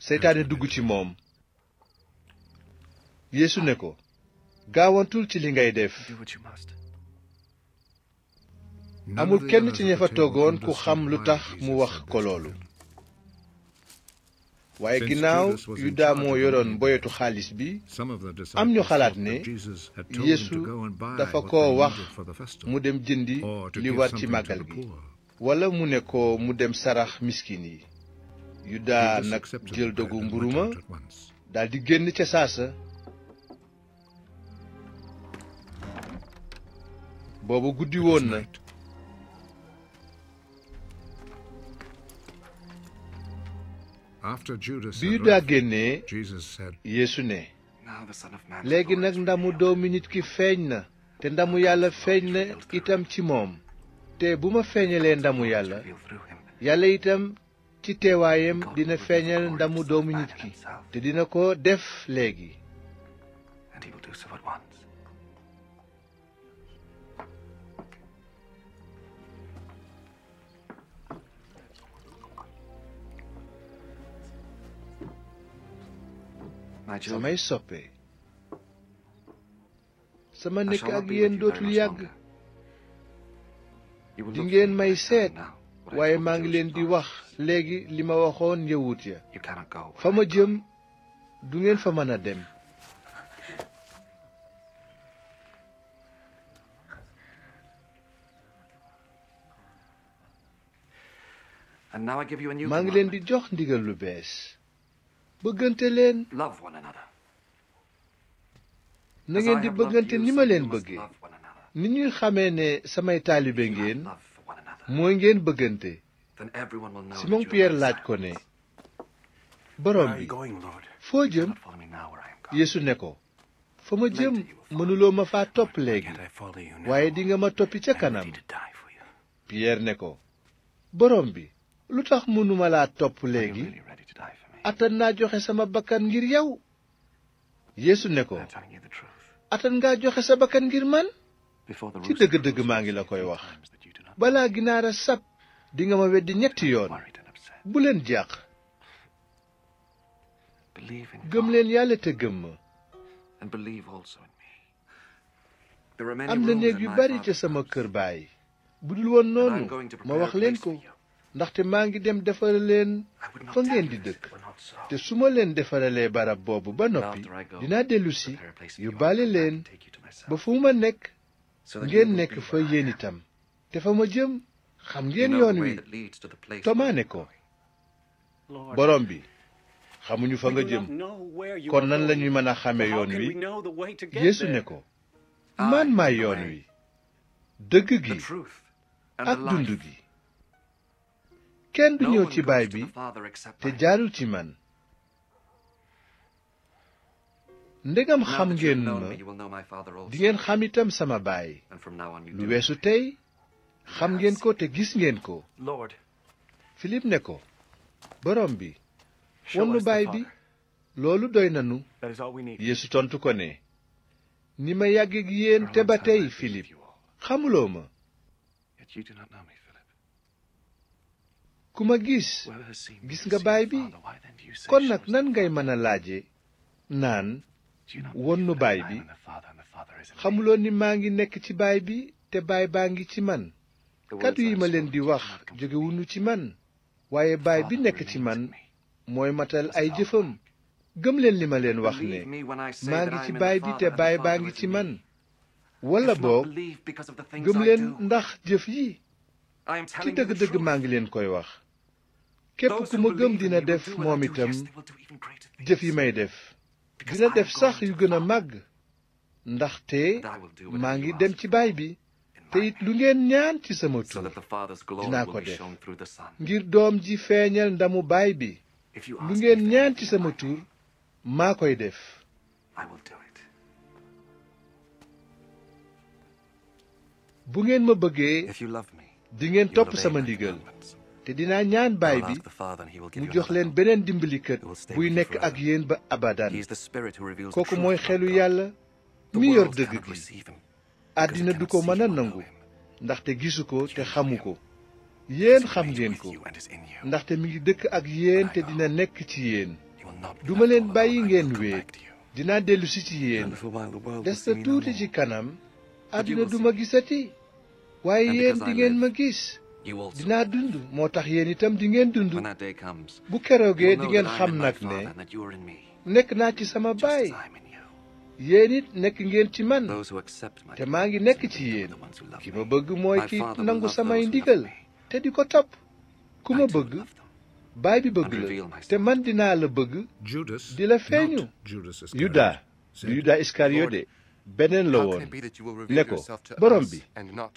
seytaane dugg ci moom yeesu ne ko gaawantul ci li ngay def amul kenn ci ña ku xam lu tax mu wax ko loolu waaye ginnaaw yuda moo yoroon boyetu xaalis bi am ñu xalaat ne yeesu dafa ko wax mu dem jëndi li war ci màggal gi walla mu ne ko mu dem sarax miskin yi yuda nag jël dogu mburuma daldi génn ca saa boobu guddi na bi Yuda génnee yéesu ne léegi nag ndamu doomi nit ki feeñ na te ndamu yàlla feeñ na itam ci moom te bu ma feeñalee ndamu yàlla yàlla itam ci teewaayam dina feeñal ndamu doomu nit ki te dina ko def léegi samay soppe sama nekk ak yéen dootul yàgg di ngeen may seet waaye maa ngi leen di wax léegi li ma waxoon yawut ya fa ma jëm du ngeen fa mën a dem maa ngi leen di jox ndigal lu bees bëggante leen na ngeen di bëggante ni ma leen bëggee ni ñuy xamee ne samay taalibe ngéen mooy ngeen bëggante Simon Pierre laaj ko ne borom bi foo jëm Yeesu ne ko fa ma jëm mënuloo ma faa topp léegi waaye dinga ma toppi ca kanam Pierre ne ko borom bi lu tax mënuma laa topp léegi attan naa joxe sama bakkan ngir yow yeesu ne ko attan ngaa joxe sa bakkan ngir man ci dëgg-dëgg maa ngi la koy wax balaa ginaar a sab di ma weddi ñetti yoon bu leen jàq gëm leen yàlla te gëm ma am na néeg yu bari ca sama kër baay bu dul woon noonu ma wax leen ko ndaxte maa ngi dem defar leen fa ngeen di dëkk te su ma leen defaralee barab boobu ba noppi dinaa dellu yu bale leen ba fu ma nekk ngeen nekk fa yéen itam te fa ma jëm xam ngeen yoon wi Tomaa ne ko borom bi xamuñu fa nga jëm kon nan lañuy mën a xame yoon wi Yeesu ne ko man maay yoon wi dëgg gi ak dund gi kenn du ñëw ci baay bi te jaarul ci man ndegam xam ngeen ma dingeen xam itam sama baay lu weesu tey xam ngeen ko te gis ngeen ko Filip ne ko borom bi won nu baay bi loolu doy nanu Yeesu tontu ko ne ni ma yàgg ak te ba tey Filip xamuloo ma ku ma gis gis nga baay bi kon nag nan ngay mën a laaje naan won nu baay bi xamuloo ni maa ngi nekk ci baay bi te baay baa ngi ci man kàddu yi ma leen di wax jógewuñu ci man waaye baay bi nekk ci man mooy matal ay jëfam gëm leen li ma leen wax ne maa ngi ci baay bi te baay baa ngi ci man walla boog gëm leen ndax jëf yi ci dëgg-dëgg maa ngi leen koy wax képp ku ma gëm dina def moom itam jëf yi may def dina def sax yu gën a màgg ndaxte maa ngi dem ci baay bi te it lu ngeen ñaan ci sama tur dinaa ko def ngir doom ji feeñal ndamu baay bi lu ngeen ñaan ci sama tur maa koy def bu ngeen ma bëggee di ngeen topp sama ndigal te dinaa ñaan baay bi mu jox leen beneen dimbalikat buy nekk ak yéen ba abadan kooku mooy xelu yàlla mi yor dëgg gi àddina du ko mën a nangu ndaxte gisu ko te xamu ko yéen xam ngeen ko ndaxte mi ngi dëkk ak yéen te dina nekk ci yéen duma leen bàyyi ngeen wéet dinaa dellusi ci yéen des na tuuti ci kanam àddina duma gisati waaye yéen di ngeen ma gis dinaa dund moo tax yéen itam di ngeen dund bu keroogee di ngeen xam nag ne nekk naa ci sama baay yéen it nekk ngeen ci man te maa ngi nekk ci yéen ki ma bëgg mooy ki nangu samay ndigal te di ko topp ku ma bëgg baay bi bëgg la te man dinaa la bëgg di la feeñu yuda du yuda iskariyode beneen la woon ne ko borom bi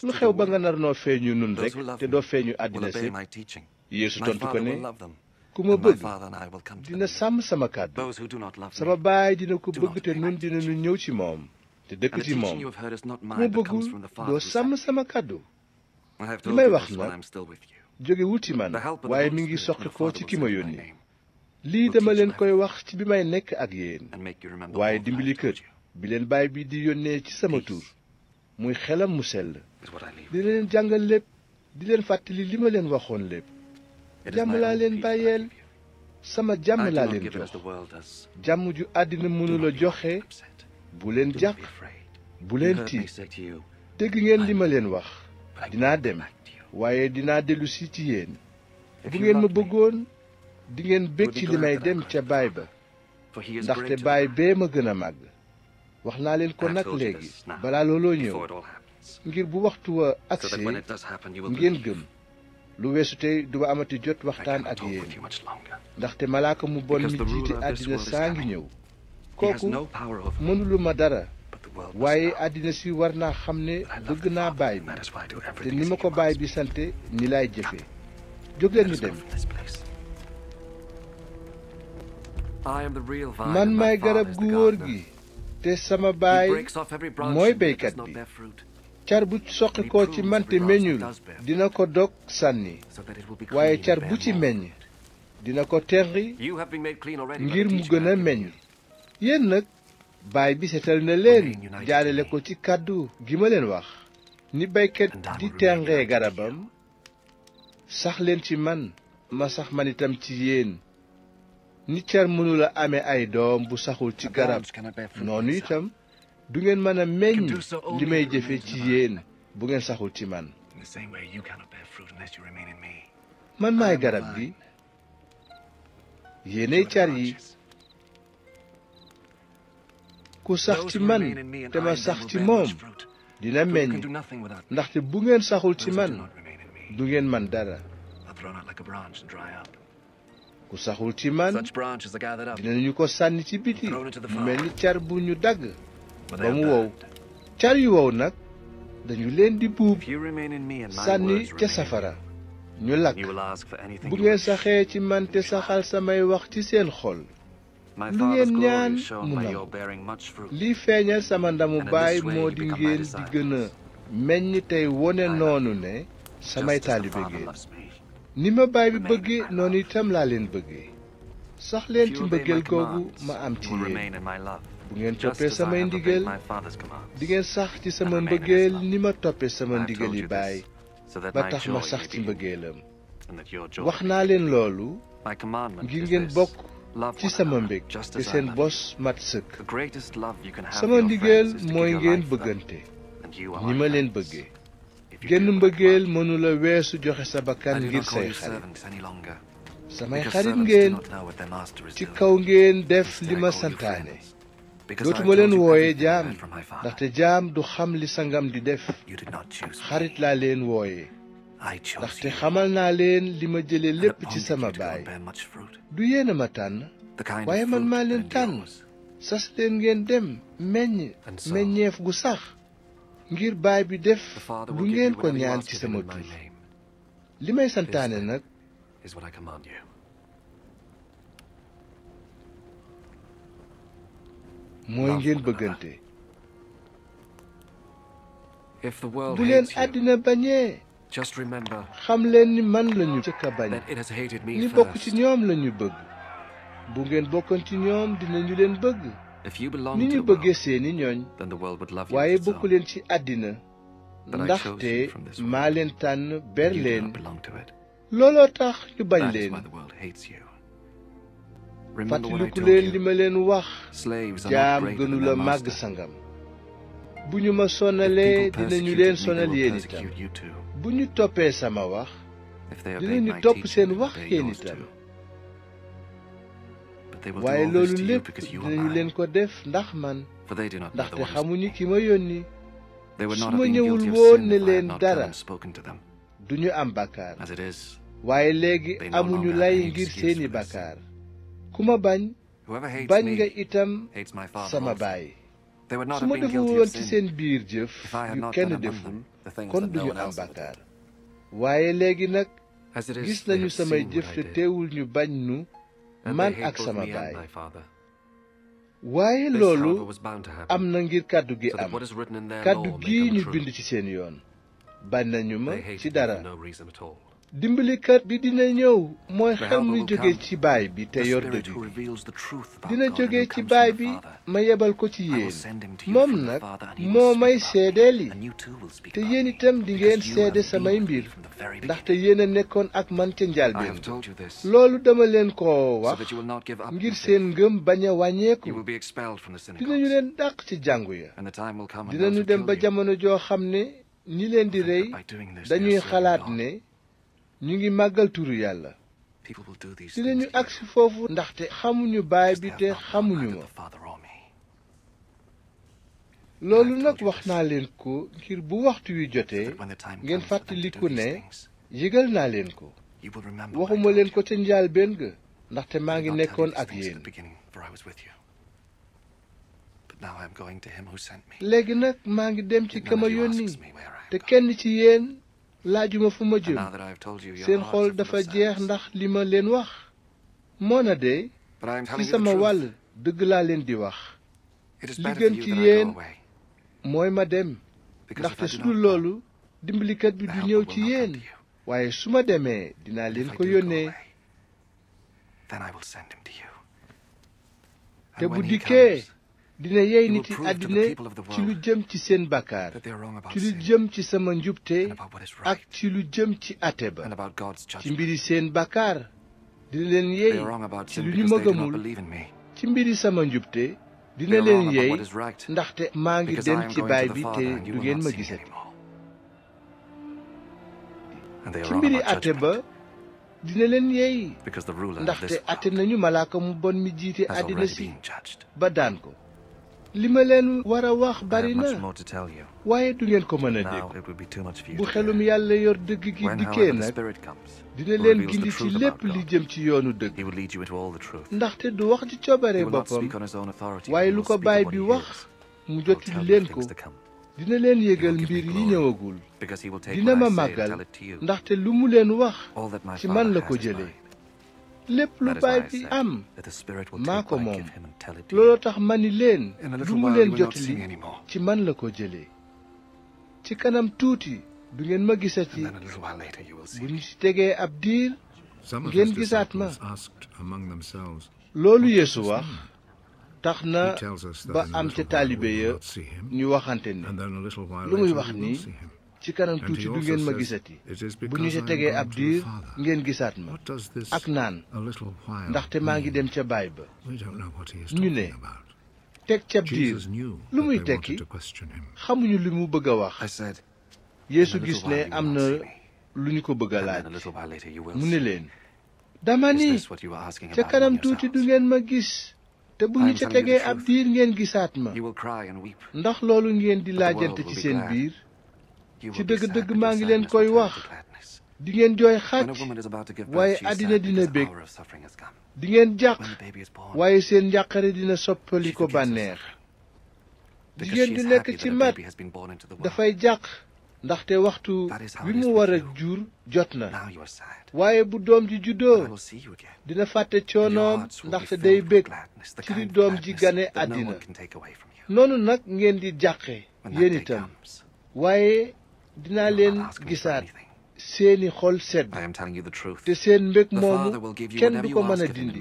lu xew ba nga nar noo feeñu nun rek te doo feeñu àddina si yeesu tontu ko ne ku ma bëgg dina sàmm sama kàddu sama baay dina ko bëgg te nun dinañu ñëw ci moom te dëkk ci moom ku ma bëggul doo sàmm sama kàddu li may wax nag jógewul ci man waaye mi ngi soqi ko ci ki ma yónni lii dama leen koy wax ci bi may nekk ak yéen waaye dimbali kër bi leen baay bi di yónnee ci sama tur muy xelam mu sell di leen jàngal lépp di leen fàttali li ma leen waxoon lépp jàmm laa leen bàyyeel sama jàmm laa leen jox jàmm ju àddina mënula joxe bu leen jàq bu leen tiit dégg ngeen li ma leen wax dinaa dem waaye dinaa dellusi ci yéen bu ngeen ma bëggoon di ngeen bég ci li may dem ca baay ba ndaxte baay bee ma gën a màgg wax naa leen ko nag léegi balaa looloo ñëw ngir bu waxtu wa agsi ngeen gëm lu weesu tey du amati jot waxtaan ak yéen ndaxte malaaka mu bon mi jiite àddina saa ngi ñëw kooku mënulu ma dara waaye àddina si war naa xam ne bëgg naa baay bi te ni ma ko baay bi sante ni laay jëfe jóg leen te sama baay mooy béykat bi car bu soqi ko ci man te meññul dina ko dog sànni waaye car bu ci meññ dina ko tenqi ngir mu gën a meññ yéen nag baay bi setal na leen jaalale ko ci kàddu gi ma leen wax ni baykat di tenqee garabam sax leen ci man ma sax man itam ci yéen ni cer mënula ame ay doom bu saxul ci garab noonu itam du ngeen mën a meññ li may jëfe ci yéen bu ngeen saxul ci man man ay garab gi yéenay car yi ku sax ci man te ma sax ci moom dina meññ ndaxte bu ngeen saxul ci man du ngeen man dara bu saxul ci man ñu ko sànni ci biti mu mel ni car bu ñu dagg ba mu wow car yu wow nag dañu leen di buub sànni ca safara ñu lakk bu ngeen saxee ci man te saxal samay wax ci seen xol lu ngeen ñaan mu nangu lii feeñal sama ndamu baay moo di ngeen di gën a meññ tey wone noonu ne samay taalibe ngeen ni ma baay bi bëgge noonu itam laa leen bëgge sax leen ci mbëggeel googu ma am ci yéen bu ngeen toppee samay ndigal di ngeen sax ci sama mbëggeel ni ma toppee sama ndigal yi baay ba tax ma sax ci mbëggeelam wax naa leen loolu ngir ngeen bokk ci sama mbég te seen bos mat sëkk sama ndigal mooy ngeen bëggante ni ma leen bëggee genn mbëggeel mënula weesu joxe sa bakkan ngir say samay xarit ngeen ci kaw ngeen def li ma santaane dootuma leen wooye jaam ndaxte jaam du xam li sangam di def xarit laa leen wooye ndaxte xamal naa leen li ma jële lépp ci sama baay du yéen a ma tànn waaye man maa leen tànn sas leen ngeen dem meññ meññeef gu sax ngir baay bi def lu ngeen ko ñaan ci sama tur li may santaane nag mooy ngeen bëggante bu leen àddina bañee xam leen ni man lañu jëkk a bañ ñi bokk ci ñoom lañu bëgg bu ngeen bokkoon ci ñoom dinañu leen bëgg ni ñu bëggee seeni ñooñ waaye bokku leen ci àddina ndaxte maa leen tànn ber leen looloo tax ñu bañ leen fàttaliku leen li ma leen wax jaam gënu màgg sangam bu ñu ma sonalee dinañu leen sonal yéen itam bu ñu toppee sama wax dinañu topp seen wax yéen itam waaye loolu lépp dinañu leen ko def ndax man ndax ndaxte xamuñu ki ma yónni su ma ñëwul woon ne leen dara du ñu am bàkkaar waaye léegi amuñu lay ngir seeni bàkkaar ku ma bañ bañ nga itam sama baay su ma deful woon ci seen biir jëf yu kenn deful kon duñu am bàkkaar waaye léegi nag gis nañu samay jëf te teewul ñu bañ nu man ak sama baay waaye loolu am na ngir kàddu gi am kàddu gi ñu bind ci seen yoon bañ nañu ma ci dara dimbalikat bi dina ñëw mooy xel muy jóge ci baay bi te yor dëgg dina jóge ci baay bi ma yebal ko ci yéen moom nag moo may seedeel yi te yéen itam di ngeen seede samay mbir ndaxte yéen nekkoon ak man ca njàlbeen loolu dama leen ko wax ngir seen ngëm bañ a wàññeeku dinañu leen dàq ci jàngu ya dinañu dem ba jamono joo xam ne ñi leen di rey dañuy xalaat ne ñu ngi màggal turu yàlla dinañu agsi foofu ndaxte xamuñu baay bi te xamuñu ma loolu nag wax naa leen ko ngir bu waxtu wi jotee ngeen fàttaliku ne yëgal naa leen ko waxuma leen ko ca njaalbéen ga ndaxte maa ngi nekkoon ak yéen léegi nag maa ngi dem ci kama yónni te kenn ci yéen laajuma fu ma jëm seen xol dafa jeex ndax li ma leen wax moo na de ci sama wàll dëgg laa leen di wax li gën ci yéen mooy ma dem ndaxte su dul loolu dimbalikat bi du ñëw ci yéen waaye su ma demee dinaa leen ko yónnee te bu dikkee dina yey nit yi ci lu jëm ci seen bàkkaar ci lu jëm ci sama njubte ak ci lu jëm ci àtte ba ci mbiri seen bàkkaar dina leen yey ci lu ñu ma gëmul ci mbiri sama njubte dina leen yey ndaxte maa ngi dem ci baay bi te du ngeen ma gisati ci mbiri àtte ba dina leen yey ndaxte àtte nañu malaaka mu bon mi jiite àddina si ba daan ko li ma leen war a wax bari na waaye du ngeen ko mën a dégg bu xelum yàlla yor dëgg gi dikkee nag dina leen gindi ci lépp li jëm ci yoonu dëgg ndaxte du wax ci coobare boppam waaye lu ko baay bi wax mu jotul leen ko dina leen yëgal mbir yi ñëwagul dina ma màggal ndaxte lu mu leen wax ci man la ko jëlee lépp lu bàyyi fi am maa ko moom looloo tax ma ni leen lu mu leen jotali ci man la ko jëlee ci kanam tuuti du ngeen ma gisati bu ñu ci tegee ab diir ngeen gisaat ma loolu Yeesu wax tax na ba am ca taalibe ya ñu waxante ni lu muy wax nii ci kanam tuuti du ngeen ma gisati bu ñu ca tegee ab diir ngeen gisaat ma ak naan ndaxte maa ngi dem ca baay ba ñu ne teg ca diir lu muy tekki xamuñu li mu bëgg a wax Yeesu gis ne am na lu ñu ko bëgg a laaj mu ne leen dama ni ca kanam tuuti du ngeen ma gis te bu ñu ca tegee ngeen gisaat ma ndax loolu ngeen di laajante ci seen biir ci dëgg-dëgg maa ngi leen koy wax di ngeen jooy xàcc waaye àddina dina bég di ngeen jàq waaye seen njàqare dina soppali ko bànneex jigéen ju nekk ci mat dafay jàq ndaxte waxtu bi mu war a jur jot na waaye bu doom ji juddoo dina fàtte coonoom ndaxte day bég ci li doom ji gane àddina noonu nag ngeen di jàqe yéen itam waaye dinaa leen gisaat seeni xol sedd te seen mbég moomu kenn du ko mën a dindi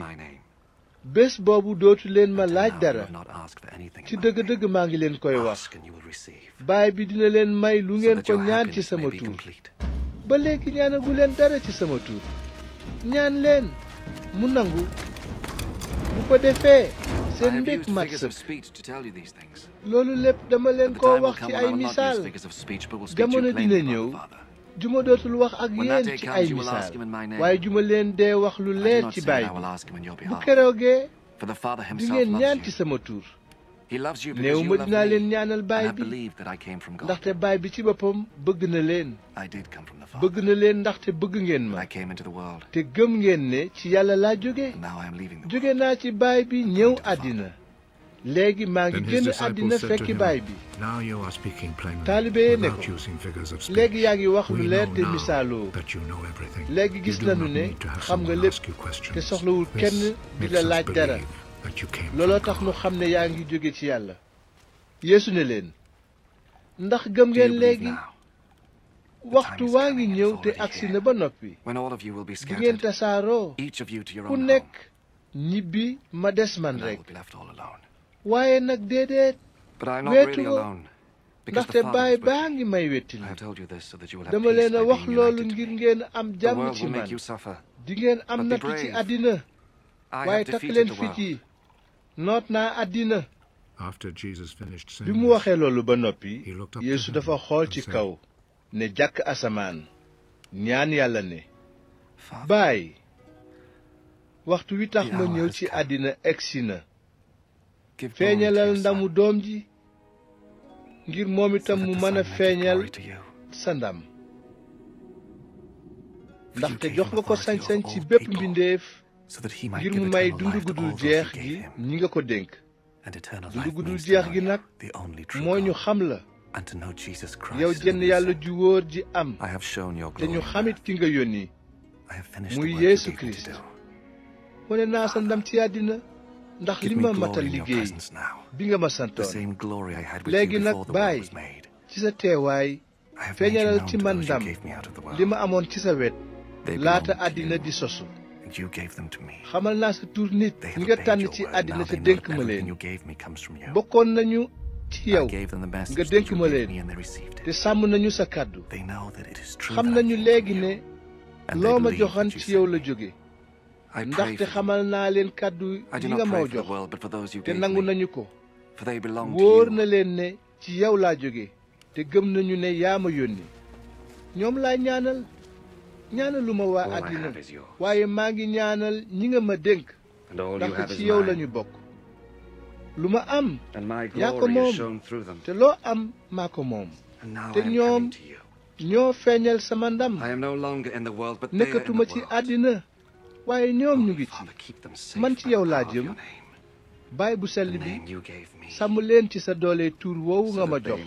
bés boobu dootu leen ma laaj dara ci dëgg-dëgg maa ngi leen koy wax baay bi dina leen may lu ngeen ko ñaan ci sama tuur ba léegi ñaanagu leen dara ci sama tuur ñaan leen mu nangu bu ko defee seen mbég mat loolu lépp dama leen koo wax ci ay misaal jamono dina ñëw juma dootul wax ak yéen ci ay misaal waaye ma leen dee wax lu leer ci Baay bi bu keroogee di ngeen ñaan ci sama tur néew ma naa leen ñaanal baay bi ndaxte baay bi ci boppam bëgg na leen bëgg na leen ndaxte bëgg ngeen ma te gëm ngeen ne ci yàlla laa jóge jóge naa ci baay bi ñëw àddina léegi maa ngi génn àddina fekki baay bi taalibe ne ko léegi yaa ngi wax lu leer te misaaloo léegi gis nañu ne xam nga lépp te soxlawul kenn di la laaj dara looloo tax nu xam ne yaa ngi jóge ci yàlla yeesu ne leen ndax gëm ngeen léegi waxtu waa ngi ñëw te agsi na ba noppi di ngeen tasaaroo ku nekk ñibbi ma des man rekk waaye nag déedéet weetu ma te baay baa ngi may wettili dama leen wax loolu ngir ngeen am jàmm ci man di ngeen am nattu ci àddina waaye takk leen fit yi noot naa àddina bi mu waxee loolu ba noppi yéesu dafa xool ci kaw ne jàkk asamaan ñaan yàlla ne baay waxtu wi tax ma ñëw ci àddina egsi na feeñalal ndamu doom ji ngir moom itam mu mën a feeñal sa ndam ndaxte jox nga ko sañ-sañ ci bépp mbindeef ngir mu may dundu gudul jeex gi ñi nga ko dénk dundu jeex gi nag moo ñu xam la yow jenn yàlla ju wóor ji am te ñu xamit ki nga yónni muy Yeesu Kirist wane naa sa ndam ci àddina ndax li ma matal liggéey bi nga ma santoon léegi nag baay ci sa teewaay feeñalal ci man ndam li ma amoon ci sa wet laata àddina di sosu xamal naa sa tur nit ñi nga tànn ci àddina sa dénk ma leen bokkoon nañu ci yow nga dénk ma leen te sàmm nañu sa kàddu xam nañu léegi ne loo ma joxan ci yow la jóge ndax ndaxte xamal naa leen kàddu yi nga ma jox te nangu nañu ko wóor na leen ne ci yow laa jóge te gëm nañu ne yaa ma yónni ñoom laa ñaanal ñaanaluma waa àddina waaye maa ngi ñaanal ñi nga ma dénk ndax ci yow lañu bokk lu ma am yaa ko moom te loo am maa ko moom te ñoom ñoo feeñal sama ndam nekkatuma ci àddina waaye ñoom ñu ngi ci man ci yow laa jëm baay bu sell bi sàmm leen ci sa doole tuur woowu nga ma jox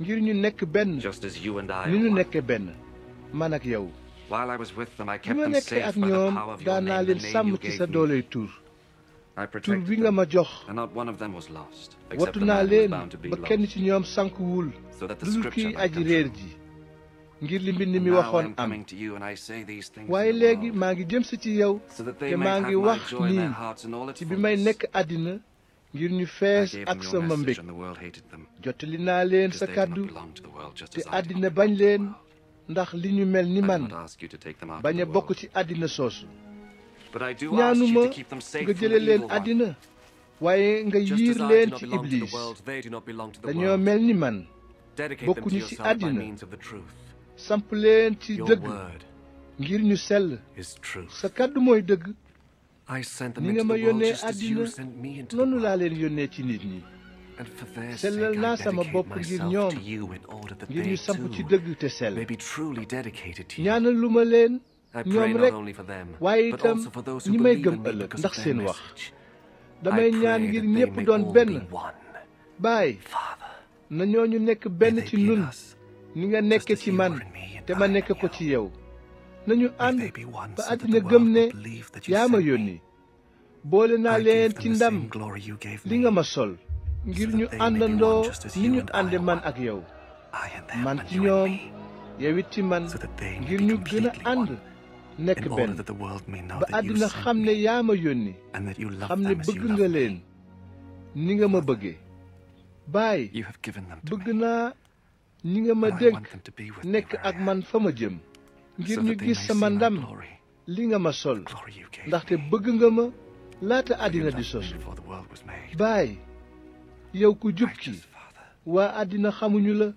ngir ñu nekk benn ni ñu nekkee benn man yow bi ma nekkee ak ñoom daan naa leen sàmm tur bi nga ma jox wattu naa leen ba kenn ci ñoom sànkuwul wul dul kii aji réer ji ngir li mbind mi waxoon am waaye léegi maa ngi jëm si ci yow te maa ngi wax nii ci bi may nekk àddina ngir ñu fees ak sama mbég jottali naa leen sa kàddu te àddina bañ leen ndax li ñu mel ni man bañ bokk ci àddina soosu ñaanuma nga jële leen àddina waaye nga yiir leen ci iblis dañoo mel ni man bokkuñu ci àddina samp leen ci dëgg ngir ñu sell sa kàddu mooy dëgg ni nga ma yónnee àddina noonu laa leen yónnee ci nit ñi sellal naa sama bopp ngir ñoom ngir ñu samp ci dëgg te sell ñaanal lu ma leen ñoom rek waaye itam ñi may gëm ëllëg ndax seen wax damay ñaan ngir ñépp doon benn baay na ñu nekk benn ci nun ni nga nekke ci man te ma nekk ko ci yow nañu ànd ba àddina gëm ne yaa ma yónni boole naa leen ci ndam li nga ma sol ngir ñu àndandoo ni ñu ànde man ak yow man ci ñoom yow it ci man ngir ñu gën a ànd nekk benn ba àddina xam ne yaa ma yónni xam ne bëgg nga leen ni nga ma bëggee baay bëgg naa ñi nga ma dénk nekk ak man fa ma jëm ngir ñu gis sama ndam li nga ma sol ndaxte bëgg nga ma laata àddina di sosu baay yow ku jub ki waa àddina xamuñu la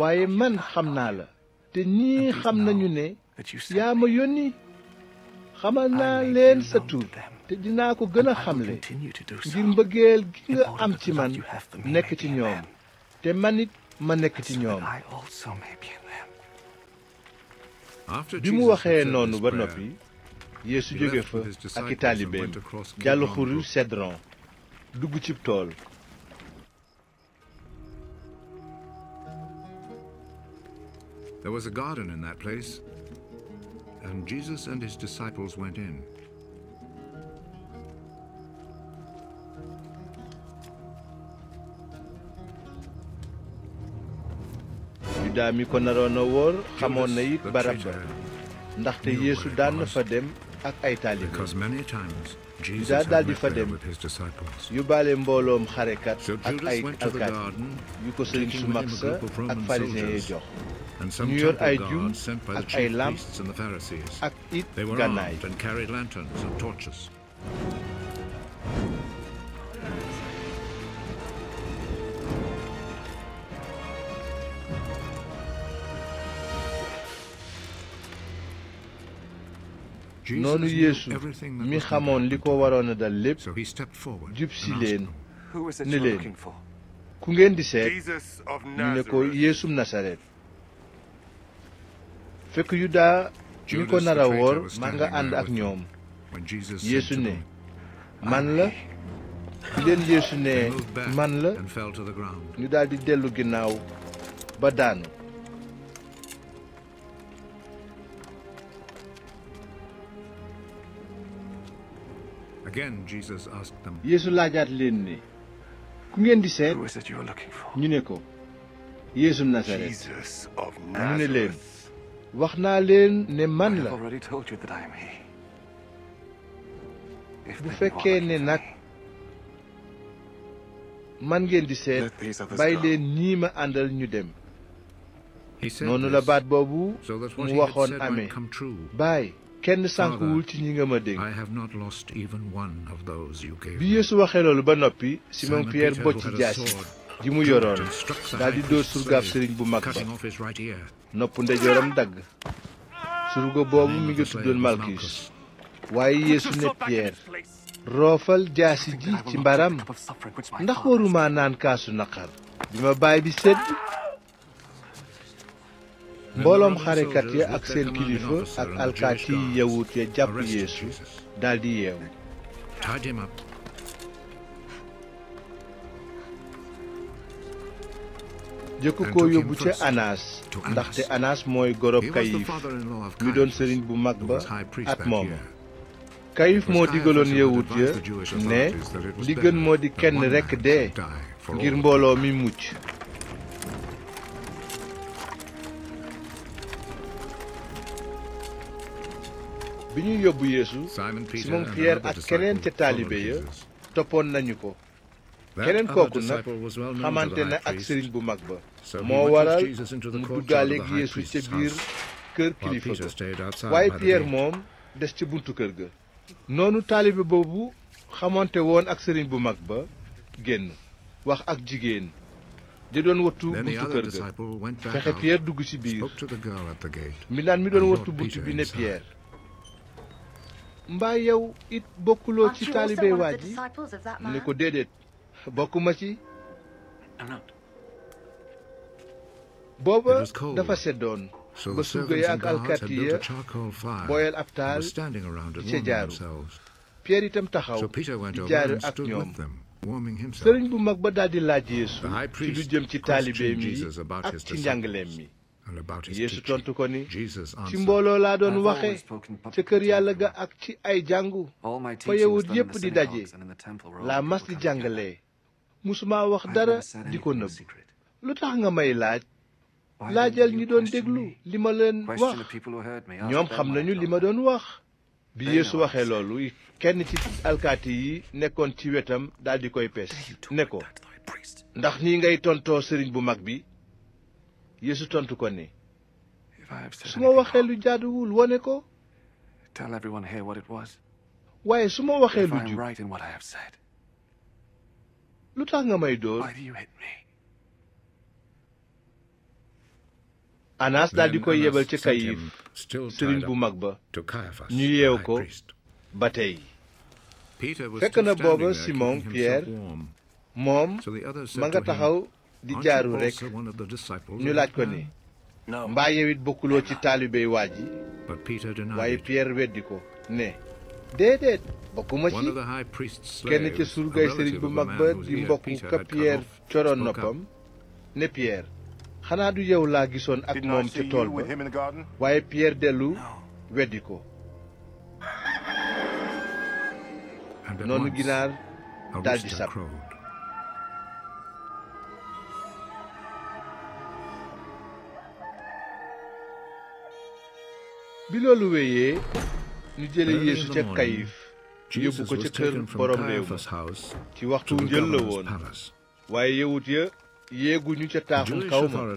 waaye man xam naa la te ñii xam nañu ne yaa ma yónni xamal naa leen sa tur te dinaa ko gën a xamle ngir mbëggeel gi nga am ci man nekk ci ñoom te man ma nekk ci ñoom bi mu waxee noonu ba noppi yeesu jóge fa ak i taalibeem dugg ci tool There was a garden in that place, and Jesus and his disciples went in. Yuda mi ko naroon wóor xamoon na it barab ndaxte Yeesu daan fa dem ak ay taalibe Judas daal di fa dem yóbbaale mbooloom xarekat ak ay alkaati yu ko sëriñ su mag sa ak pharisien yee jox ñu yor ay jum ak ay làmp ak it gànnaay noonu yeesu mi xamoon li ko waroon a dal lépp jub leen ne leen ku ngeen di seet ñu ne ko yeesum nasaret fekk yudaa mi ko nara woor ma nga ànd ak ñoom yeesu ne man la bi leen yeesu ne man la ñu daldi dellu ginnaaw ba daanu Yeesu laajaat leen ne ku ngeen di seet ñu ne ko Yeesu Nasaret mu ne leen wax naa leen ne man la bu fekkee ne nag man ngeen di seet bàyyi leen ñii ma àndal ñu dem noonu la baat boobu mu waxoon amee baay kenn sànkuwul ci ñi nga ma dénk bi Yeesu waxee loolu ba noppi Simon Pierre bocc ci jaasi ji mu yoroon daal di dóor surgaab sëriñ bu mag ba nopp ndeyjooram dagg surga boobu mi ngi tuddoon Malchus waaye Yeesu ne Pierre roofal jaasi ji ci mbaram ndax waruma naan kaasu naqar bi ma baay bi sedd mbooloom xarekat ya ak seen kilifa ak alkaati yi yawut ya jëkk ko yóbbu ca anaas ndaxte anaas mooy gorob kayif mi doon sëriñ bu mag ba at mooma kayif moo digaloon yawut ya ne li gën moo di kenn rekk dee ngir mbooloo mi mucc bi ñuy yóbbu yéesu simon pierre ak keneen ca taalibe ya toppoon nañu ko keneen kooku nag xamante na ak sëriñ bu mag ba moo waral mu duggaaleeg yeesu ca biir kër kilifa ga waaye pierre moom des ca buntu kër ga noonu taalibe boobu xamante woon ak sëriñ bu mag ba génn wax ak jigéen di doon wattu buntu kër ga fexe pierre dugg ci biir mi naan mi doon wattu buntu bi ne pierre mbaa yow it bokkuloo ci taalibe waa ji mu ne ko déedéet bokkuma ci booba dafa seddoon ba surga ya ak alkaati ya booyal ab taal di ca jaaru Pierre itam taxaw di jaaru ak ñoom sëriñ bu mag ba di laaj Yeesu ci lu jëm ci taalibeem yi ci njàngaleem mi Yeesu tontu ko ni ci mbooloo laa doon waxe ca kër yàlla ga ak ci ay jàngu fa yawut yépp di daje laa mas di jàngale musuma wax dara di ko nëbb lu tax nga may laaj laajal ñi doon déglu li ma leen wax ñoom xam nañu li ma doon wax bi Yeesu waxee loolu kenn ci alkaati yi nekkoon ci wetam daldi koy pes ne ko ndax nii ngay tontoo sëriñ bu mag bi Yesu tontu ko ni su ma waxee lu jaaduwul wone ko waaye su ma waxee lu jub tax nga may dóor daal di koy yebal ci Kayif sëriñ bu mag ba ñu yeew ko ba tey fekk na booba Simon Pierre moom ma nga taxaw di jaaru rekk ñu laaj ko ni mbaa yow it bokkuloo ci taalibey waa ji waaye Pierre weddi ko ne déedéet bokkuma ci kenn ca surgay sëriñ bu mag ba di mbokk ka Pierre coroon noppam ne Pierre xanaa du yow laa gisoon ak moom ca tool ba waaye Pierre dellu weddi ko noonu ginaar daldi sab bi loolu wéyee ñu jële yeesu ca kayif yóbbu ko ca kër borom réew ci waxtu njël la woon waaye yawut ya yéeguñu ca taaxum kaw ma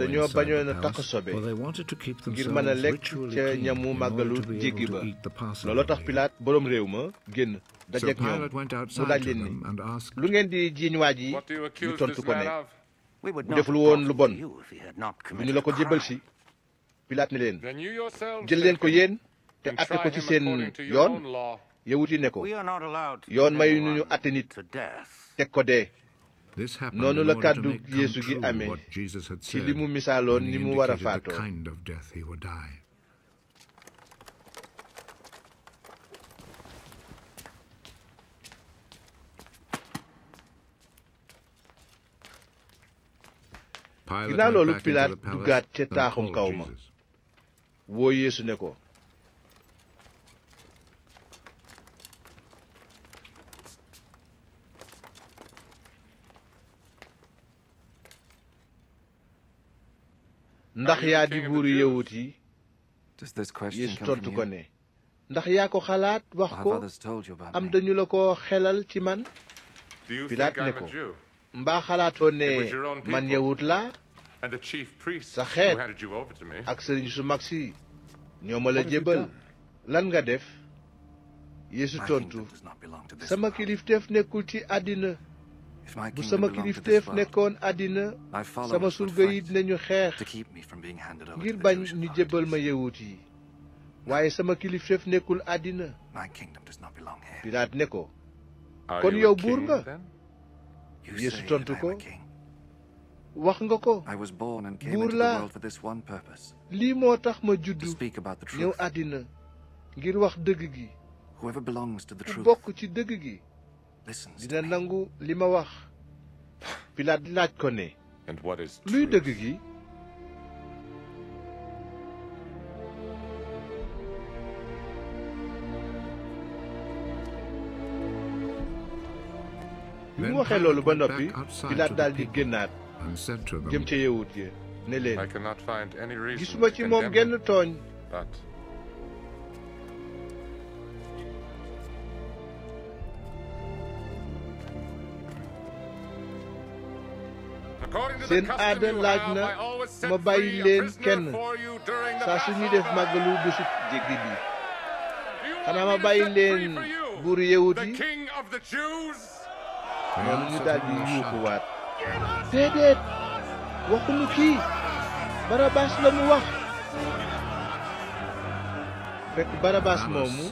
dañoo bañoon a takk sobe ngir mën a lekk ca ñamu màggalu jéggi ba looloo tax pilaat boroom réew ma génn dajeek ñoom mu laaj leen ni lu ngeen di jiiñ waa ji ñu tontu ko ne bu deful woon lu bon bu ñu la ko jébbal si pilaat ne leen jël leen ko yéen te atte ko ci seen yoon yawut yi ne ko yoon mayu ñu ñu atte nit teg ko dee noonu la kàddu yeesu gi amee ci li mu misaaloon ni mu war a faatoo ginnaaw loolu pilaat duggaat ca taaxum kaw woo yeesu ne ko ndax yaa di buuru yawut yi yeesu tontu ko ne ndax yaa ko xalaat wax ko am dañu la ko xelal ci man pilaat ne ko mbaa xalaatoo ne man yawut laa sa xeet ak sëriñ su mag si ñoo ma jébbal lan nga def yéesu tontu sama kilifteef nekkul ci àddina bu sama kilifteef nekkoon àddina sama surga yi dinañu xeex ngir bañ ñu jébbal ma yawut yi waaye sama kilifteef nekkul àddina Pilaat ne ko kon yow buur nga yéesu tontu ko wax nga ko buur laa lii moo tax ma juddu ñëw àddina ngir wax dëgg gi ku bokk ci dëgg gi dina nangu li ma wax Pilaat laaj ko ne luy dëgg gi bi loolu ba noppi jëm ca yawut ya ne leen gisuma ci moom genn tooñ seen aada laaj na ma bàyyi leen kenn saa su ñuy def màggalu bésu jéggi bi xanaa ma bàyyi leen buuru yawut yi noonu ñu daal di yuuxuwaat déedéet waxuñu kii barabaas la wax fekk barabaas moomu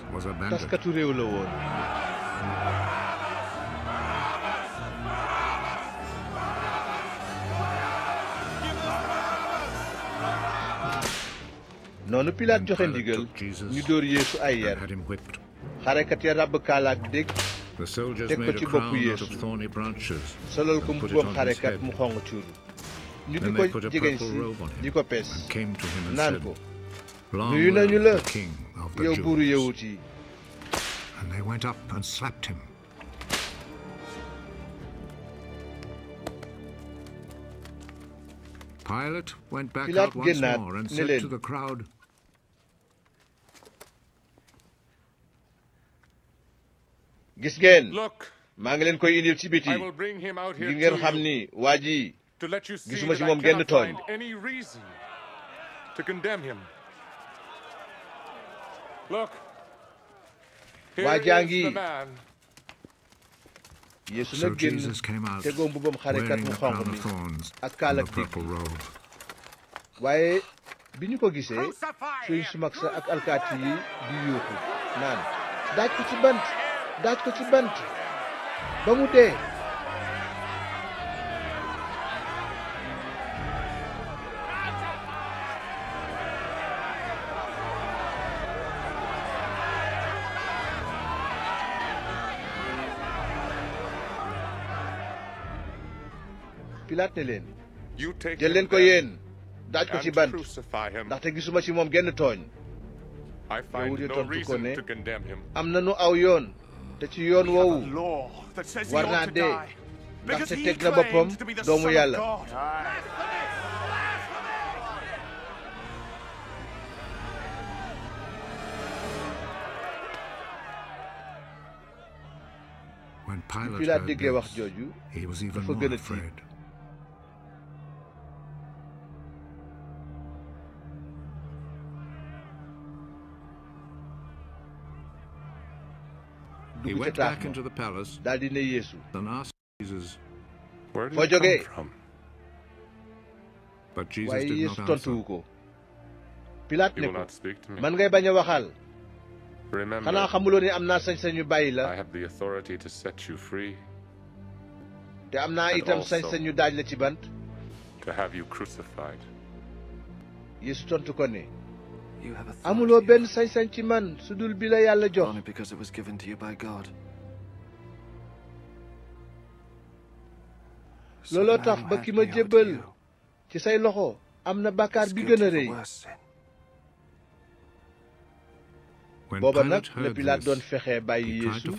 taskatu réew la woon noonu pilaat joxe ndigal ñu dóor yeesu ay yar xarekat ya ràbb kaalaak dégg teg ko ci bopp Yeesu solal ko mbubbam xarekat mu xonq cuuru ñu di ko jegeñ si di ko pees naan ko nuyu nañu la yow buuru yawut yi Pilate went back out once more and said to the crowd gis ngeen maa ngi leen koy indil ci biti ngir ngeen xam ni waa ji gisuma ci moom genn tooñ. waa jaa ngi Yeesu nag génn tegoo mbubam xarekat mu xonq mi ak kaalak dikk waaye bi ñu ko gisee suñ su mag ak alkaati yi di yuuxu naan daaj ko ci bant daaj ko ci bant ba mu dee Pilaat ne leen jël ko yéen daaj ko ci bant ndaxte gisuma ci moom genn tooñ yawut yi tontu ko aw yoon te yoon woowu war naa dee ndaxte teg na boppam doomu yàlla bi Pilaat déggee wax jooju dafa gën a tiit dugg ca taax ma daal di ne Yeesu foo jógee waaye Yeesu tontuwu ko Pilaat ne man ngay bañ a waxal xanaa xamuloo ni am naa sañ-sañu bàyyi la te am naa itam sañ-sañu daaj la ci bant Yeesu tontu ko ne amuloo benn sañ-sañ ci man su dul bi la yàlla jox looloo tax ba ki ma jébbal ci say loxo am na bàkkaar bi gën a rëy booba fexe bàyyi Yeesu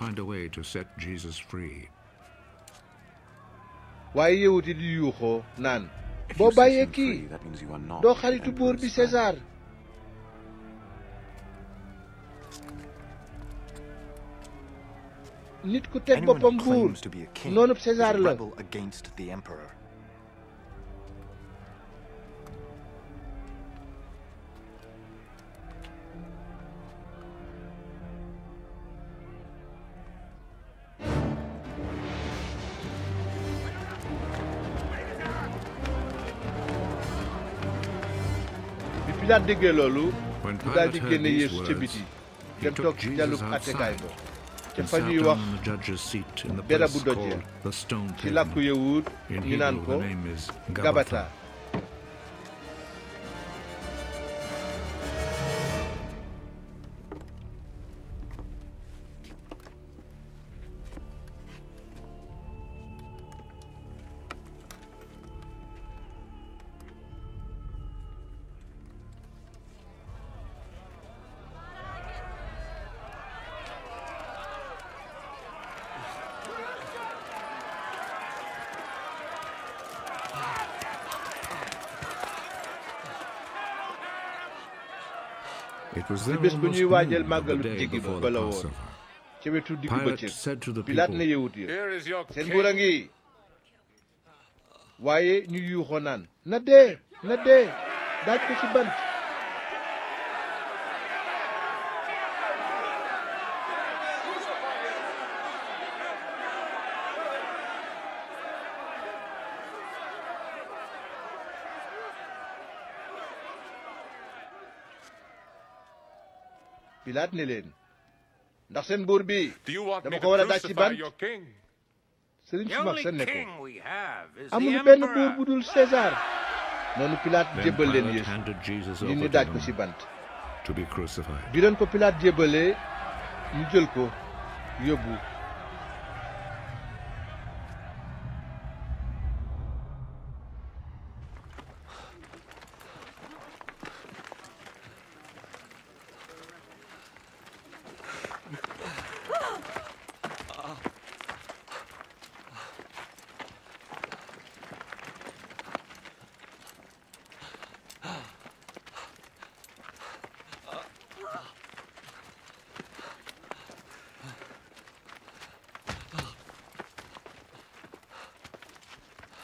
waaye yawut yi di yuuxoo naan boo bàyyee kii doo xaritu buur bi César nit ku teg boppam buur noonub César la bi Pilaat déggee loolu mu daal di génne Yeesu ca biti dem toog ci jàllub àttekaay ba te fa ñuy wax bérébu doje ci làkku yawut ñu naan ko Gabata ci bés bu ñuy waajal màggalu jéggi bi ba la woon ca wetu diggu bëccëg pilaat ne yawut ya seen buur a ngi waaye ñu yuuxoo naan na dee na dee daaj ko ci bant pilaat ne leen ndax seen buur bi dama ko war a daaj ci bant sëriñ su mag sa ne ko amuñu benn buur bu dul César noonu pilaat jébbal leen Yeesu ni ñu daaj ko ci bant bi leen ko pilaat jébbalee ñu jël ko yóbbu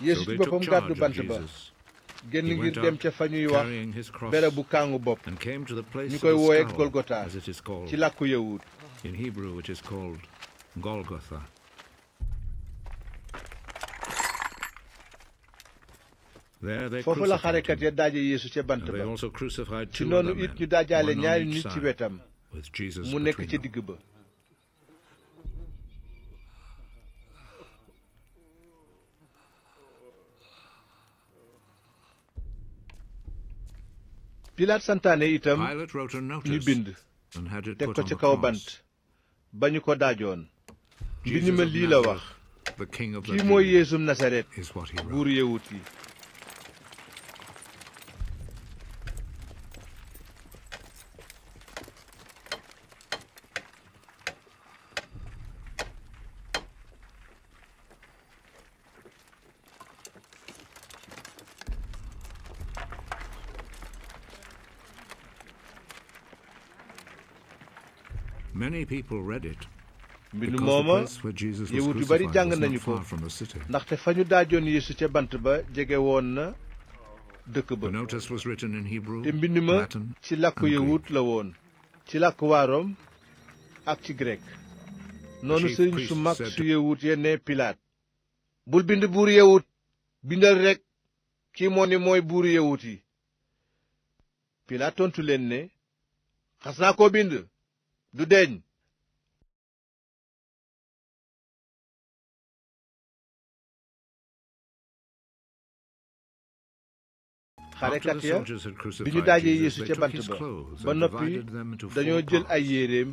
yeesu ci boppam gàddu bant ba génn ngir dem ca fa ñuy wax bérébu kàngu ñu koy wooye golgota ci làkku yawut foofu la xarekat ya daaje yeesu ca bant ba ci noonu it ñu daajaale ñaari nit ci wetam mu nekk ca digg ba pilaat santaane itam ñu bind teg ko ci kaw bant ba ñu ko daajoon mbind ma lii la wax kii mooy yeesum nasaret buur yawut yi mbind mooma yëwut yu bari jàng nañu ko ndaxte fa daajoon yeesu bant ba jege na dëkk ba te mbind ma ci làkku yëwut la woon ci làkku waaroom ak ci grek noonu sëriñ su mag su yëwut ya pilaat bul bind buur yëwut bindal rekk kii moo ni mooy buur yëwut yi pilaat tontu leen ne xas naa koo bind du deñ xarekat ya bi ñu daajee yeesu ca bant ba ba noppi dañoo jël ay yéreem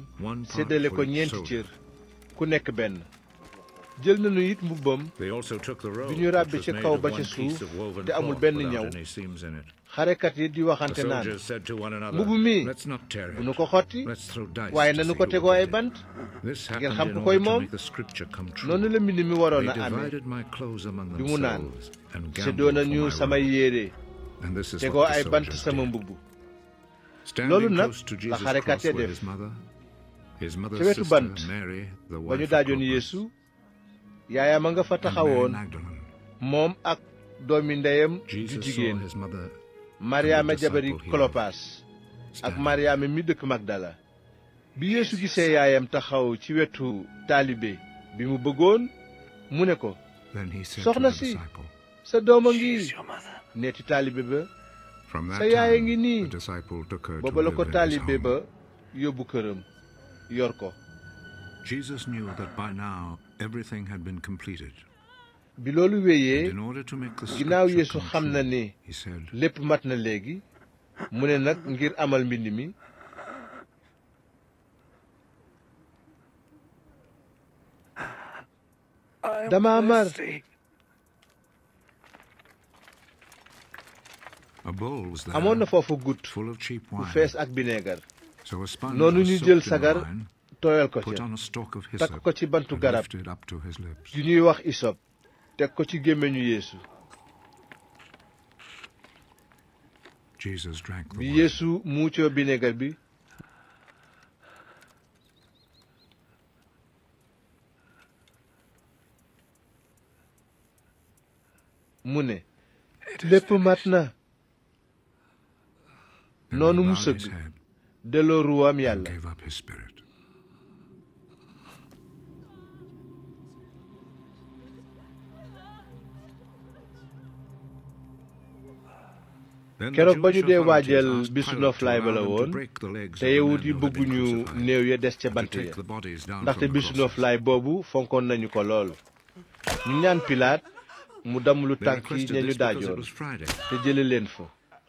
séddale ko ñeenti cër ku nekk benn jël nañu it mbubbam bi ñu ràbbi ci kaw ba ca suuf te amul benn ñaw xarekat yi di waxante naan mbubb mi bu nu ko xotti waaye nanu ko tegoo ay bant ngeen xam ko koy moom noonu la mbind mi waroon a amee bi mu naan séddoo nañu samay yére te ko ay bant sama mbubb loolu nag la xarekat ya def ca wetu bant ba ñu daajoon yéesu yaayam a nga fa taxawoon moom ak doomi ndeyam ju jigéen maryaama jabari kolopaas ak maryaama mi dëkk magdala bi yeesu gisee yaayam taxaw ci wetu taalibe bi mu bëggoon mu ne ko soxna si sa doom a ngi neeti taalibe ba sa yaay a ngi nii booba la ko taalibe ba yóbbu këram yor ko Jesus knew that by now everything had been completed. bi loolu wéyee ginnaaw Yeesu xam na ne lépp mat na léegi mu ne nag ngir amal mbind mi dama mar amoon na foofu gut bu fees ak bineegar noonu ñu jël sagar tooyal ko ca takk ko ci bantu garab yu ñuy wax isop teg ko ci gémmiñu yeesu bi yeesu muucoo bineegar bi mu ne lépp mat na noonu mu sëgg delloo ruwaam yàlla keroog ba ñu dee waajal bisu noflaay ba la woon te yawut yi bëgguñu néew ya des ca bant ya ndaxte bisu noflaay boobu fonkoon nañu ko lool ñu ñaan pilaat mu damm lu tànk yi ña ñu daajoon te jële leen fa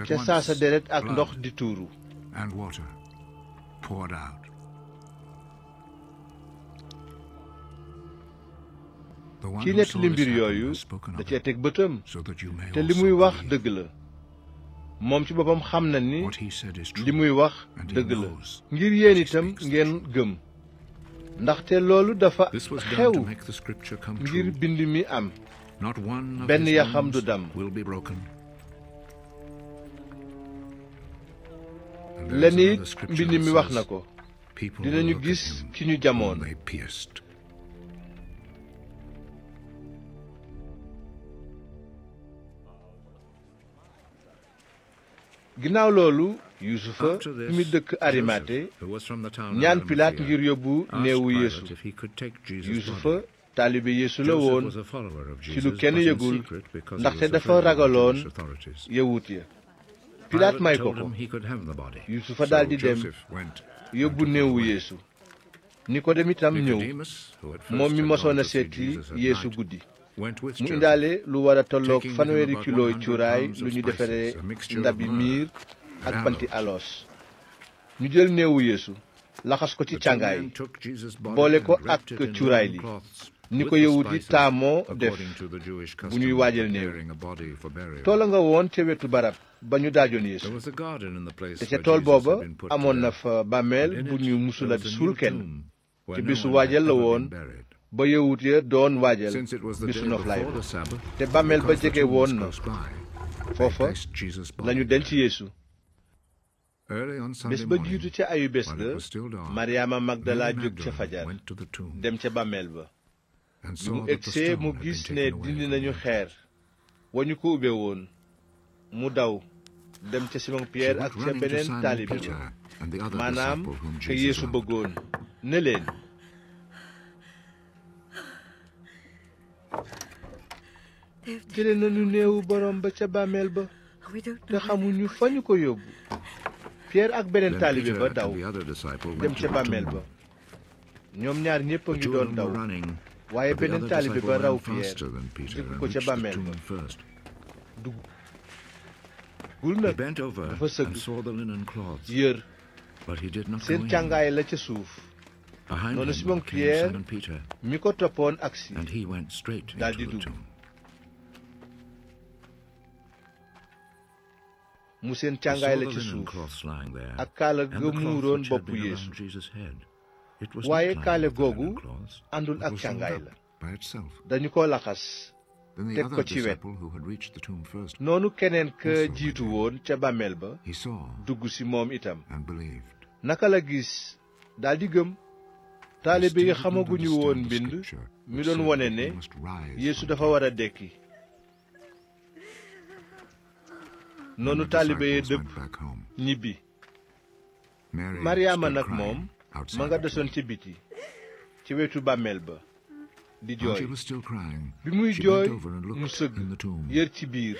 ca saasa deret ak ndox di tuuru ki nettali mbir yooyu da cee teg bëtam te li muy wax dëgg la moom ci boppam xam na ni li muy wax dëgg la ngir yéen itam ngeen gëm ndaxte loolu dafa xew ngir bind mi am benn yaxam du dam lenn mi wax na ko dinañu gis ki ñu jamoon ginnaaw loolu yuusufa fi dëkk arimate ñaan pilaat ngir yóbbu néewu yeesu yuusufa taalibe yeesu la woon ci lu kenn yëgul ndaxte dafa ragaloon yawut ya Pilaat may ko ko Yusufa daldi dem yóbbu néewu yéesu ni Yeesu Nikodem itam ñëw moom mi mosoon a seeti Yeesu guddi mu indaale lu war a tolloog fanweeri kilooy cuuraay lu ñu defaree ndabi miir ak banti aloos ñu jël néewu Yeesu laxas ko ci càngaay boole ko ak cuuraay li ni ko yawut yi taamoo def bu ñuy waajal néew toola nga woon ca wetu barab ba ñu daajoon Yeesu te ca tool booba amoon na fa bàmmeel bu ñu musula suul kenn te bisu waajal la woon ba yawut ya doon waajal bisu noflaay te bàmmeel ba jege woon na foofa lañu denc Yeesu bés ba jiitu ca ayu bés la Maryaama Magdala jóg ca fajar dem ca bàmmeel ba bi mu egsee mu gis ne dindi nañu xeer wa ñu ko ubbee woon mu daw dem ca Simon Pierre ak ca beneen taalibe ba maanaam ka Yeesu bëggoon ne leen jële ba ca bàmmeel ba te xamuñu fa ñu ko yóbbu Pierre ak beneen taalibe ba daw dem ca bàmmeel ba ñoom ñaar ñépp a ngi doon daw waaye beneen taalibe ba raw Pierre jëkku ko ca bàmmeel ba dugg gul nag dafa sëgg yër seen càngaay la ca suuf noonu Simon Pierre mi ko toppoon agsi daal di dugg mu seen càngaay la waaye kaale googu àndul ak càngaay la dañu ko laxas teg ko ci wet noonu keneen ka jiitu woon ca bàmmeel ba dugg ci moom itam naka la gis daldi gëm taalibe yi xamaguñu woon mbind mi doon wone ne Yeesu dafa war a dekki noonu taalibe yi dëpp ñibbi moom ma nga desoon ci biti ci wetu bàmmeel ba di jooy bi muy jooy mu sëgg yër ci biir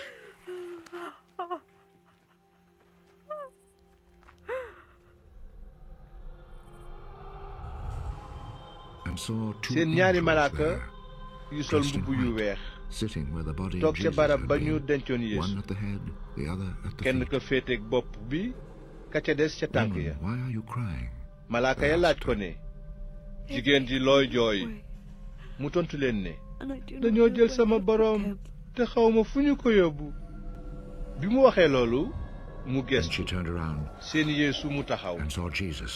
seen ñaari malaaka yu sol mbubb yu weex toog ca barab ba ñu dencoon Yeesu kenn ka féeteeg bopp bi ka ca des ca tànk ya malaaka ya laaj ko ne jigéen ji looy jooy mu tontu leen ne dañoo jël sama boroom te xawma fu ñu ko yóbbu bi mu waxee loolu mu gestu seen yeesu mu taxaw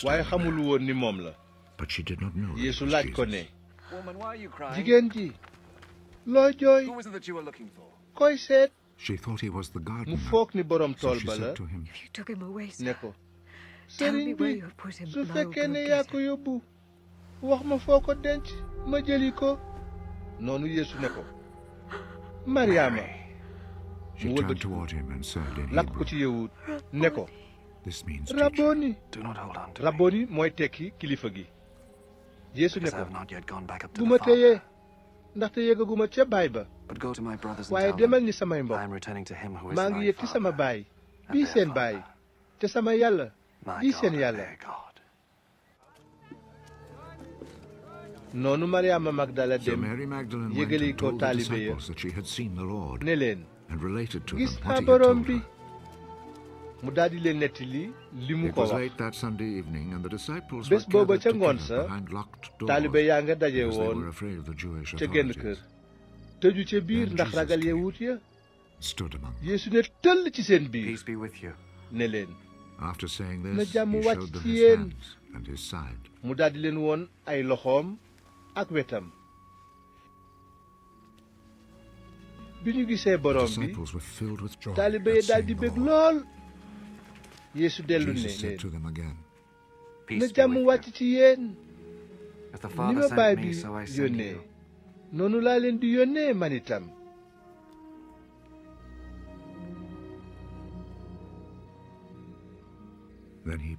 waaye xamul woon ni moom la yeesu laaj ko ne jigéen ji loo jooy koy seet mu foog ni boroom tool ba la ne ko sëriñ bi su fekkee ne yaa ko yóbbu wax ma foo ko denc ma jëli ko noonu yeesu ne ko maryaama mu wëlbati lakk ko ci yawut ne ko mooy tekki kilifa gi yeesu ne ko bu ma téyee ndaxte yégaguma ca baay ba waaye demal ni samay mbokk maa ngi yëg ci sama baay bii seen baay te sama yàlla diiseen yàlla noonu maryaama magdala dem yëgali ko taalibe ya ne leen gis naa boroom bi mu daldi di leen nettali li mu ko wax bés booba ca ngoon sa taalibe yaa nga daje woon ca genn kër tëju ca biir ndax ragal yawut ya yeesu ne tëll ci seen biir ne na jàmm wàcc ci yéen mu daldi leen woon ay loxoom ak wetam bi ñu gisee boroom bi taalibe daldi bég lool yeesu dellu ne na jàmm wàcc ci yéen ni ma baay bi yónnee noonu laa leen di yónnee man itam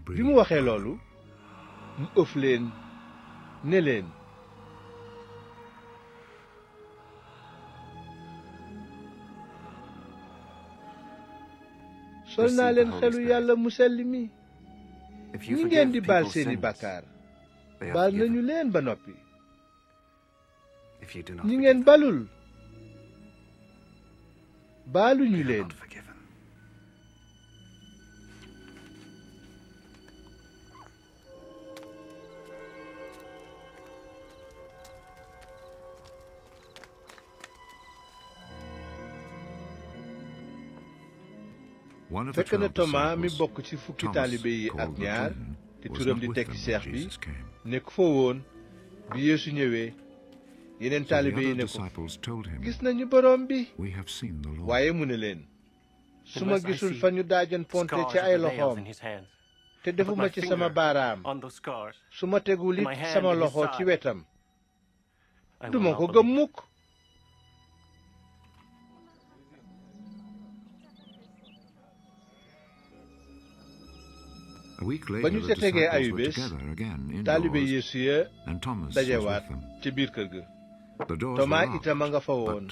bi mu waxee loolu mu ëf leen ne leen sol naa leen xelu yàlla mu sell mi ñi ngeen di baal seeni bàkkaar baal nañu leen ba noppi ñi ngeen balul baaluñu leen fekk na Thomas mi bokk ci fukki taalibe yi ak ñaar te turam di tekki seex bi nekk foo woon bi Yeesu ñëwee yeneen taalibe yi ne gis gis ñu boroom bi waaye mu ne leen su ma gisul fa ñu daajoon ponte ci ay loxoom te defuma ci sama baaraam su ma tegul it sama loxo ci wetam duma ko gëm ba ñu ca tegee ayu bés taalibe yeesu ya dajewaat ca biir kër ga tomaa itam a nga fa woon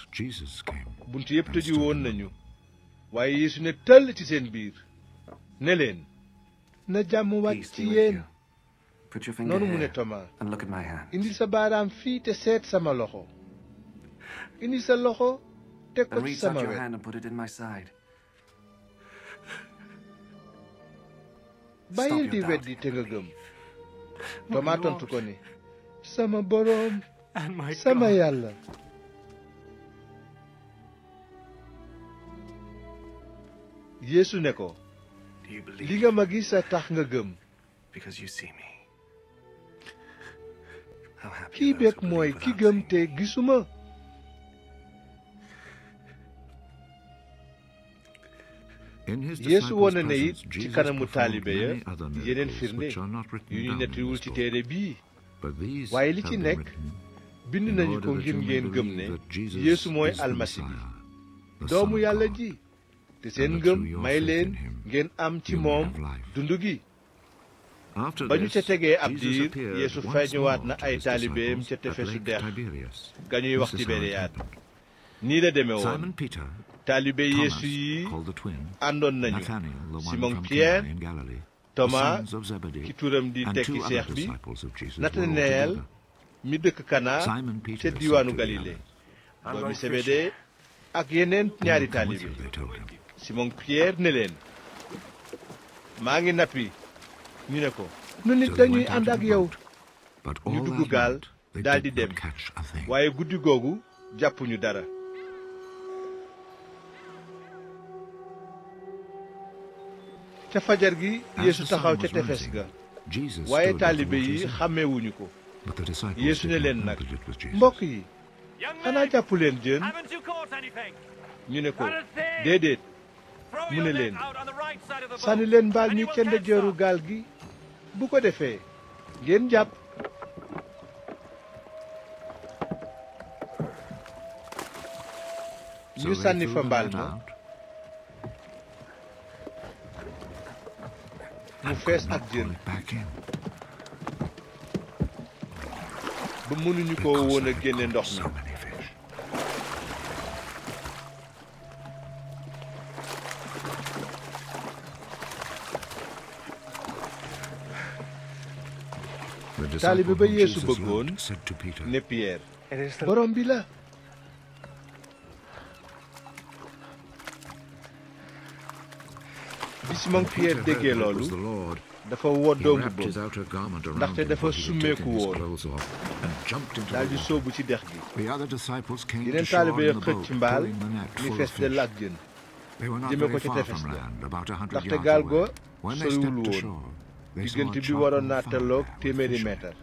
bunt yépp tëju woon nañu waaye yeesu ne tëll ci seen biir ne leen na jàmm wàcc ci yéen noonu mu ne tomaa indi sa baaraam fii te seet sama loxo indi sa loxo teg ko ci sama wet bàyyil di weddi te nga gëm Tomaa tontu ko ni sama boroom sama yàlla Yeesu ne ko li ma gis a tax nga gëm kii bég mooy ki gëm te gisuma yeesu wone na ne it ci kanamu taalibe ya yeneen firnde yu ñu nettiwul ci téere bii waaye li ci nekk bind nañu ko ngir ngeen gëm ne yeesu mooy almasi bi doomu yàlla ji te seen ngëm may leen ngeen am ci moom dund gi ba ñu ca tegee ab diir yeesu feeñuwaat na ay taalibeem ca tefesu dex ga ñuy wax Tiberiyaad nii la deme taalibe yeesu yi àndoon nañu Simon Pierre Thomas ki turam di tekki seex bi Natanayel mi dëkk Kana ca diiwaanu Galile doomi Sebede ak yeneen ñaari taalibe Simon Pierre ne leen maa ngi nappi ñu ne ko nu nit dañuy ànd ak yow ñu dugg gaal daldi dem waaye guddi googu jàppuñu dara ca fajar gi yeesu taxaw ca tefes ga waaye taalibe yi xàmmewuñu ko yeesu ne leen nag mbokk yi xanaa jàppu leen jën ñu ne ko déedéet mu ne leen sànni leen mbaal mi ca ndeyjooru gaal gi bu ko defee ngeen jàpp ñu mu fees ak jën ba mënuñu ndox mi taalibe ba yeesu bëggoon ne Pierre borom bi la Simon Pierre déggee loolu dafa woddoo mbubbam ndaxte dafa summeeku woon daal di sóobu ci dex gi yeneen taalibe ya xëcc mbaal ni fees dell ak jën jëme ko ci tefes ga ndaxte gaal go soriwul woon diggante bi waroon naa tolloog téeméeri meetar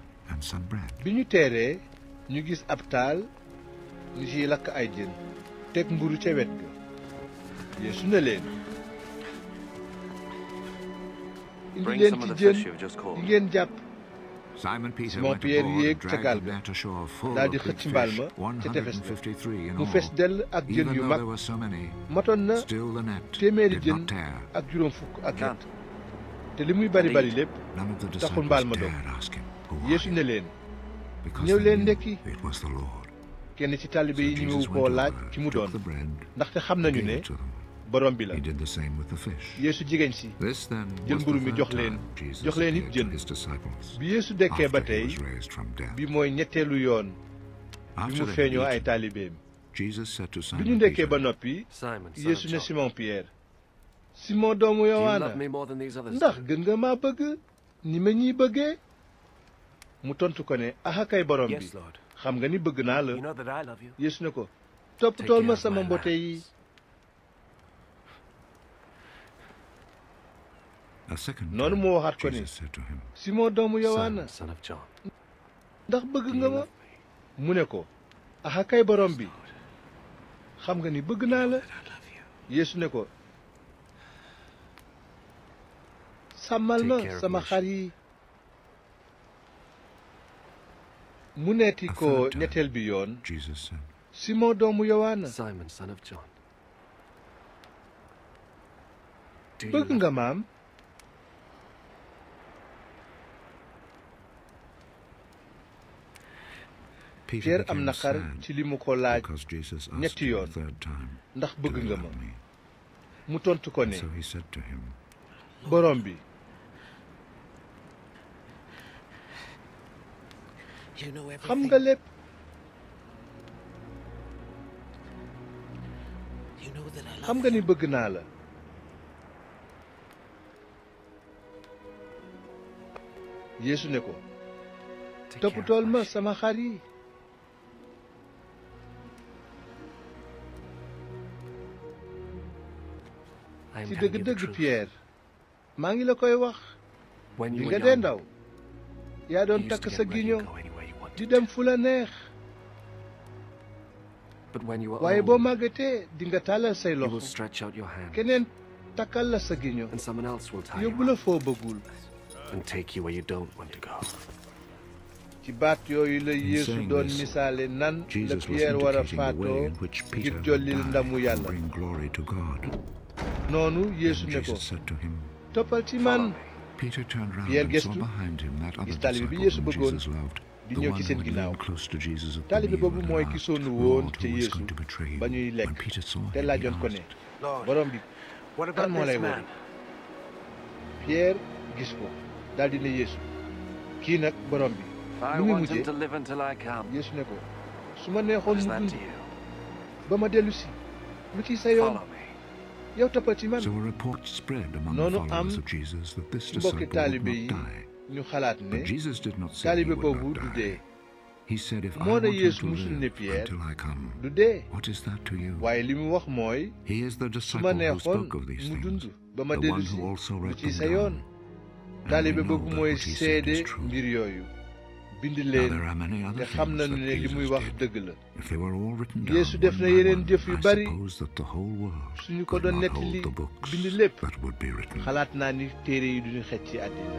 bi ñu teeree ñu gis ab taal ñu ciy lakk ay jën teg mburu ca wet ga Yeesu ne leen indi leen ci jën ngeen jàpp. Simon Pierre yéeg ca gaal ba daal di xëcc mbaal ma ca tefes ba mu fees dell ak jën yu mag matoon na téeméeri jën ak juróom fukk ak ñett te li muy bari bari lépp taxul mbaal ma doog Yeesu ne leen ñëw leen ndekki kenn ci taalibe yi ñëwu koo laaj ci mu doon ndaxte xam nañu ne. borom bi la yeesu jigéen si jël mburu mi jox leen jox leen it jën bi yeesu dekkee ba tey bi mooy ñetteelu yoon bi mu feeñoo ay taalibeem bi ñu ndekkee ba noppi yeesu ne Simon Pierre Simon doomu Yowaana ndax gën nga maa bëgg ni ma ñii bëggee mu tontu ko ne axa ah, borom bi xam nga ni bëgg naa la yeesu ne ko toppatool ma sama mbote yi noonu mu waxaat ko ni Simon doomu Yowaana ndax bëgg nga ma mu ne ko axa borom bi xam nga ni bëgg naa la Yeesu ne ko sàmmal ma sama xar yi mu neeti ko ñetteel bi yoon Simon doomu Yowaana nga maam Pierre am na naqar ci li mu ko laaj ñetti yoon ndax bëgg nga ma mu tontu ko ne boroom bi xam nga lépp xam nga ni bëgg naa la yeesu ne ko toppatool ma sama xar yi ci dëgg-dëgg Pierre maa ngi la koy wax bi nga ndaw yaa doon takk sa giño di dem fu la neex waaye boo màggatee di nga tàllal say loxo keneen takkal la sa giño yóbbu la foo bëggul ci baat yooyu la Yeesu doon misaale nan la Pierre war a faatoo ngir jollil ndamu Yàlla noonu Yeesu ne ko toppal ci man Pierre gestu gis taalibe bi Yeesu bëggoon di ñëw ci seen ginnaaw taalibe boobu mooy ki sonn woon ca Yeesu ba ñuy lekk te laajoon ko ne borom bi kan moo lay wóor Pierre gis ko daal di ne Yeesu kii nag borom bi nu muy mujjee Yeesu ne ko su ma neexoon mu dund ba ma dellusi lu ciy yoon yow toppal ci man noonu am mbokki taalibe yi ñu xalaat ne taalibe boobu du dee moo ne Yeesu musul ne Pierre du dee waaye li mu wax mooy su ma neexoon mu dund ba ma dellusi lu ci sa yoon taalibe boobu mooy seede mbir yooyu bind leen te xam nañu ne li muy wax dëgg la Yeesu def na yeneen jëf yu bari suñu ko doon nettali bind lépp xalaat naa ni téere yi duñu xëcc ci àddina